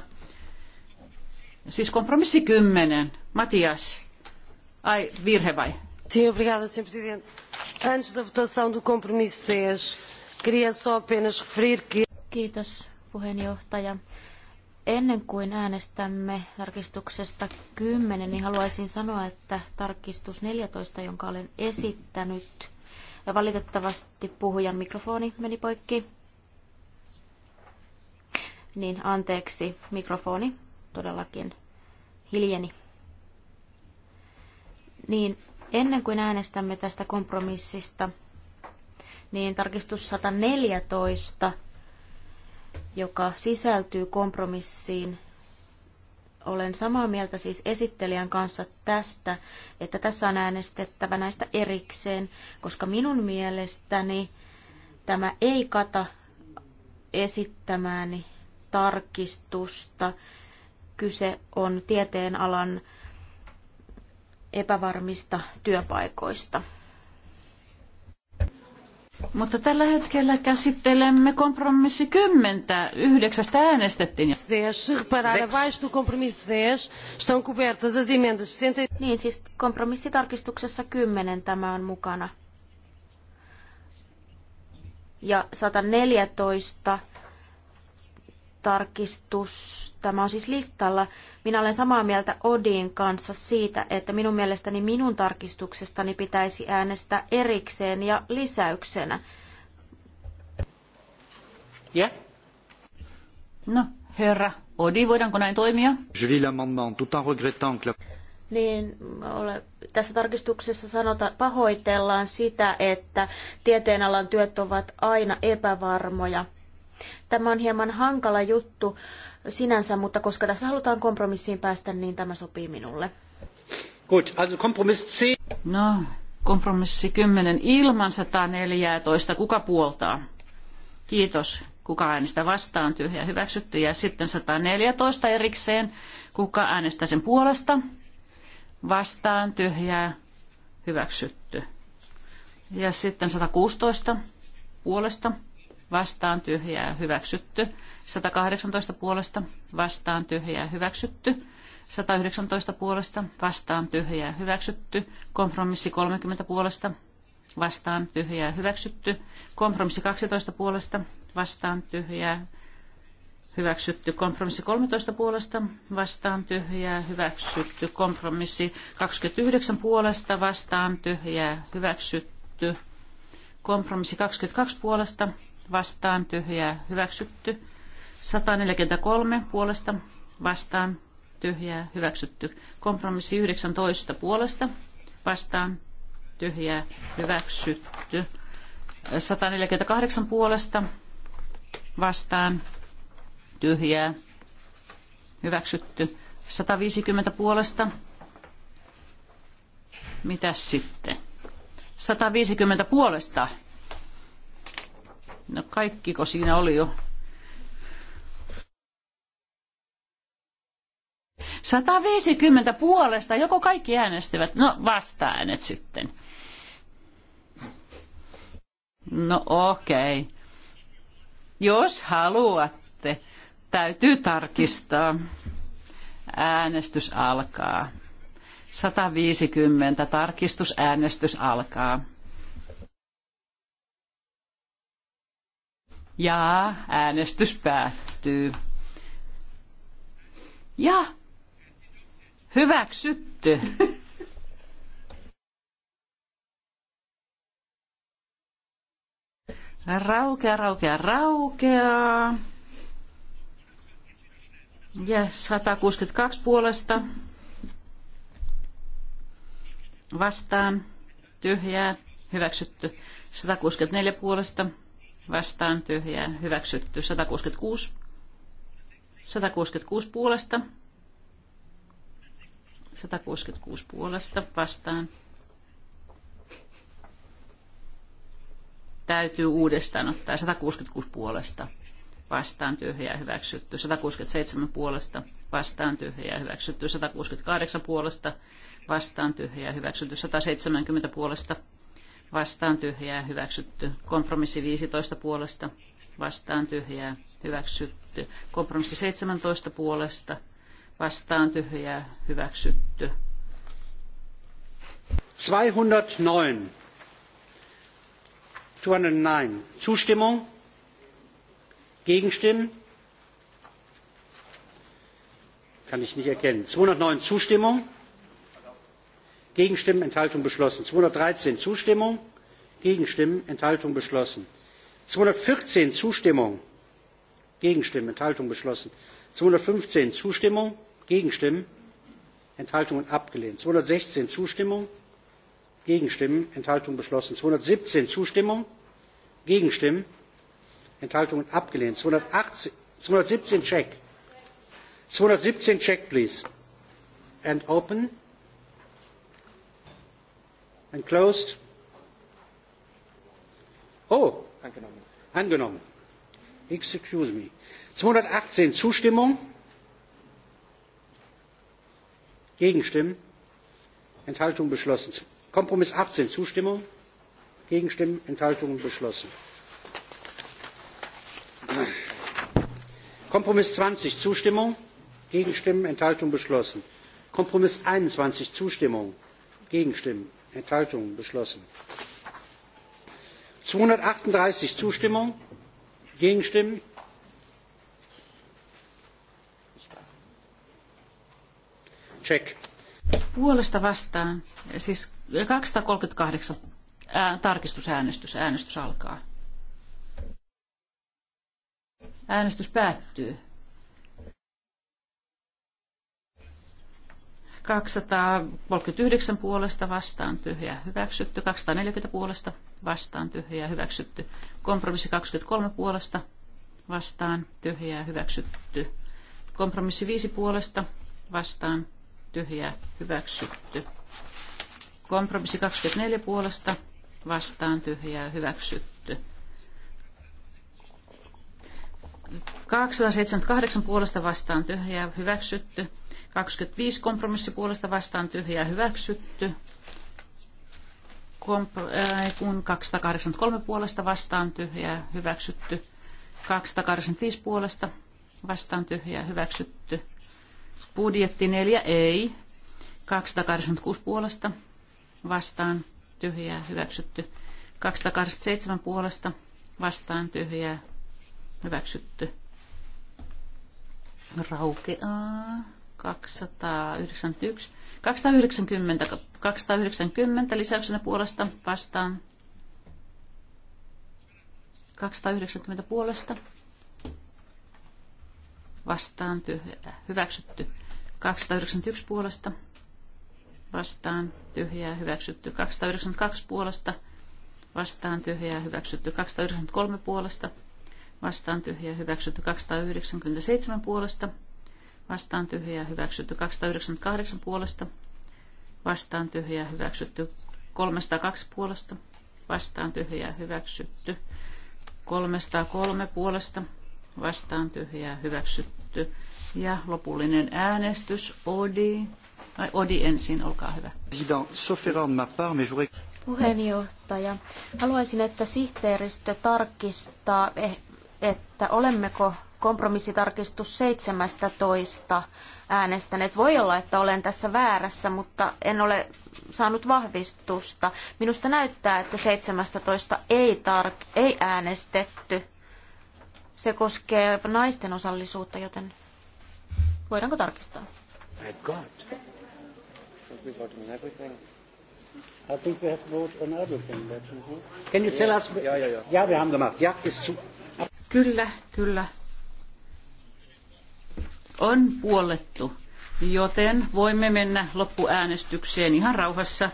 Siis kompromissi 10. Matias. Ai, virhe vai? Sim, obrigada, Sr. Presidente. Antes da votação do compromisso
10, queria só apenas referir que... Kiitos, puheenjohtaja. Ennen kuin äänestämme tarkistuksesta 10, niin haluaisin sanoa, että tarkistus 14, jonka olen esittänyt, ja valitettavasti puhujan mikrofoni meni poikki. Niin, anteeksi, mikrofoni todellakin hiljeni. Niin, ennen kuin äänestämme tästä kompromissista, niin tarkistus 114 joka sisältyy kompromissiin. Olen samaa mieltä siis esittelijän kanssa tästä, että tässä on äänestettävä näistä erikseen, koska minun mielestäni tämä ei kata esittämääni tarkistusta. Kyse on tieteenalan epävarmista työpaikoista.
Mutta tällä hetkellä käsittelemme kompromissi 10. Yhdeksästä äänestettiin. E-
niin, siis kompromissitarkistuksessa 10 tämä on mukana. Ja 114 tarkistus, tämä on siis listalla. Minä olen samaa mieltä Odin kanssa siitä, että minun mielestäni minun tarkistuksestani pitäisi äänestää erikseen ja lisäyksenä.
Yeah.
No, herra
Odi, voidaanko näin toimia?
Je lis l'amendement tout en regrettant que
Niin, ole, tässä tarkistuksessa sanota, pahoitellaan sitä, että tieteenalan työt ovat aina epävarmoja – Tämä on hieman hankala juttu sinänsä, mutta koska tässä halutaan kompromissiin päästä, niin tämä sopii minulle.
Good.
also kompromiss No, kompromissi 10 ilman 114. Kuka puoltaa? Kiitos. Kuka äänestää vastaan? Tyhjä hyväksytty. Ja sitten 114 erikseen. Kuka äänestää sen puolesta? Vastaan. Tyhjää hyväksytty. Ja sitten 116 puolesta vastaan tyhjää hyväksytty. 118 puolesta vastaan tyhjää hyväksytty. 119 puolesta vastaan tyhjää hyväksytty. Kompromissi 30 puolesta vastaan tyhjää hyväksytty. Kompromissi 12 puolesta vastaan tyhjää hyväksytty. Kompromissi 13 puolesta vastaan tyhjää hyväksytty. Kompromissi 29 puolesta vastaan tyhjää hyväksytty. Kompromissi 22 puolesta vastaan tyhjää hyväksytty. 143 puolesta vastaan tyhjää hyväksytty. Kompromissi 19 puolesta vastaan tyhjää hyväksytty. 148 puolesta vastaan tyhjää hyväksytty. 150 puolesta. Mitäs sitten? 150 puolesta No kaikkiko siinä oli jo? 150 puolesta, joko kaikki äänestivät? No vasta-äänet sitten. No okei. Okay. Jos haluatte, täytyy tarkistaa. Äänestys alkaa. 150 tarkistusäänestys alkaa. Ja äänestys päättyy. Ja hyväksytty. Raukea, raukea, raukea. Ja 162 puolesta. Vastaan. Tyhjää. Hyväksytty. 164 puolesta vastaan tyhjää hyväksytty 166. 166 puolesta. 166 puolesta vastaan. Täytyy uudestaan ottaa 166 puolesta vastaan tyhjää hyväksytty, 167 puolesta vastaan tyhjää hyväksytty, 168 puolesta vastaan tyhjää hyväksytty, 170 puolesta vastaan tyhjää hyväksytty. Kompromissi 15 puolesta vastaan tyhjää hyväksytty. Kompromissi 17 puolesta vastaan tyhjää hyväksytty.
209. 209. Zustimmung? Gegenstimmen? Kann ich nicht erkennen. 209 Zustimmung? Gegenstimmen, Enthaltung beschlossen. 213 Zustimmung, Gegenstimmen, Enthaltung beschlossen. 214 Zustimmung, Gegenstimmen, Enthaltung beschlossen. 215 Zustimmung, Gegenstimmen, Enthaltungen abgelehnt. 216 Zustimmung, Gegenstimmen, Enthaltungen beschlossen. 217 Zustimmung, Gegenstimmen, Enthaltungen abgelehnt. zweihundertsiebzehn 217 Check. 217 Check, please. And open and closed. Oh, angenommen. angenommen. Excuse me. 218 Zustimmung. Gegenstimmen. Enthaltung beschlossen. Kompromiss 18 Zustimmung. Gegenstimmen. Enthaltung beschlossen. Kompromiss 20 Zustimmung. Gegenstimmen. Enthaltung beschlossen. Kompromiss 21 Zustimmung. Gegenstimmen. Enthaltungen beschlossen. 238 Zustimmung, Gegenstimmen. Check. Puolesta vastaan,
siis 238 ää, tarkistusäänestys, äänestys alkaa. Äänestys päättyy. 239 puolesta vastaan tyhjää hyväksytty, 240 puolesta vastaan tyhjää hyväksytty, kompromissi 23 puolesta vastaan tyhjää hyväksytty, kompromissi 5 puolesta vastaan tyhjää hyväksytty, kompromissi 24 puolesta vastaan tyhjää hyväksytty. 278 puolesta vastaan tyhjää hyväksytty, 25 kompromissipuolesta vastaan tyhjä hyväksytty. Komp- äh, kun 283 puolesta vastaan tyhjä hyväksytty. 285 puolesta vastaan tyhjä hyväksytty. Budjetti 4 ei. 286 puolesta vastaan tyhjää hyväksytty. 287 puolesta vastaan tyhjää hyväksytty. Raukeaa. 290, 290 lisäyksenä puolesta vastaan. 290 puolesta vastaan tyhjää hyväksytty. 291 puolesta vastaan tyhjää hyväksytty. 292 puolesta vastaan tyhjää hyväksytty. 293 puolesta vastaan tyhjää hyväksytty. 297 puolesta vastaan tyhjää hyväksytty 298 puolesta, vastaan tyhjää hyväksytty 302 puolesta, vastaan tyhjää hyväksytty 303 puolesta, vastaan tyhjää hyväksytty. Ja lopullinen äänestys, Odi. Ai, Odi ensin, olkaa hyvä.
Puheenjohtaja, haluaisin, että sihteeristö tarkistaa, eh, että olemmeko kompromissitarkistus 17 äänestäneet. Voi olla, että olen tässä väärässä, mutta en ole saanut vahvistusta. Minusta näyttää, että 17 ei, tark- ei äänestetty. Se koskee naisten osallisuutta, joten voidaanko tarkistaa? I've got.
We've gotten everything. I think we have voted on everything. That Can you tell us? Ja, ja, ja. Ja, wir haben gemacht. Ja, ist
Kyllä, kyllä on puollettu, joten voimme mennä loppuäänestykseen ihan rauhassa.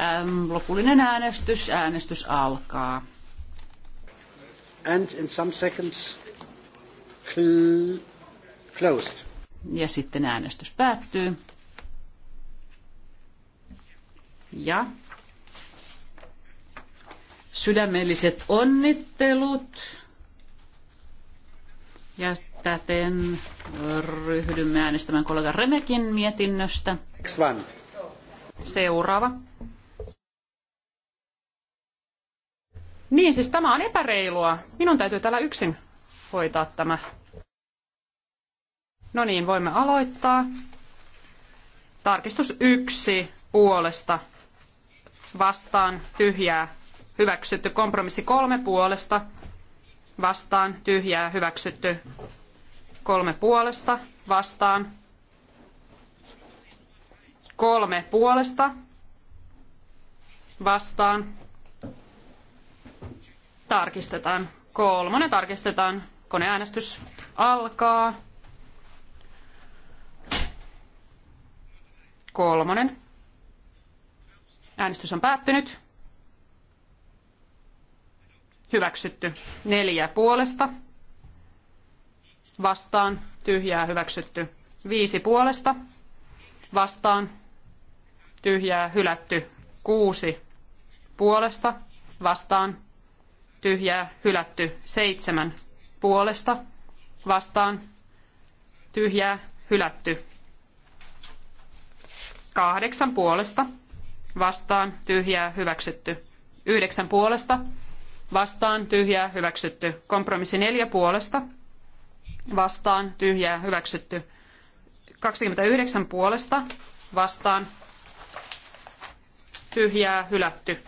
Ähm, lopullinen äänestys, äänestys alkaa. And in some seconds closed. Ja sitten äänestys päättyy. Ja sydämelliset onnittelut. Ja Täten ryhdymme äänestämään kollega Remekin mietinnöstä. Seuraava. Niin, siis tämä on epäreilua. Minun täytyy täällä yksin hoitaa tämä. No niin, voimme aloittaa. Tarkistus yksi puolesta. Vastaan tyhjää. Hyväksytty. Kompromissi kolme puolesta. Vastaan tyhjää. Hyväksytty. Kolme puolesta vastaan. Kolme puolesta vastaan. Tarkistetaan. Kolmonen tarkistetaan. Koneäänestys alkaa. Kolmonen. Äänestys on päättynyt. Hyväksytty. Neljä puolesta vastaan, tyhjää hyväksytty. Viisi puolesta, vastaan, tyhjää hylätty. Kuusi puolesta, vastaan, tyhjää hylätty. Seitsemän puolesta, vastaan, tyhjää hylätty. Kahdeksan puolesta, vastaan, tyhjää hyväksytty. Yhdeksän puolesta, vastaan, tyhjää hyväksytty. Kompromissi neljä puolesta, vastaan, tyhjää, hyväksytty. 29 puolesta vastaan, tyhjää, hylätty.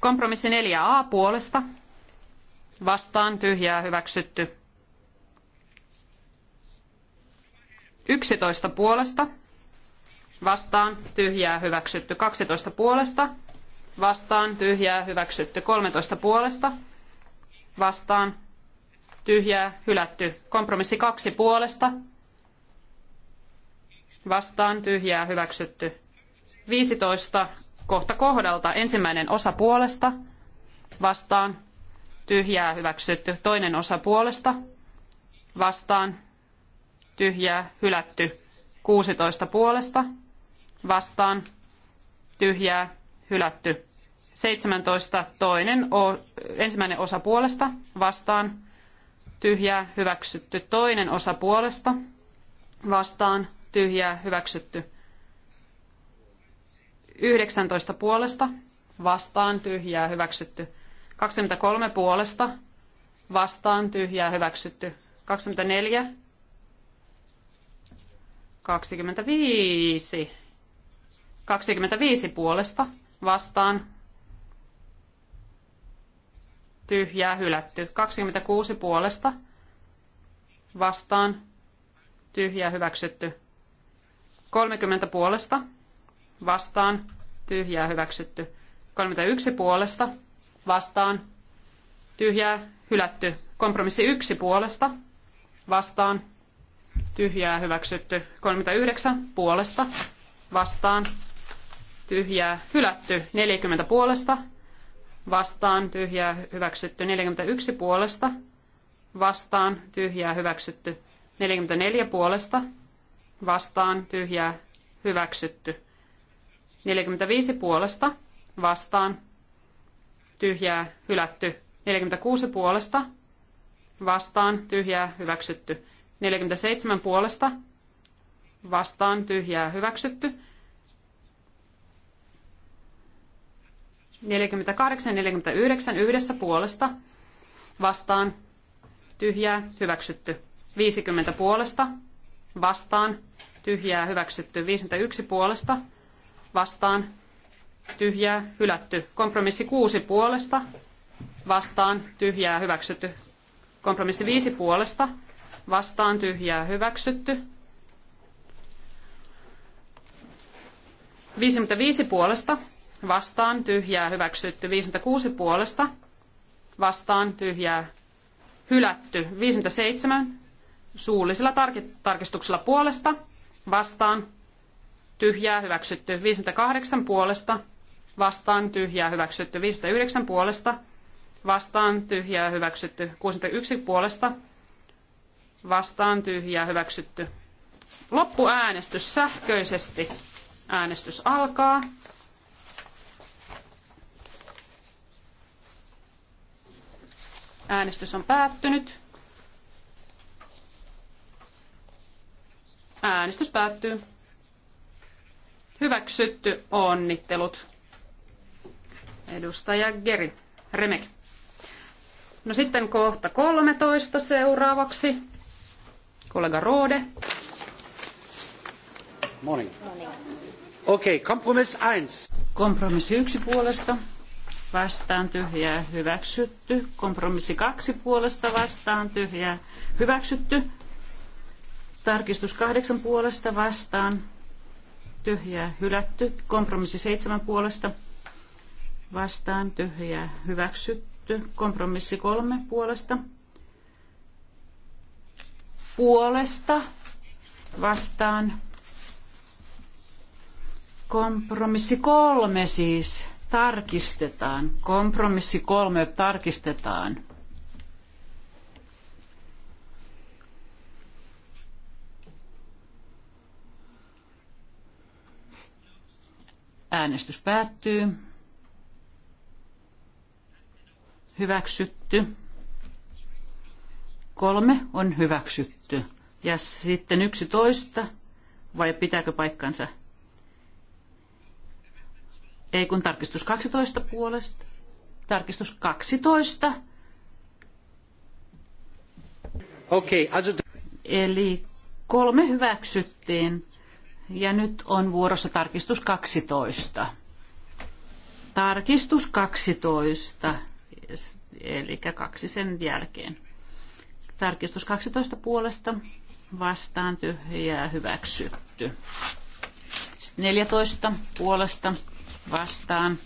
Kompromissi 4a puolesta vastaan, tyhjää, hyväksytty. 11 puolesta vastaan, tyhjää, hyväksytty. 12 puolesta vastaan, tyhjää, hyväksytty. 13 puolesta vastaan tyhjää hylätty. Kompromissi kaksi puolesta vastaan tyhjää hyväksytty. 15 kohta kohdalta ensimmäinen osa puolesta vastaan tyhjää hyväksytty. Toinen osa puolesta vastaan tyhjää hylätty. 16 puolesta vastaan tyhjää hylätty. 17 toinen, ensimmäinen osa puolesta vastaan, tyhjää hyväksytty. Toinen osa puolesta vastaan, tyhjää hyväksytty. 19 puolesta vastaan, tyhjää hyväksytty. 23 puolesta vastaan, tyhjää hyväksytty. 24 25 25 puolesta vastaan, tyhjää hylätty. 26 puolesta vastaan tyhjää hyväksytty. 30 puolesta vastaan tyhjää hyväksytty. 31 puolesta vastaan tyhjää hylätty. Kompromissi 1 puolesta vastaan tyhjää hyväksytty. 39 puolesta vastaan tyhjää hylätty. 40 puolesta vastaan tyhjää hyväksytty 41 puolesta, vastaan tyhjää hyväksytty 44 puolesta, vastaan tyhjää hyväksytty 45 puolesta, vastaan tyhjää hylätty 46 puolesta, vastaan tyhjää hyväksytty 47 puolesta, vastaan tyhjää hyväksytty 48 49 yhdessä puolesta vastaan tyhjää hyväksytty. 50 puolesta vastaan tyhjää hyväksytty. 51 puolesta vastaan tyhjää hylätty. Kompromissi 6 puolesta vastaan tyhjää hyväksytty. Kompromissi 5 puolesta vastaan tyhjää hyväksytty. 55 puolesta vastaan tyhjää hyväksytty. 56 puolesta vastaan tyhjää hylätty. 57 suullisella tarkistuksella puolesta vastaan tyhjää hyväksytty. 58 puolesta vastaan tyhjää hyväksytty. 59 puolesta vastaan tyhjää hyväksytty. 61 puolesta vastaan tyhjää hyväksytty. Loppuäänestys sähköisesti. Äänestys alkaa. Äänestys on päättynyt. Äänestys päättyy. Hyväksytty. Onnittelut. Edustaja Geri. Remek. No sitten kohta 13 seuraavaksi. Kollega Rode. Morning.
Morning. Okei,
okay, kompromiss 1. Kompromissi yksi puolesta vastaan tyhjää hyväksytty. Kompromissi kaksi puolesta vastaan tyhjää hyväksytty. Tarkistus kahdeksan puolesta vastaan tyhjää hylätty. Kompromissi seitsemän puolesta vastaan tyhjää hyväksytty. Kompromissi kolme puolesta puolesta vastaan kompromissi kolme siis tarkistetaan. Kompromissi kolme tarkistetaan. Äänestys päättyy. Hyväksytty. Kolme on hyväksytty. Ja sitten yksitoista, vai pitääkö paikkansa? Ei kun tarkistus 12 puolesta. Tarkistus 12. Okei, okay, also... Eli kolme hyväksyttiin ja nyt on vuorossa tarkistus 12. Tarkistus 12, eli kaksi sen jälkeen. Tarkistus 12 puolesta vastaan tyhjää hyväksytty. Sitten 14 puolesta vastaan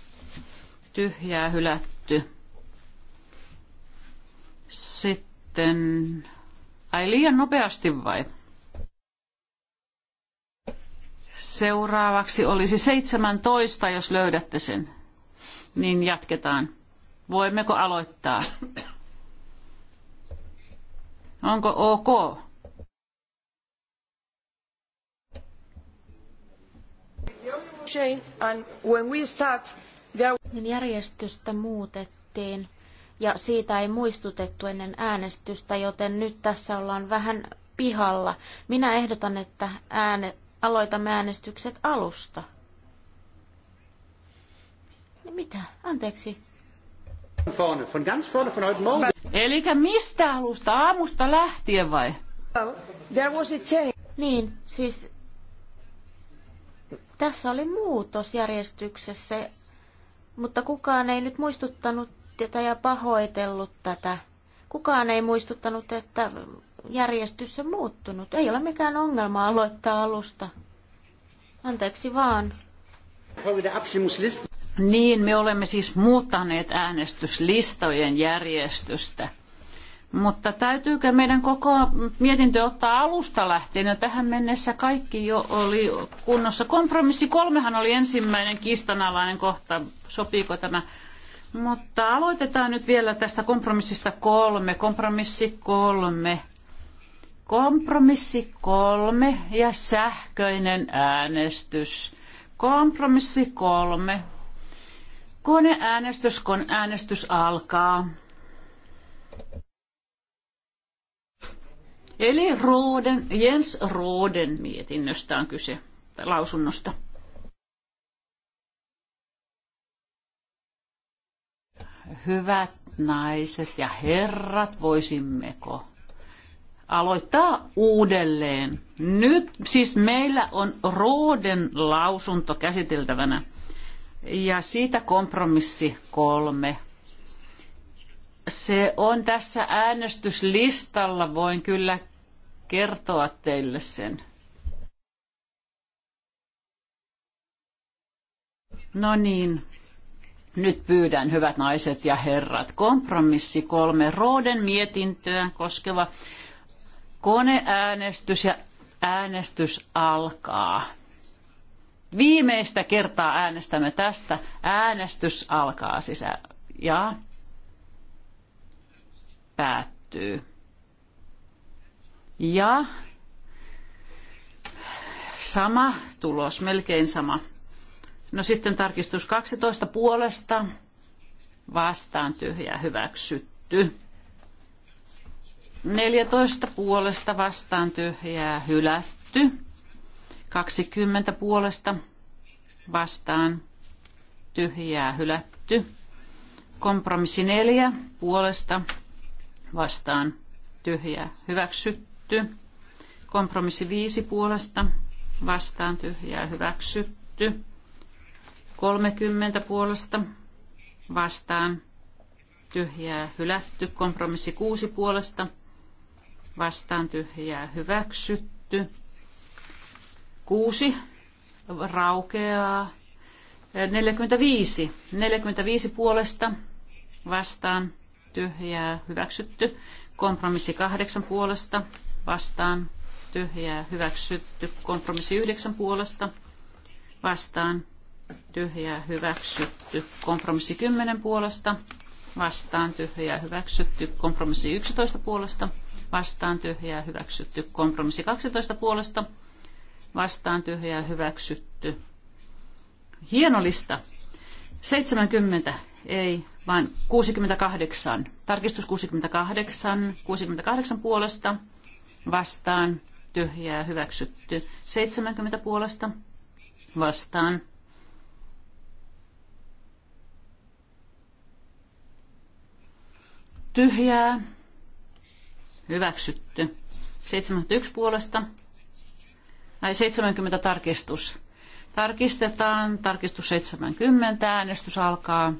tyhjää hylätty. Sitten, ai liian nopeasti vai? Seuraavaksi olisi 17, jos löydätte sen. Niin jatketaan. Voimmeko aloittaa? Onko ok?
blockchain and when we start there... Niin järjestystä muutettiin ja siitä ei muistutettu ennen äänestystä, joten nyt tässä ollaan vähän pihalla. Minä ehdotan, että ääne, aloitamme äänestykset alusta. Niin mitä? Anteeksi. Eli mistä alusta? Aamusta lähtien vai? Well, there was a change. Niin, siis tässä oli muutos järjestyksessä, mutta kukaan ei nyt muistuttanut tätä ja pahoitellut tätä. Kukaan ei muistuttanut, että järjestys on muuttunut. Ei ole mikään ongelma aloittaa alusta. Anteeksi vaan.
Niin, me olemme siis muuttaneet äänestyslistojen järjestystä. Mutta täytyykö meidän koko mietintö ottaa alusta lähtien? No tähän mennessä kaikki jo oli kunnossa. Kompromissi kolmehan oli ensimmäinen kistanalainen kohta. Sopiiko tämä? Mutta aloitetaan nyt vielä tästä kompromissista kolme. Kompromissi kolme. Kompromissi kolme ja sähköinen äänestys. Kompromissi kolme. Koneäänestys, kun äänestys alkaa. Eli Rooden, Jens Rooden mietinnöstä on kyse, lausunnosta. Hyvät naiset ja herrat, voisimmeko aloittaa uudelleen? Nyt siis meillä on Rooden lausunto käsiteltävänä ja siitä kompromissi kolme se on tässä äänestyslistalla, voin kyllä kertoa teille sen. No niin, nyt pyydän, hyvät naiset ja herrat, kompromissi kolme Rooden mietintöä koskeva koneäänestys ja äänestys alkaa. Viimeistä kertaa äänestämme tästä. Äänestys alkaa sisään ja päättyy. Ja sama tulos, melkein sama. No sitten tarkistus 12 puolesta vastaan tyhjä hyväksytty. 14 puolesta vastaan tyhjää hylätty. 20 puolesta vastaan tyhjää hylätty. Kompromissi 4 puolesta vastaan tyhjää hyväksytty hyväksytty. Kompromissi viisi puolesta vastaan tyhjää hyväksytty. 30 puolesta vastaan tyhjää hylätty. Kompromissi kuusi puolesta vastaan tyhjää hyväksytty. kuusi raukeaa. 45. 45 puolesta vastaan tyhjää hyväksytty. Kompromissi kahdeksan puolesta vastaan tyhjää hyväksytty. Kompromissi yhdeksän puolesta vastaan tyhjää hyväksytty. Kompromissi kymmenen puolesta vastaan tyhjää hyväksytty. Kompromissi yksitoista puolesta vastaan tyhjää hyväksytty. Kompromissi kaksitoista puolesta vastaan tyhjää hyväksytty. Hieno lista. 70 ei, vaan 68. Tarkistus 68, 68 puolesta vastaan, tyhjää hyväksytty. 70 puolesta vastaan. Tyhjää hyväksytty. 71 puolesta. Ai 70 tarkistus. Tarkistetaan. Tarkistus 70. Äänestys alkaa.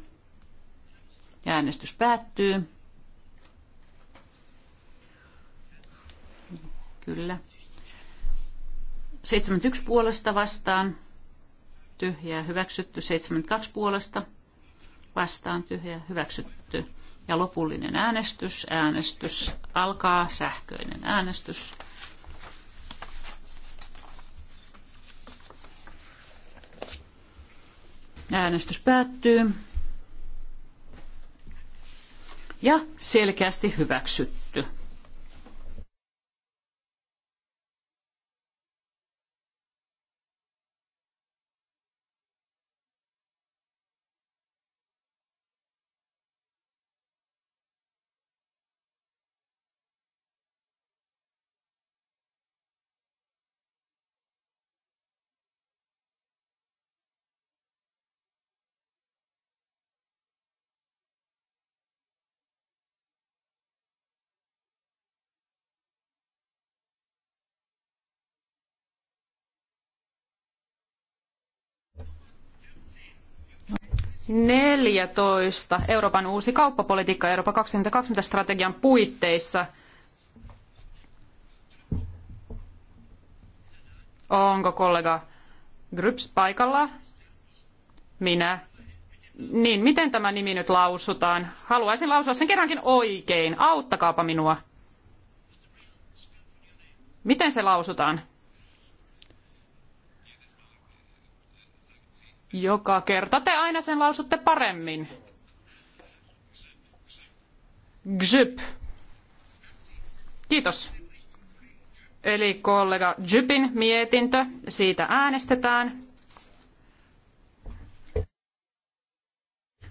Ja äänestys päättyy. Kyllä. 71 puolesta vastaan. Tyhjää hyväksytty. 72 puolesta vastaan. Tyhjää hyväksytty. Ja lopullinen äänestys. Äänestys alkaa. Sähköinen äänestys. Äänestys päättyy. Ja selkeästi hyväksytty. 14 Euroopan uusi kauppapolitiikka Euroopan 2020 strategian puitteissa. Onko kollega Gryps paikalla? Minä. Niin, miten tämä nimi nyt lausutaan? Haluaisin lausua sen kerrankin oikein. Auttakaapa minua. Miten se lausutaan? Joka kerta te aina sen lausutte paremmin. Gzyp. Kiitos. Eli kollega Jypin mietintö, siitä äänestetään.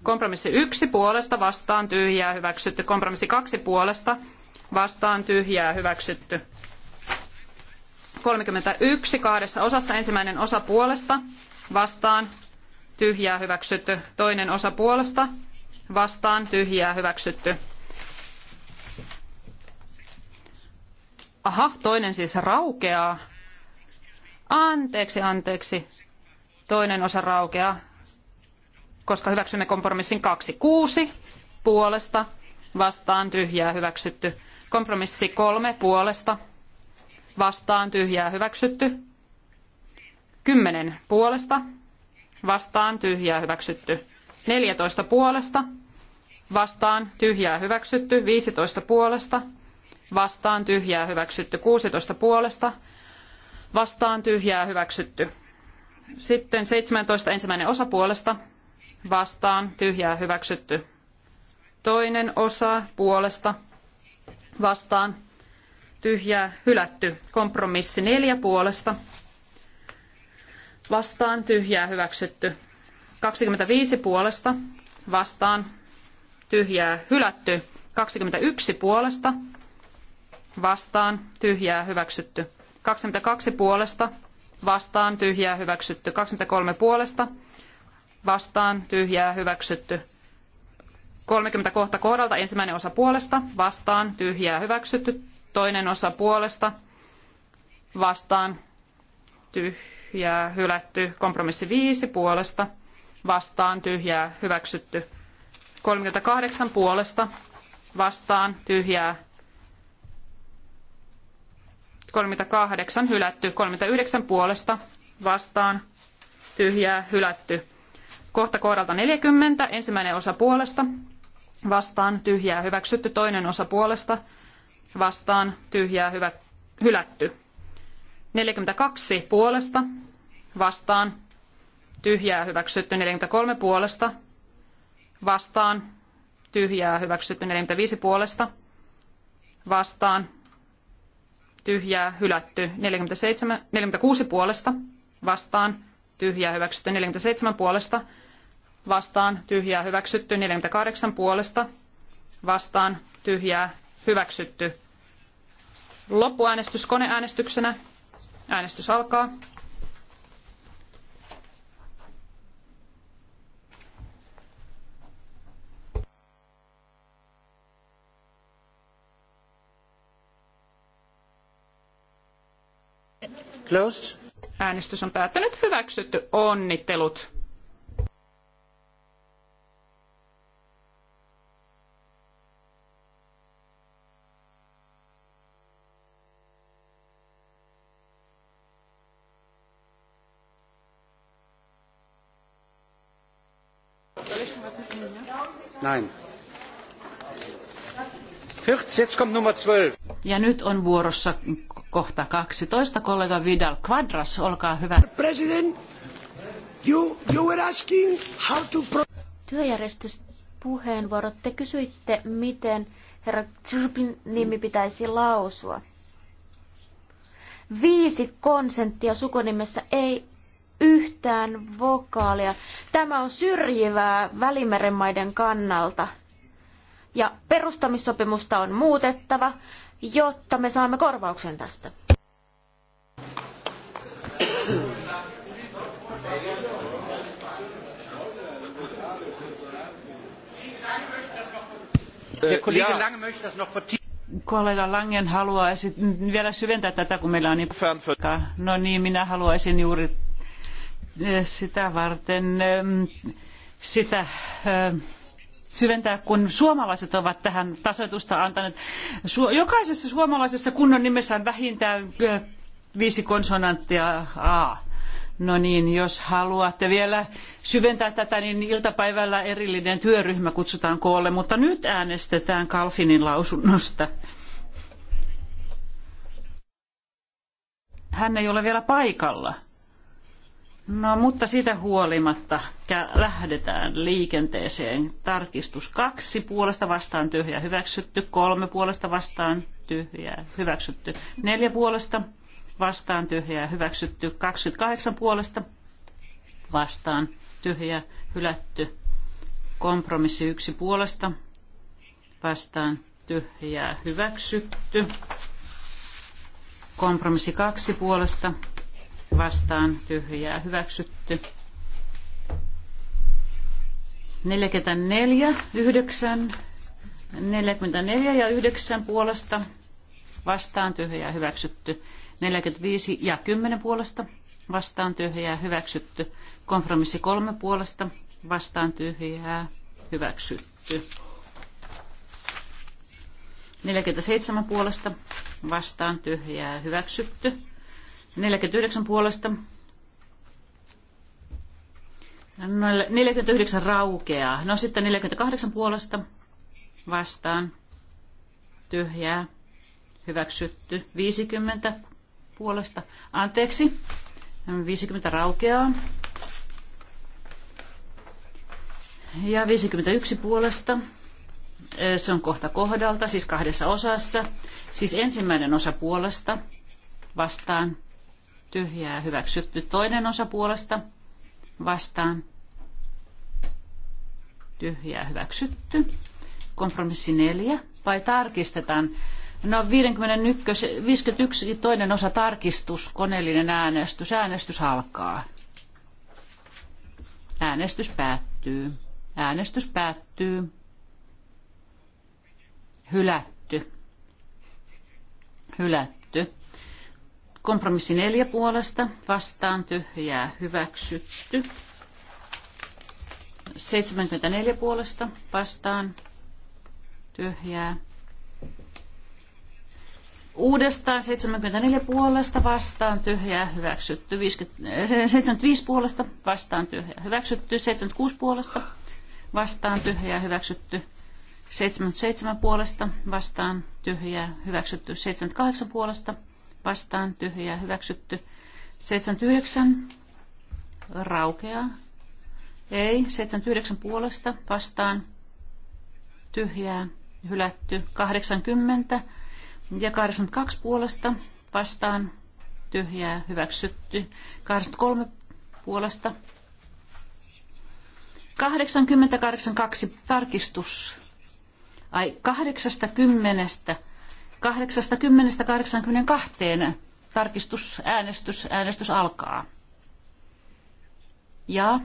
Kompromissi yksi puolesta vastaan tyhjää hyväksytty. Kompromissi kaksi puolesta vastaan tyhjää hyväksytty. 31 kahdessa osassa ensimmäinen osa puolesta vastaan tyhjää hyväksytty. Toinen osa puolesta vastaan tyhjää hyväksytty. Aha, toinen siis raukeaa. Anteeksi, anteeksi. Toinen osa raukeaa, koska hyväksymme kompromissin kaksi kuusi puolesta vastaan tyhjää hyväksytty. Kompromissi kolme puolesta vastaan tyhjää hyväksytty. kymmenen puolesta vastaan tyhjää hyväksytty. 14 puolesta vastaan tyhjää hyväksytty. 15 puolesta vastaan tyhjää hyväksytty. 16 puolesta vastaan tyhjää hyväksytty. Sitten 17 ensimmäinen osa puolesta vastaan tyhjää hyväksytty. Toinen osa puolesta vastaan tyhjää hylätty. Kompromissi neljä puolesta vastaan tyhjää hyväksytty. 25 puolesta vastaan tyhjää hylätty. 21 puolesta vastaan tyhjää hyväksytty. 22 puolesta vastaan tyhjää hyväksytty. 23 puolesta vastaan tyhjää hyväksytty. 30 kohta kohdalta ensimmäinen osa puolesta vastaan tyhjää hyväksytty. Toinen osa puolesta vastaan tyhjää tyhjää hylätty. Kompromissi viisi puolesta vastaan tyhjää hyväksytty. 38 puolesta vastaan tyhjää 38 hylätty, 39 puolesta vastaan tyhjää hylätty. Kohta kohdalta 40, ensimmäinen osa puolesta vastaan tyhjää hyväksytty, toinen osa puolesta vastaan tyhjää hyvä, hylätty. 42 puolesta vastaan. Tyhjää hyväksytty 43 puolesta vastaan. Tyhjää hyväksytty 45 puolesta vastaan. Tyhjää hylätty 47, 46 puolesta vastaan. Tyhjää hyväksytty 47 puolesta vastaan. Tyhjää hyväksytty 48 puolesta vastaan. Tyhjää hyväksytty. Loppuäänestys koneäänestyksenä. Äänestys alkaa. Closed. Äänestys on päättänyt. Hyväksytty. Onnittelut.
Nein. Ja
nyt on vuorossa kohta 12. Kollega Vidal Quadras, olkaa hyvä.
President, you, you were asking how to
pro- Työjärjestyspuheenvuorot. Te kysyitte, miten herra Zrbin nimi pitäisi lausua. Viisi konsenttia sukunimessä ei yhtään vokaalia. Tämä on syrjivää Välimeren maiden kannalta. Ja perustamissopimusta on muutettava, jotta me saamme korvauksen tästä.
Kollega Langen
haluaa vielä syventää tätä, kun meillä on niin No niin, minä haluaisin juuri sitä varten ähm, sitä äh, syventää, kun suomalaiset ovat tähän tasoitusta antaneet. Jokaisessa suomalaisessa kunnon nimessä on vähintään äh, viisi konsonanttia A. No niin, jos haluatte vielä syventää tätä, niin iltapäivällä erillinen työryhmä kutsutaan koolle, mutta nyt äänestetään Kalfinin lausunnosta. Hän ei ole vielä paikalla. No mutta sitä huolimatta lähdetään liikenteeseen. Tarkistus kaksi puolesta vastaan tyhjä hyväksytty, kolme puolesta vastaan tyhjä hyväksytty, neljä puolesta vastaan tyhjää hyväksytty, 28 puolesta vastaan tyhjä hylätty, kompromissi yksi puolesta vastaan tyhjää hyväksytty, kompromissi kaksi puolesta vastaan tyhjää hyväksytty. 44, 9, 44 ja 9 puolesta vastaan tyhjää hyväksytty. 45 ja 10 puolesta vastaan tyhjää hyväksytty. Kompromissi 3 puolesta vastaan tyhjää hyväksytty. 47 puolesta vastaan tyhjää hyväksytty. 49 puolesta. 49 raukeaa. No sitten 48 puolesta vastaan. Tyhjää. Hyväksytty. 50 puolesta. Anteeksi. 50 raukeaa. Ja 51 puolesta. Se on kohta kohdalta, siis kahdessa osassa. Siis ensimmäinen osa puolesta vastaan tyhjää hyväksytty. Toinen osa puolesta vastaan tyhjää hyväksytty. Kompromissi neljä vai tarkistetaan? No 51, 51 toinen osa tarkistus, koneellinen äänestys. Äänestys alkaa. Äänestys päättyy. Äänestys päättyy. Hylätty. Hylätty Kompromissi neljä puolesta vastaan tyhjää hyväksytty. 74 puolesta vastaan tyhjää. Uudestaan 74 puolesta vastaan tyhjää hyväksytty. 50, 75 eh, puolesta vastaan tyhjää hyväksytty. 76 puolesta vastaan tyhjää hyväksytty. 77 puolesta vastaan tyhjää hyväksytty. 78 puolesta vastaan tyhjä hyväksytty. 79 raukeaa. Ei, 79 puolesta vastaan tyhjää hylätty. 80 ja 82 puolesta vastaan tyhjää hyväksytty. 83 puolesta 80, 82, tarkistus. Ai 80 80-82 tarkistusäänestys äänestys alkaa. Ja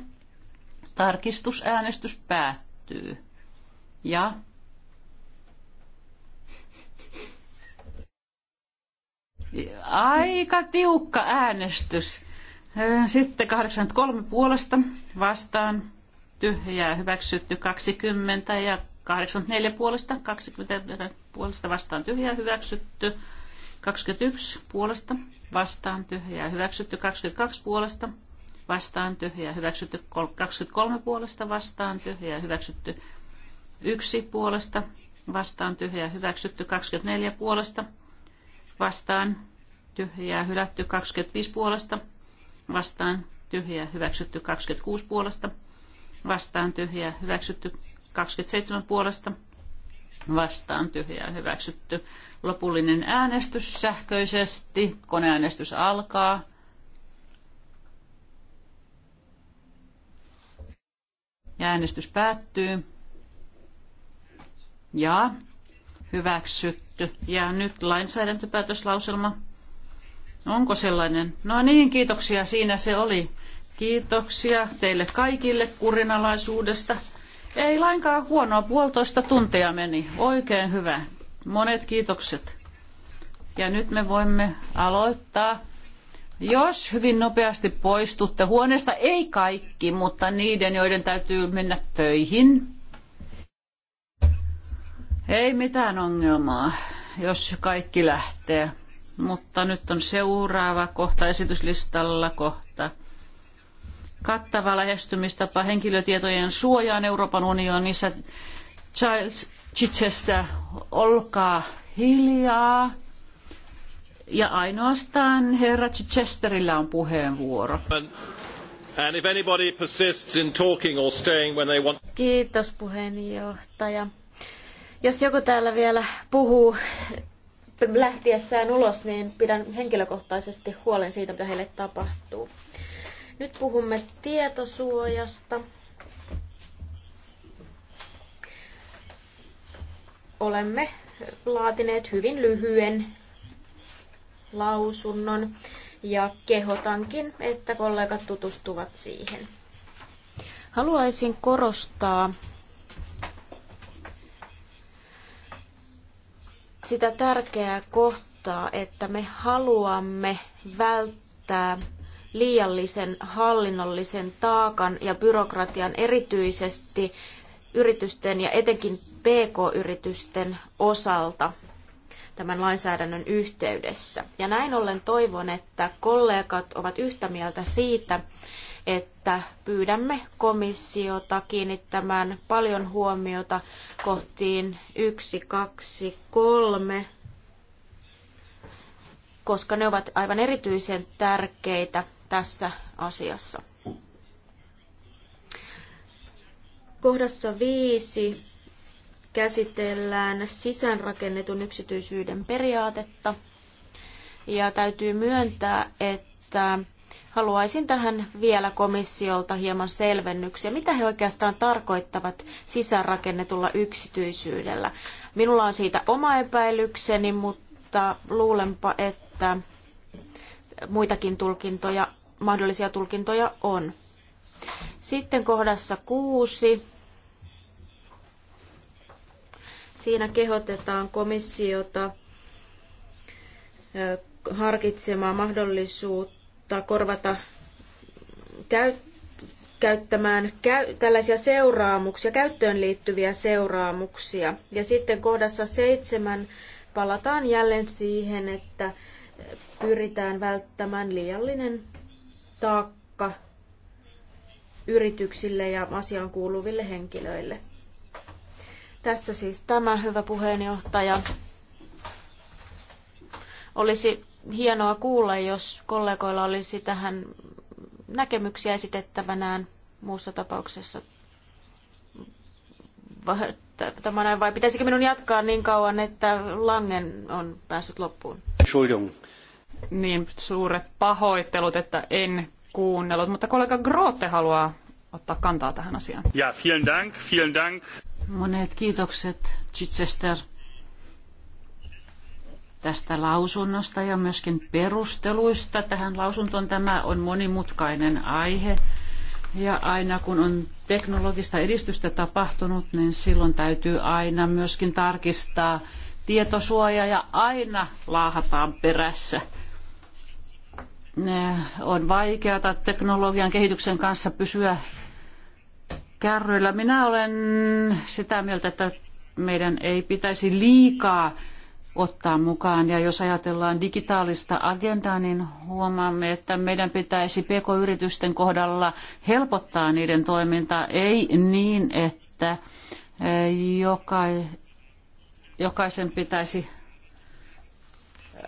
tarkistusäänestys päättyy. Ja aika tiukka äänestys. Sitten 83 puolesta vastaan tyhjää hyväksytty 20 ja 84 puolesta, 20 puolesta vastaan tyhjää hyväksytty. 21 puolesta vastaan tyhjää hyväksytty. 22 puolesta vastaan tyhjää hyväksytty. 23 puolesta vastaan tyhjää hyväksytty. 1 puolesta vastaan tyhjää hyväksytty. 24 puolesta vastaan tyhjää hylätty. 25 puolesta vastaan tyhjää hyväksytty. 26 puolesta vastaan tyhjää hyväksytty. 27 puolesta vastaan tyhjää hyväksytty. Lopullinen äänestys sähköisesti. Koneäänestys alkaa. Ja äänestys päättyy. Ja hyväksytty. Ja nyt lainsäädäntöpäätöslauselma. Onko sellainen? No niin, kiitoksia. Siinä se oli. Kiitoksia teille kaikille kurinalaisuudesta. Ei lainkaan huonoa, puolitoista tuntia meni. Oikein hyvä. Monet kiitokset. Ja nyt me voimme aloittaa. Jos hyvin nopeasti poistutte huoneesta, ei kaikki, mutta niiden, joiden täytyy mennä töihin. Ei mitään ongelmaa, jos kaikki lähtee. Mutta nyt on seuraava kohta esityslistalla kohta kattava lähestymistapa henkilötietojen suojaan Euroopan unionissa. Charles Chichester, olkaa hiljaa. Ja ainoastaan herra Chichesterillä on puheenvuoro.
And if anybody persists in talking or staying when they want... Kiitos puheenjohtaja. Jos joku täällä vielä puhuu lähtiessään ulos, niin pidän henkilökohtaisesti huolen siitä, mitä heille tapahtuu. Nyt puhumme tietosuojasta. Olemme laatineet hyvin lyhyen lausunnon ja kehotankin, että kollegat tutustuvat siihen. Haluaisin korostaa sitä tärkeää kohtaa, että me haluamme välttää liiallisen hallinnollisen taakan ja byrokratian erityisesti yritysten ja etenkin pk-yritysten osalta tämän lainsäädännön yhteydessä. Ja näin ollen toivon, että kollegat ovat yhtä mieltä siitä, että pyydämme komissiota kiinnittämään paljon huomiota kohtiin 1, 2, 3, koska ne ovat aivan erityisen tärkeitä tässä asiassa. Kohdassa viisi käsitellään sisäänrakennetun yksityisyyden periaatetta. Ja täytyy myöntää, että haluaisin tähän vielä komissiolta hieman selvennyksiä. Mitä he oikeastaan tarkoittavat sisäänrakennetulla yksityisyydellä? Minulla on siitä oma epäilykseni, mutta luulenpa, että muitakin tulkintoja mahdollisia tulkintoja on. Sitten kohdassa kuusi. Siinä kehotetaan komissiota harkitsemaan mahdollisuutta korvata käyttämään käy, tällaisia seuraamuksia, käyttöön liittyviä seuraamuksia. Ja sitten kohdassa seitsemän palataan jälleen siihen, että pyritään välttämään liiallinen taakka yrityksille ja asiaan kuuluville henkilöille. Tässä siis tämä, hyvä puheenjohtaja. Olisi hienoa kuulla, jos kollegoilla olisi tähän näkemyksiä esitettävänään muussa tapauksessa. Tämä näin, vai pitäisikö minun jatkaa niin kauan, että Langen on päässyt loppuun? Entschuldigung niin suuret pahoittelut, että en kuunnellut, mutta
kollega Grote haluaa ottaa kantaa tähän asiaan.
Ja, vielen dank, vielen dank.
Monet kiitokset, Chichester, tästä lausunnosta ja myöskin perusteluista tähän lausuntoon. Tämä on monimutkainen aihe. Ja aina kun on teknologista edistystä tapahtunut, niin silloin täytyy aina myöskin tarkistaa tietosuoja ja aina laahataan perässä. Äh, on vaikeata teknologian kehityksen kanssa pysyä kärryillä. Minä olen sitä mieltä, että meidän ei pitäisi liikaa ottaa mukaan. Ja jos ajatellaan digitaalista agendaa, niin huomaamme, että meidän pitäisi pk-yritysten kohdalla helpottaa niiden toimintaa, ei niin, että äh, joka, jokaisen pitäisi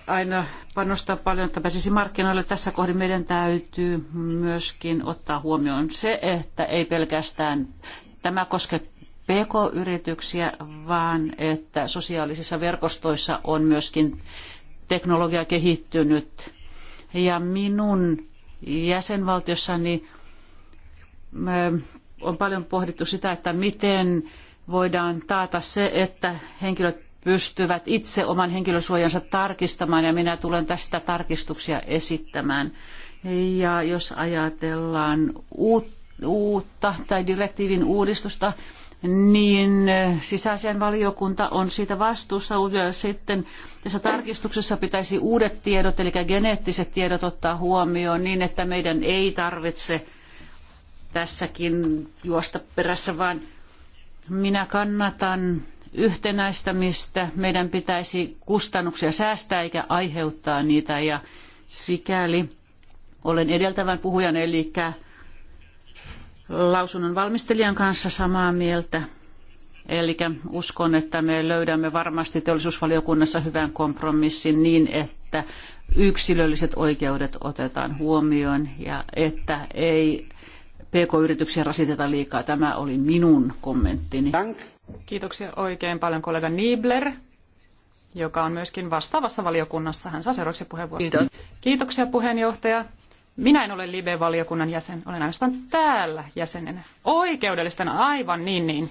aina panostaa paljon, että pääsisi markkinoille. Tässä kohdin meidän täytyy myöskin ottaa huomioon se, että ei pelkästään tämä koske PK-yrityksiä, vaan että sosiaalisissa verkostoissa on myöskin teknologia kehittynyt. Ja minun jäsenvaltiossani on paljon pohdittu sitä, että miten voidaan taata se, että henkilöt pystyvät itse oman henkilösuojansa tarkistamaan ja minä tulen tästä tarkistuksia esittämään. Ja jos ajatellaan uutta tai direktiivin uudistusta, niin sisäisen valiokunta on siitä vastuussa. Sitten tässä tarkistuksessa pitäisi uudet tiedot, eli geneettiset tiedot ottaa huomioon niin, että meidän ei tarvitse tässäkin juosta perässä, vaan minä kannatan yhtenäistämistä. Meidän pitäisi kustannuksia säästää eikä aiheuttaa niitä ja sikäli olen edeltävän puhujan eli lausunnon valmistelijan kanssa samaa mieltä. Eli uskon, että me löydämme varmasti teollisuusvaliokunnassa hyvän kompromissin niin, että yksilölliset oikeudet otetaan huomioon ja että ei PK-yrityksiä rasitetaan liikaa. Tämä oli minun kommenttini. Kiitoksia oikein paljon kollega Niebler, joka on myöskin vastaavassa valiokunnassa. Hän saa seuraavaksi puheenvuoron. Kiitos. Kiitoksia puheenjohtaja. Minä en ole Libe-valiokunnan jäsen, olen ainoastaan täällä jäsenenä. Oikeudellisten aivan niin niin.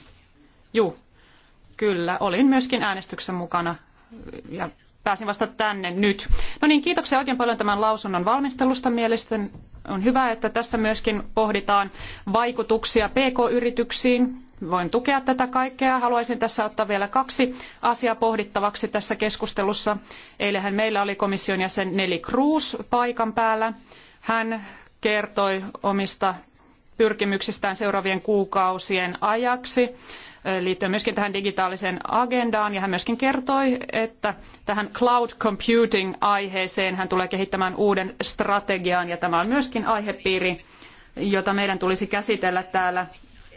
Juu, kyllä, olin myöskin äänestyksessä mukana ja pääsin vasta tänne nyt. No niin, kiitoksia oikein paljon tämän lausunnon valmistelusta. Mielestäni on hyvä, että tässä myöskin pohditaan vaikutuksia PK-yrityksiin. Voin tukea tätä kaikkea. Haluaisin tässä ottaa vielä kaksi asiaa pohdittavaksi tässä keskustelussa. Eilähän meillä oli komission jäsen Neli Cruz paikan päällä. Hän kertoi omista pyrkimyksistään seuraavien kuukausien ajaksi liittyen myöskin tähän digitaaliseen agendaan. Ja hän myöskin kertoi, että tähän cloud computing-aiheeseen hän tulee kehittämään uuden strategian. Ja tämä on myöskin aihepiiri, jota meidän tulisi käsitellä täällä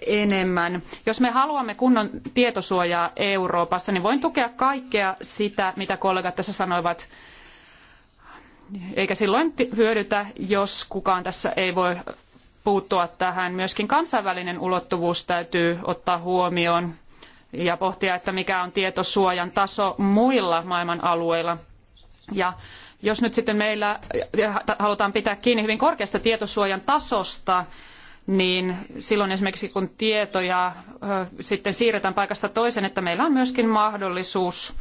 enemmän. Jos me haluamme kunnon tietosuojaa Euroopassa, niin voin tukea kaikkea sitä, mitä kollegat tässä sanoivat eikä silloin hyödytä, jos kukaan tässä ei voi puuttua tähän. Myöskin kansainvälinen ulottuvuus täytyy ottaa huomioon ja pohtia, että mikä on tietosuojan taso muilla maailman alueilla. Ja jos nyt sitten meillä halutaan pitää kiinni hyvin korkeasta tietosuojan tasosta, niin silloin esimerkiksi kun tietoja sitten siirretään paikasta toiseen, että meillä on myöskin mahdollisuus,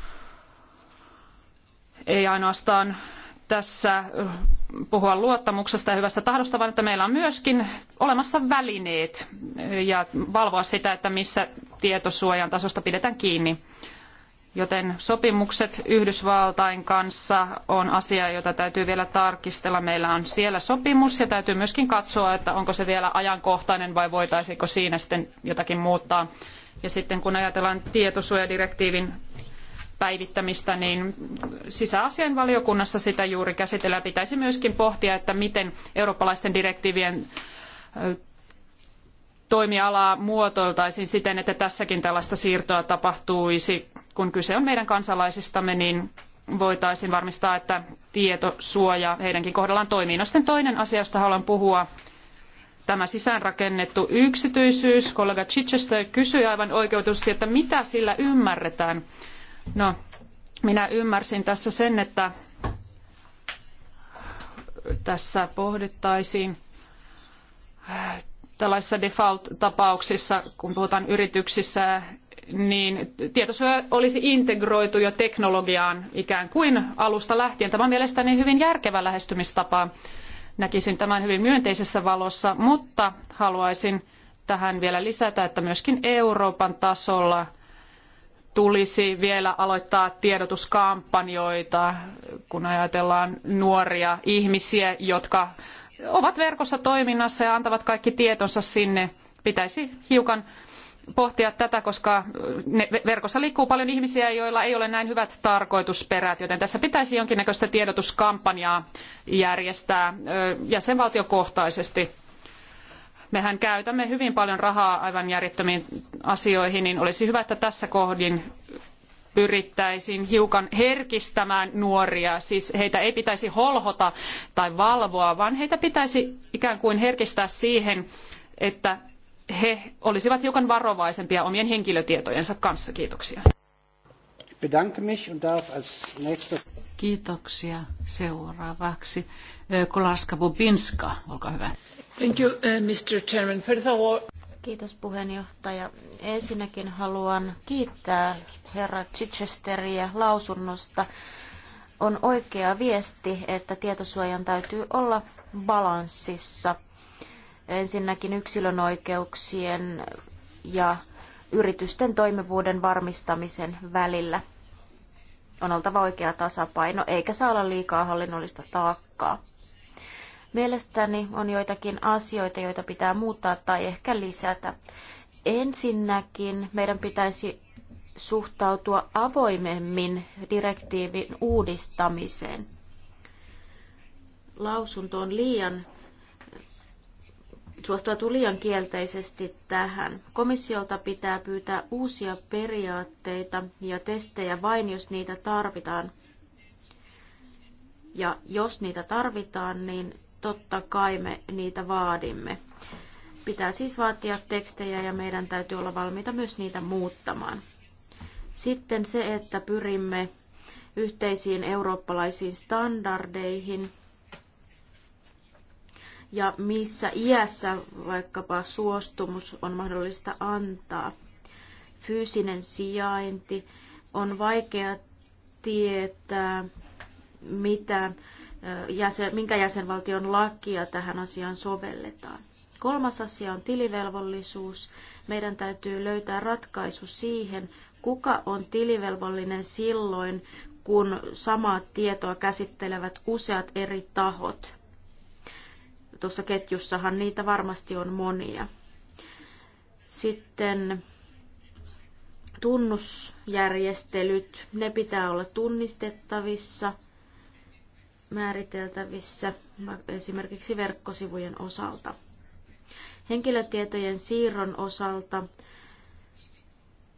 ei ainoastaan tässä puhua luottamuksesta ja hyvästä tahdosta, vaan että meillä on myöskin olemassa välineet ja valvoa sitä, että missä tietosuojan tasosta pidetään kiinni. Joten sopimukset Yhdysvaltain kanssa on asia, jota täytyy vielä tarkistella. Meillä on siellä sopimus ja täytyy myöskin katsoa, että onko se vielä ajankohtainen vai voitaisiinko siinä sitten jotakin muuttaa. Ja sitten kun ajatellaan tietosuojadirektiivin päivittämistä, niin sisäasiainvaliokunnassa sitä juuri käsitellään. Pitäisi myöskin pohtia, että miten eurooppalaisten direktiivien toimialaa muotoiltaisiin siten, että tässäkin tällaista siirtoa tapahtuisi. Kun kyse on meidän kansalaisistamme, niin voitaisiin varmistaa, että tietosuoja heidänkin kohdallaan toimii. No sitten toinen asia, josta haluan puhua, tämä sisäänrakennettu yksityisyys. Kollega Chichester kysyi aivan oikeutusti, että mitä sillä ymmärretään. No, minä ymmärsin tässä sen, että tässä pohdittaisiin äh, tällaisissa default-tapauksissa, kun puhutaan yrityksissä, niin tietosuoja olisi integroitu jo teknologiaan ikään kuin alusta lähtien. Tämä on mielestäni hyvin järkevä lähestymistapa. Näkisin tämän hyvin myönteisessä valossa, mutta haluaisin tähän vielä lisätä, että myöskin Euroopan tasolla tulisi vielä aloittaa tiedotuskampanjoita, kun ajatellaan nuoria ihmisiä, jotka ovat verkossa toiminnassa ja antavat kaikki tietonsa sinne. Pitäisi hiukan pohtia tätä, koska verkossa liikkuu paljon ihmisiä, joilla ei ole näin hyvät tarkoitusperät, joten tässä pitäisi jonkinnäköistä tiedotuskampanjaa järjestää jäsenvaltiokohtaisesti mehän käytämme hyvin paljon rahaa aivan järjettömiin asioihin, niin olisi hyvä, että tässä kohdin pyrittäisiin hiukan herkistämään nuoria. Siis heitä ei pitäisi holhota tai valvoa, vaan heitä pitäisi ikään kuin herkistää siihen, että he olisivat hiukan varovaisempia omien henkilötietojensa kanssa. Kiitoksia.
Kiitoksia.
Seuraavaksi eh, Kolarska Bobinska, olkaa hyvä.
Thank you, uh, Mr. Chairman. First Kiitos puheenjohtaja. Ensinnäkin haluan kiittää herra Chichesteriä lausunnosta. On oikea viesti, että tietosuojan täytyy olla balanssissa. Ensinnäkin yksilön oikeuksien ja yritysten toimivuuden varmistamisen välillä. On oltava oikea tasapaino, eikä saa olla liikaa hallinnollista taakkaa. Mielestäni on joitakin asioita, joita pitää muuttaa tai ehkä lisätä. Ensinnäkin meidän pitäisi suhtautua avoimemmin direktiivin uudistamiseen. Lausunto on liian suhtautuu liian kielteisesti tähän. Komissiolta pitää pyytää uusia periaatteita ja testejä vain, jos niitä tarvitaan. Ja jos niitä tarvitaan, niin totta kai me niitä vaadimme. Pitää siis vaatia tekstejä ja meidän täytyy olla valmiita myös niitä muuttamaan. Sitten se, että pyrimme yhteisiin eurooppalaisiin standardeihin ja missä iässä vaikkapa suostumus on mahdollista antaa. Fyysinen sijainti on vaikea tietää, mitä jäsen, minkä jäsenvaltion lakia tähän asiaan sovelletaan. Kolmas asia on tilivelvollisuus. Meidän täytyy löytää ratkaisu siihen, kuka on tilivelvollinen silloin, kun samaa tietoa käsittelevät useat eri tahot. Tuossa ketjussahan niitä varmasti on monia. Sitten tunnusjärjestelyt, ne pitää olla tunnistettavissa – määriteltävissä esimerkiksi verkkosivujen osalta. Henkilötietojen siirron osalta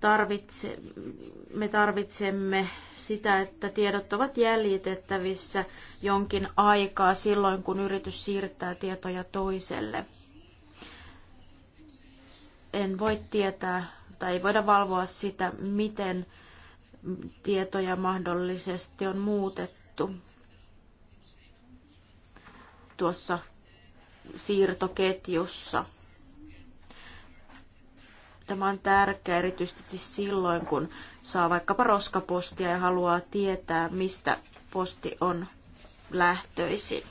tarvitse, me tarvitsemme sitä, että tiedot ovat jäljitettävissä jonkin aikaa silloin, kun yritys siirtää tietoja toiselle. En voi tietää tai ei voida valvoa sitä, miten tietoja mahdollisesti on muutettu tuossa siirtoketjussa. Tämä on tärkeä erityisesti silloin, kun saa vaikkapa roskapostia ja haluaa tietää, mistä posti on lähtöisin.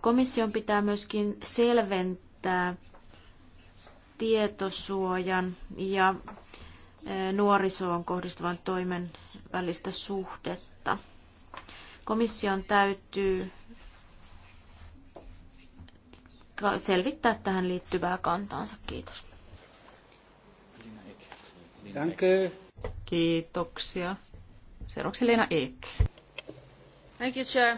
Komission pitää myöskin selventää tietosuojan ja e, nuorisoon kohdistuvan toimen välistä suhdetta. Komission täytyy selvittää tähän liittyvää kantaansa. Kiitos.
Danke.
Kiitoksia. Seuraavaksi Leena Eek. Thank you, Chair.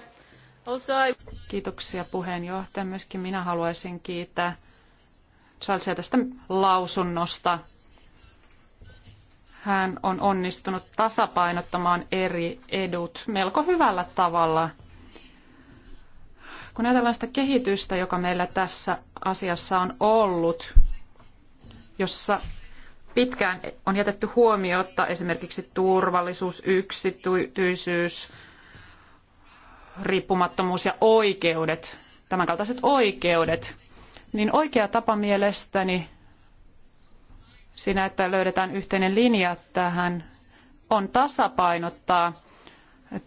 Also I... Kiitoksia puheenjohtaja. Myöskin minä haluaisin kiittää Charlesia tästä lausunnosta. Hän on onnistunut tasapainottamaan eri edut melko hyvällä tavalla – kun ajatellaan sitä kehitystä, joka meillä tässä asiassa on ollut, jossa pitkään on jätetty huomiota esimerkiksi turvallisuus, yksityisyys, riippumattomuus ja oikeudet, tämänkaltaiset oikeudet, niin oikea tapa mielestäni siinä, että löydetään yhteinen linja tähän, on tasapainottaa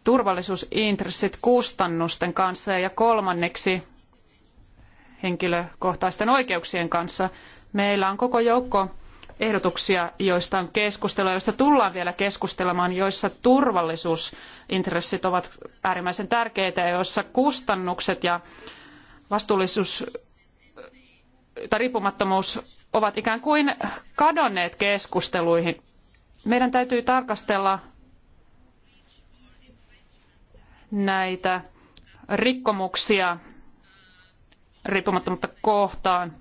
turvallisuusintressit kustannusten kanssa ja kolmanneksi henkilökohtaisten oikeuksien kanssa. Meillä on koko joukko ehdotuksia, joista on keskustelua, joista tullaan vielä keskustelemaan, joissa turvallisuusintressit ovat äärimmäisen tärkeitä ja joissa kustannukset ja vastuullisuus tai riippumattomuus ovat ikään kuin kadonneet keskusteluihin. Meidän täytyy tarkastella näitä rikkomuksia riippumattomuutta kohtaan,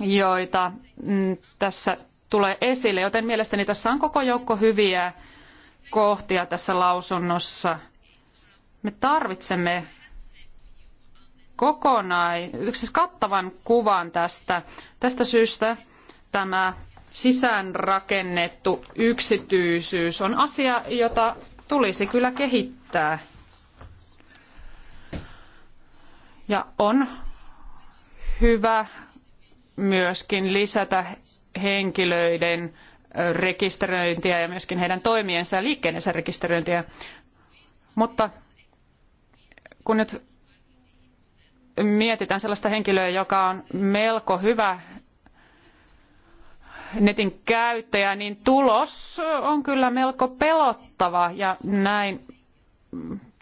joita mm, tässä tulee esille. Joten mielestäni tässä on koko joukko hyviä kohtia tässä lausunnossa. Me tarvitsemme kokonaan, siis kattavan kuvan tästä. Tästä syystä tämä sisäänrakennettu yksityisyys on asia, jota tulisi kyllä kehittää Ja on hyvä myöskin lisätä henkilöiden rekisteröintiä ja myöskin heidän toimiensa ja liikkeidensä rekisteröintiä. Mutta kun nyt mietitään sellaista henkilöä, joka on melko hyvä netin käyttäjä, niin tulos on kyllä melko pelottava ja näin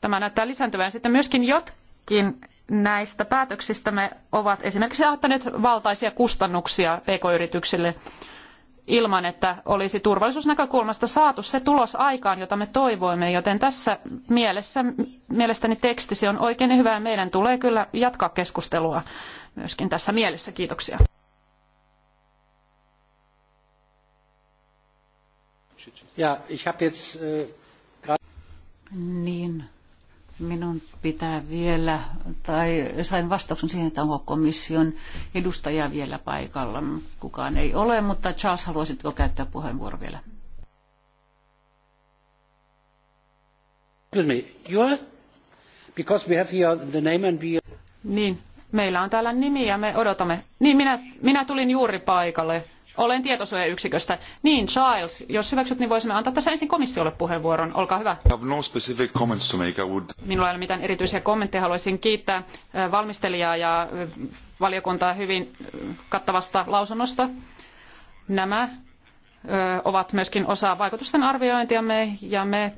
tämä näyttää lisääntyvän. Sitten myöskin jotkin näistä päätöksistämme ovat esimerkiksi aiheuttaneet valtaisia kustannuksia pk-yrityksille ilman, että olisi turvallisuusnäkökulmasta saatu se tulos aikaan, jota me toivoimme. Joten tässä mielessä mielestäni tekstisi on oikein hyvä ja meidän tulee kyllä jatkaa keskustelua myöskin tässä mielessä. Kiitoksia.
Ja, ich jetzt, äh,
niin, Minun pitää vielä, tai sain vastauksen siihen, että onko komission edustaja vielä paikalla. Kukaan ei ole, mutta Charles, haluaisitko käyttää puheenvuoro vielä?
Because we have here the name and we...
Niin, meillä on täällä nimi ja me
odotamme. Niin, minä,
minä tulin juuri paikalle. Olen tietosuojayksiköstä. Niin, Charles, jos hyväksyt, niin voisimme antaa tässä ensin komissiolle puheenvuoron. Olkaa hyvä. No Minulla ei ole mitään erityisiä kommentteja. Haluaisin kiittää valmistelijaa ja valiokuntaa hyvin kattavasta lausunnosta. Nämä ovat myöskin osa vaikutusten arviointiamme ja me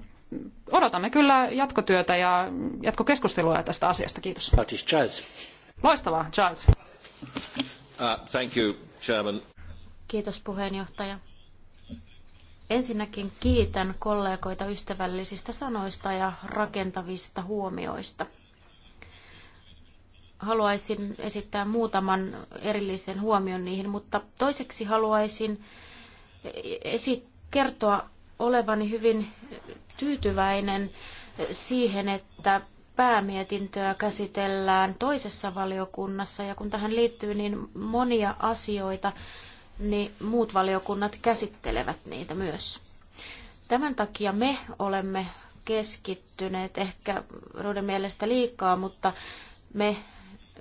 odotamme kyllä jatkotyötä ja
jatkokeskustelua tästä asiasta. Kiitos. Loistavaa, Charles. Uh, thank you, Chairman. Kiitos puheenjohtaja. Ensinnäkin kiitän kollegoita ystävällisistä sanoista ja rakentavista huomioista. Haluaisin esittää muutaman erillisen huomion niihin, mutta toiseksi haluaisin esi- kertoa olevani hyvin tyytyväinen siihen, että päämietintöä käsitellään toisessa valiokunnassa ja kun tähän liittyy niin monia asioita, niin muut valiokunnat käsittelevät niitä myös. Tämän takia me olemme keskittyneet ehkä Ruuden mielestä liikaa, mutta me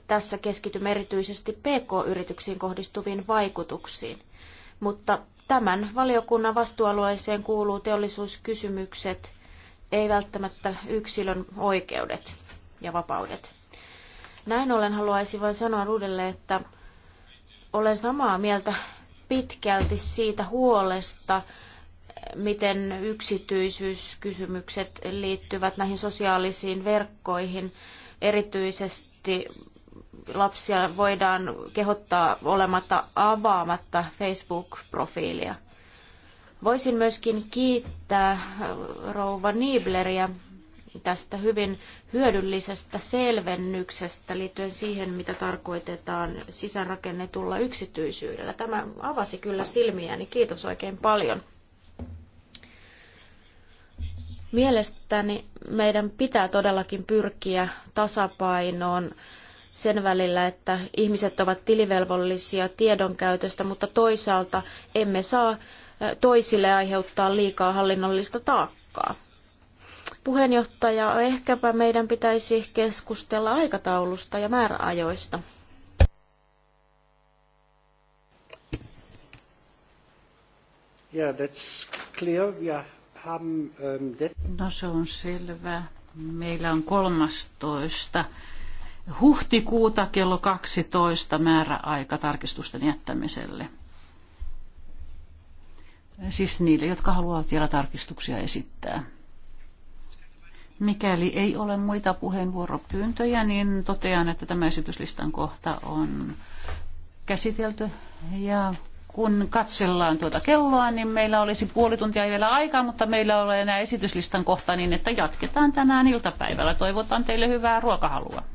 tässä keskitymme erityisesti PK-yrityksiin kohdistuviin vaikutuksiin. Mutta tämän valiokunnan vastuualueeseen kuuluu teollisuuskysymykset, ei välttämättä yksilön oikeudet ja vapaudet. Näin ollen haluaisin vain sanoa uudelleen, että olen samaa mieltä pitkälti siitä huolesta, miten yksityisyyskysymykset liittyvät näihin sosiaalisiin verkkoihin. Erityisesti lapsia voidaan kehottaa olematta avaamatta Facebook-profiilia. Voisin myöskin kiittää rouva Niebleriä tästä hyvin hyödyllisestä selvennyksestä liittyen siihen, mitä tarkoitetaan sisäänrakennetulla yksityisyydellä. Tämä avasi kyllä silmiäni. Kiitos oikein paljon. Mielestäni meidän pitää todellakin pyrkiä tasapainoon sen välillä, että ihmiset ovat tilivelvollisia tiedonkäytöstä, mutta toisaalta emme saa toisille aiheuttaa liikaa hallinnollista taakkaa. Puheenjohtaja, ehkäpä meidän pitäisi keskustella aikataulusta ja määräajoista.
Yeah, that's clear. Yeah. Um, um, that... No se on selvä.
Meillä on 13. huhtikuuta kello 12 määräaika tarkistusten jättämiselle. Siis niille, jotka haluavat vielä tarkistuksia esittää. Mikäli ei ole muita puheenvuoropyyntöjä, niin totean, että tämä esityslistan kohta on käsitelty. Ja kun katsellaan tuota kelloa, niin meillä olisi puoli tuntia vielä aikaa, mutta meillä on enää esityslistan kohta niin, että jatketaan tänään iltapäivällä. Toivotan teille hyvää ruokahalua.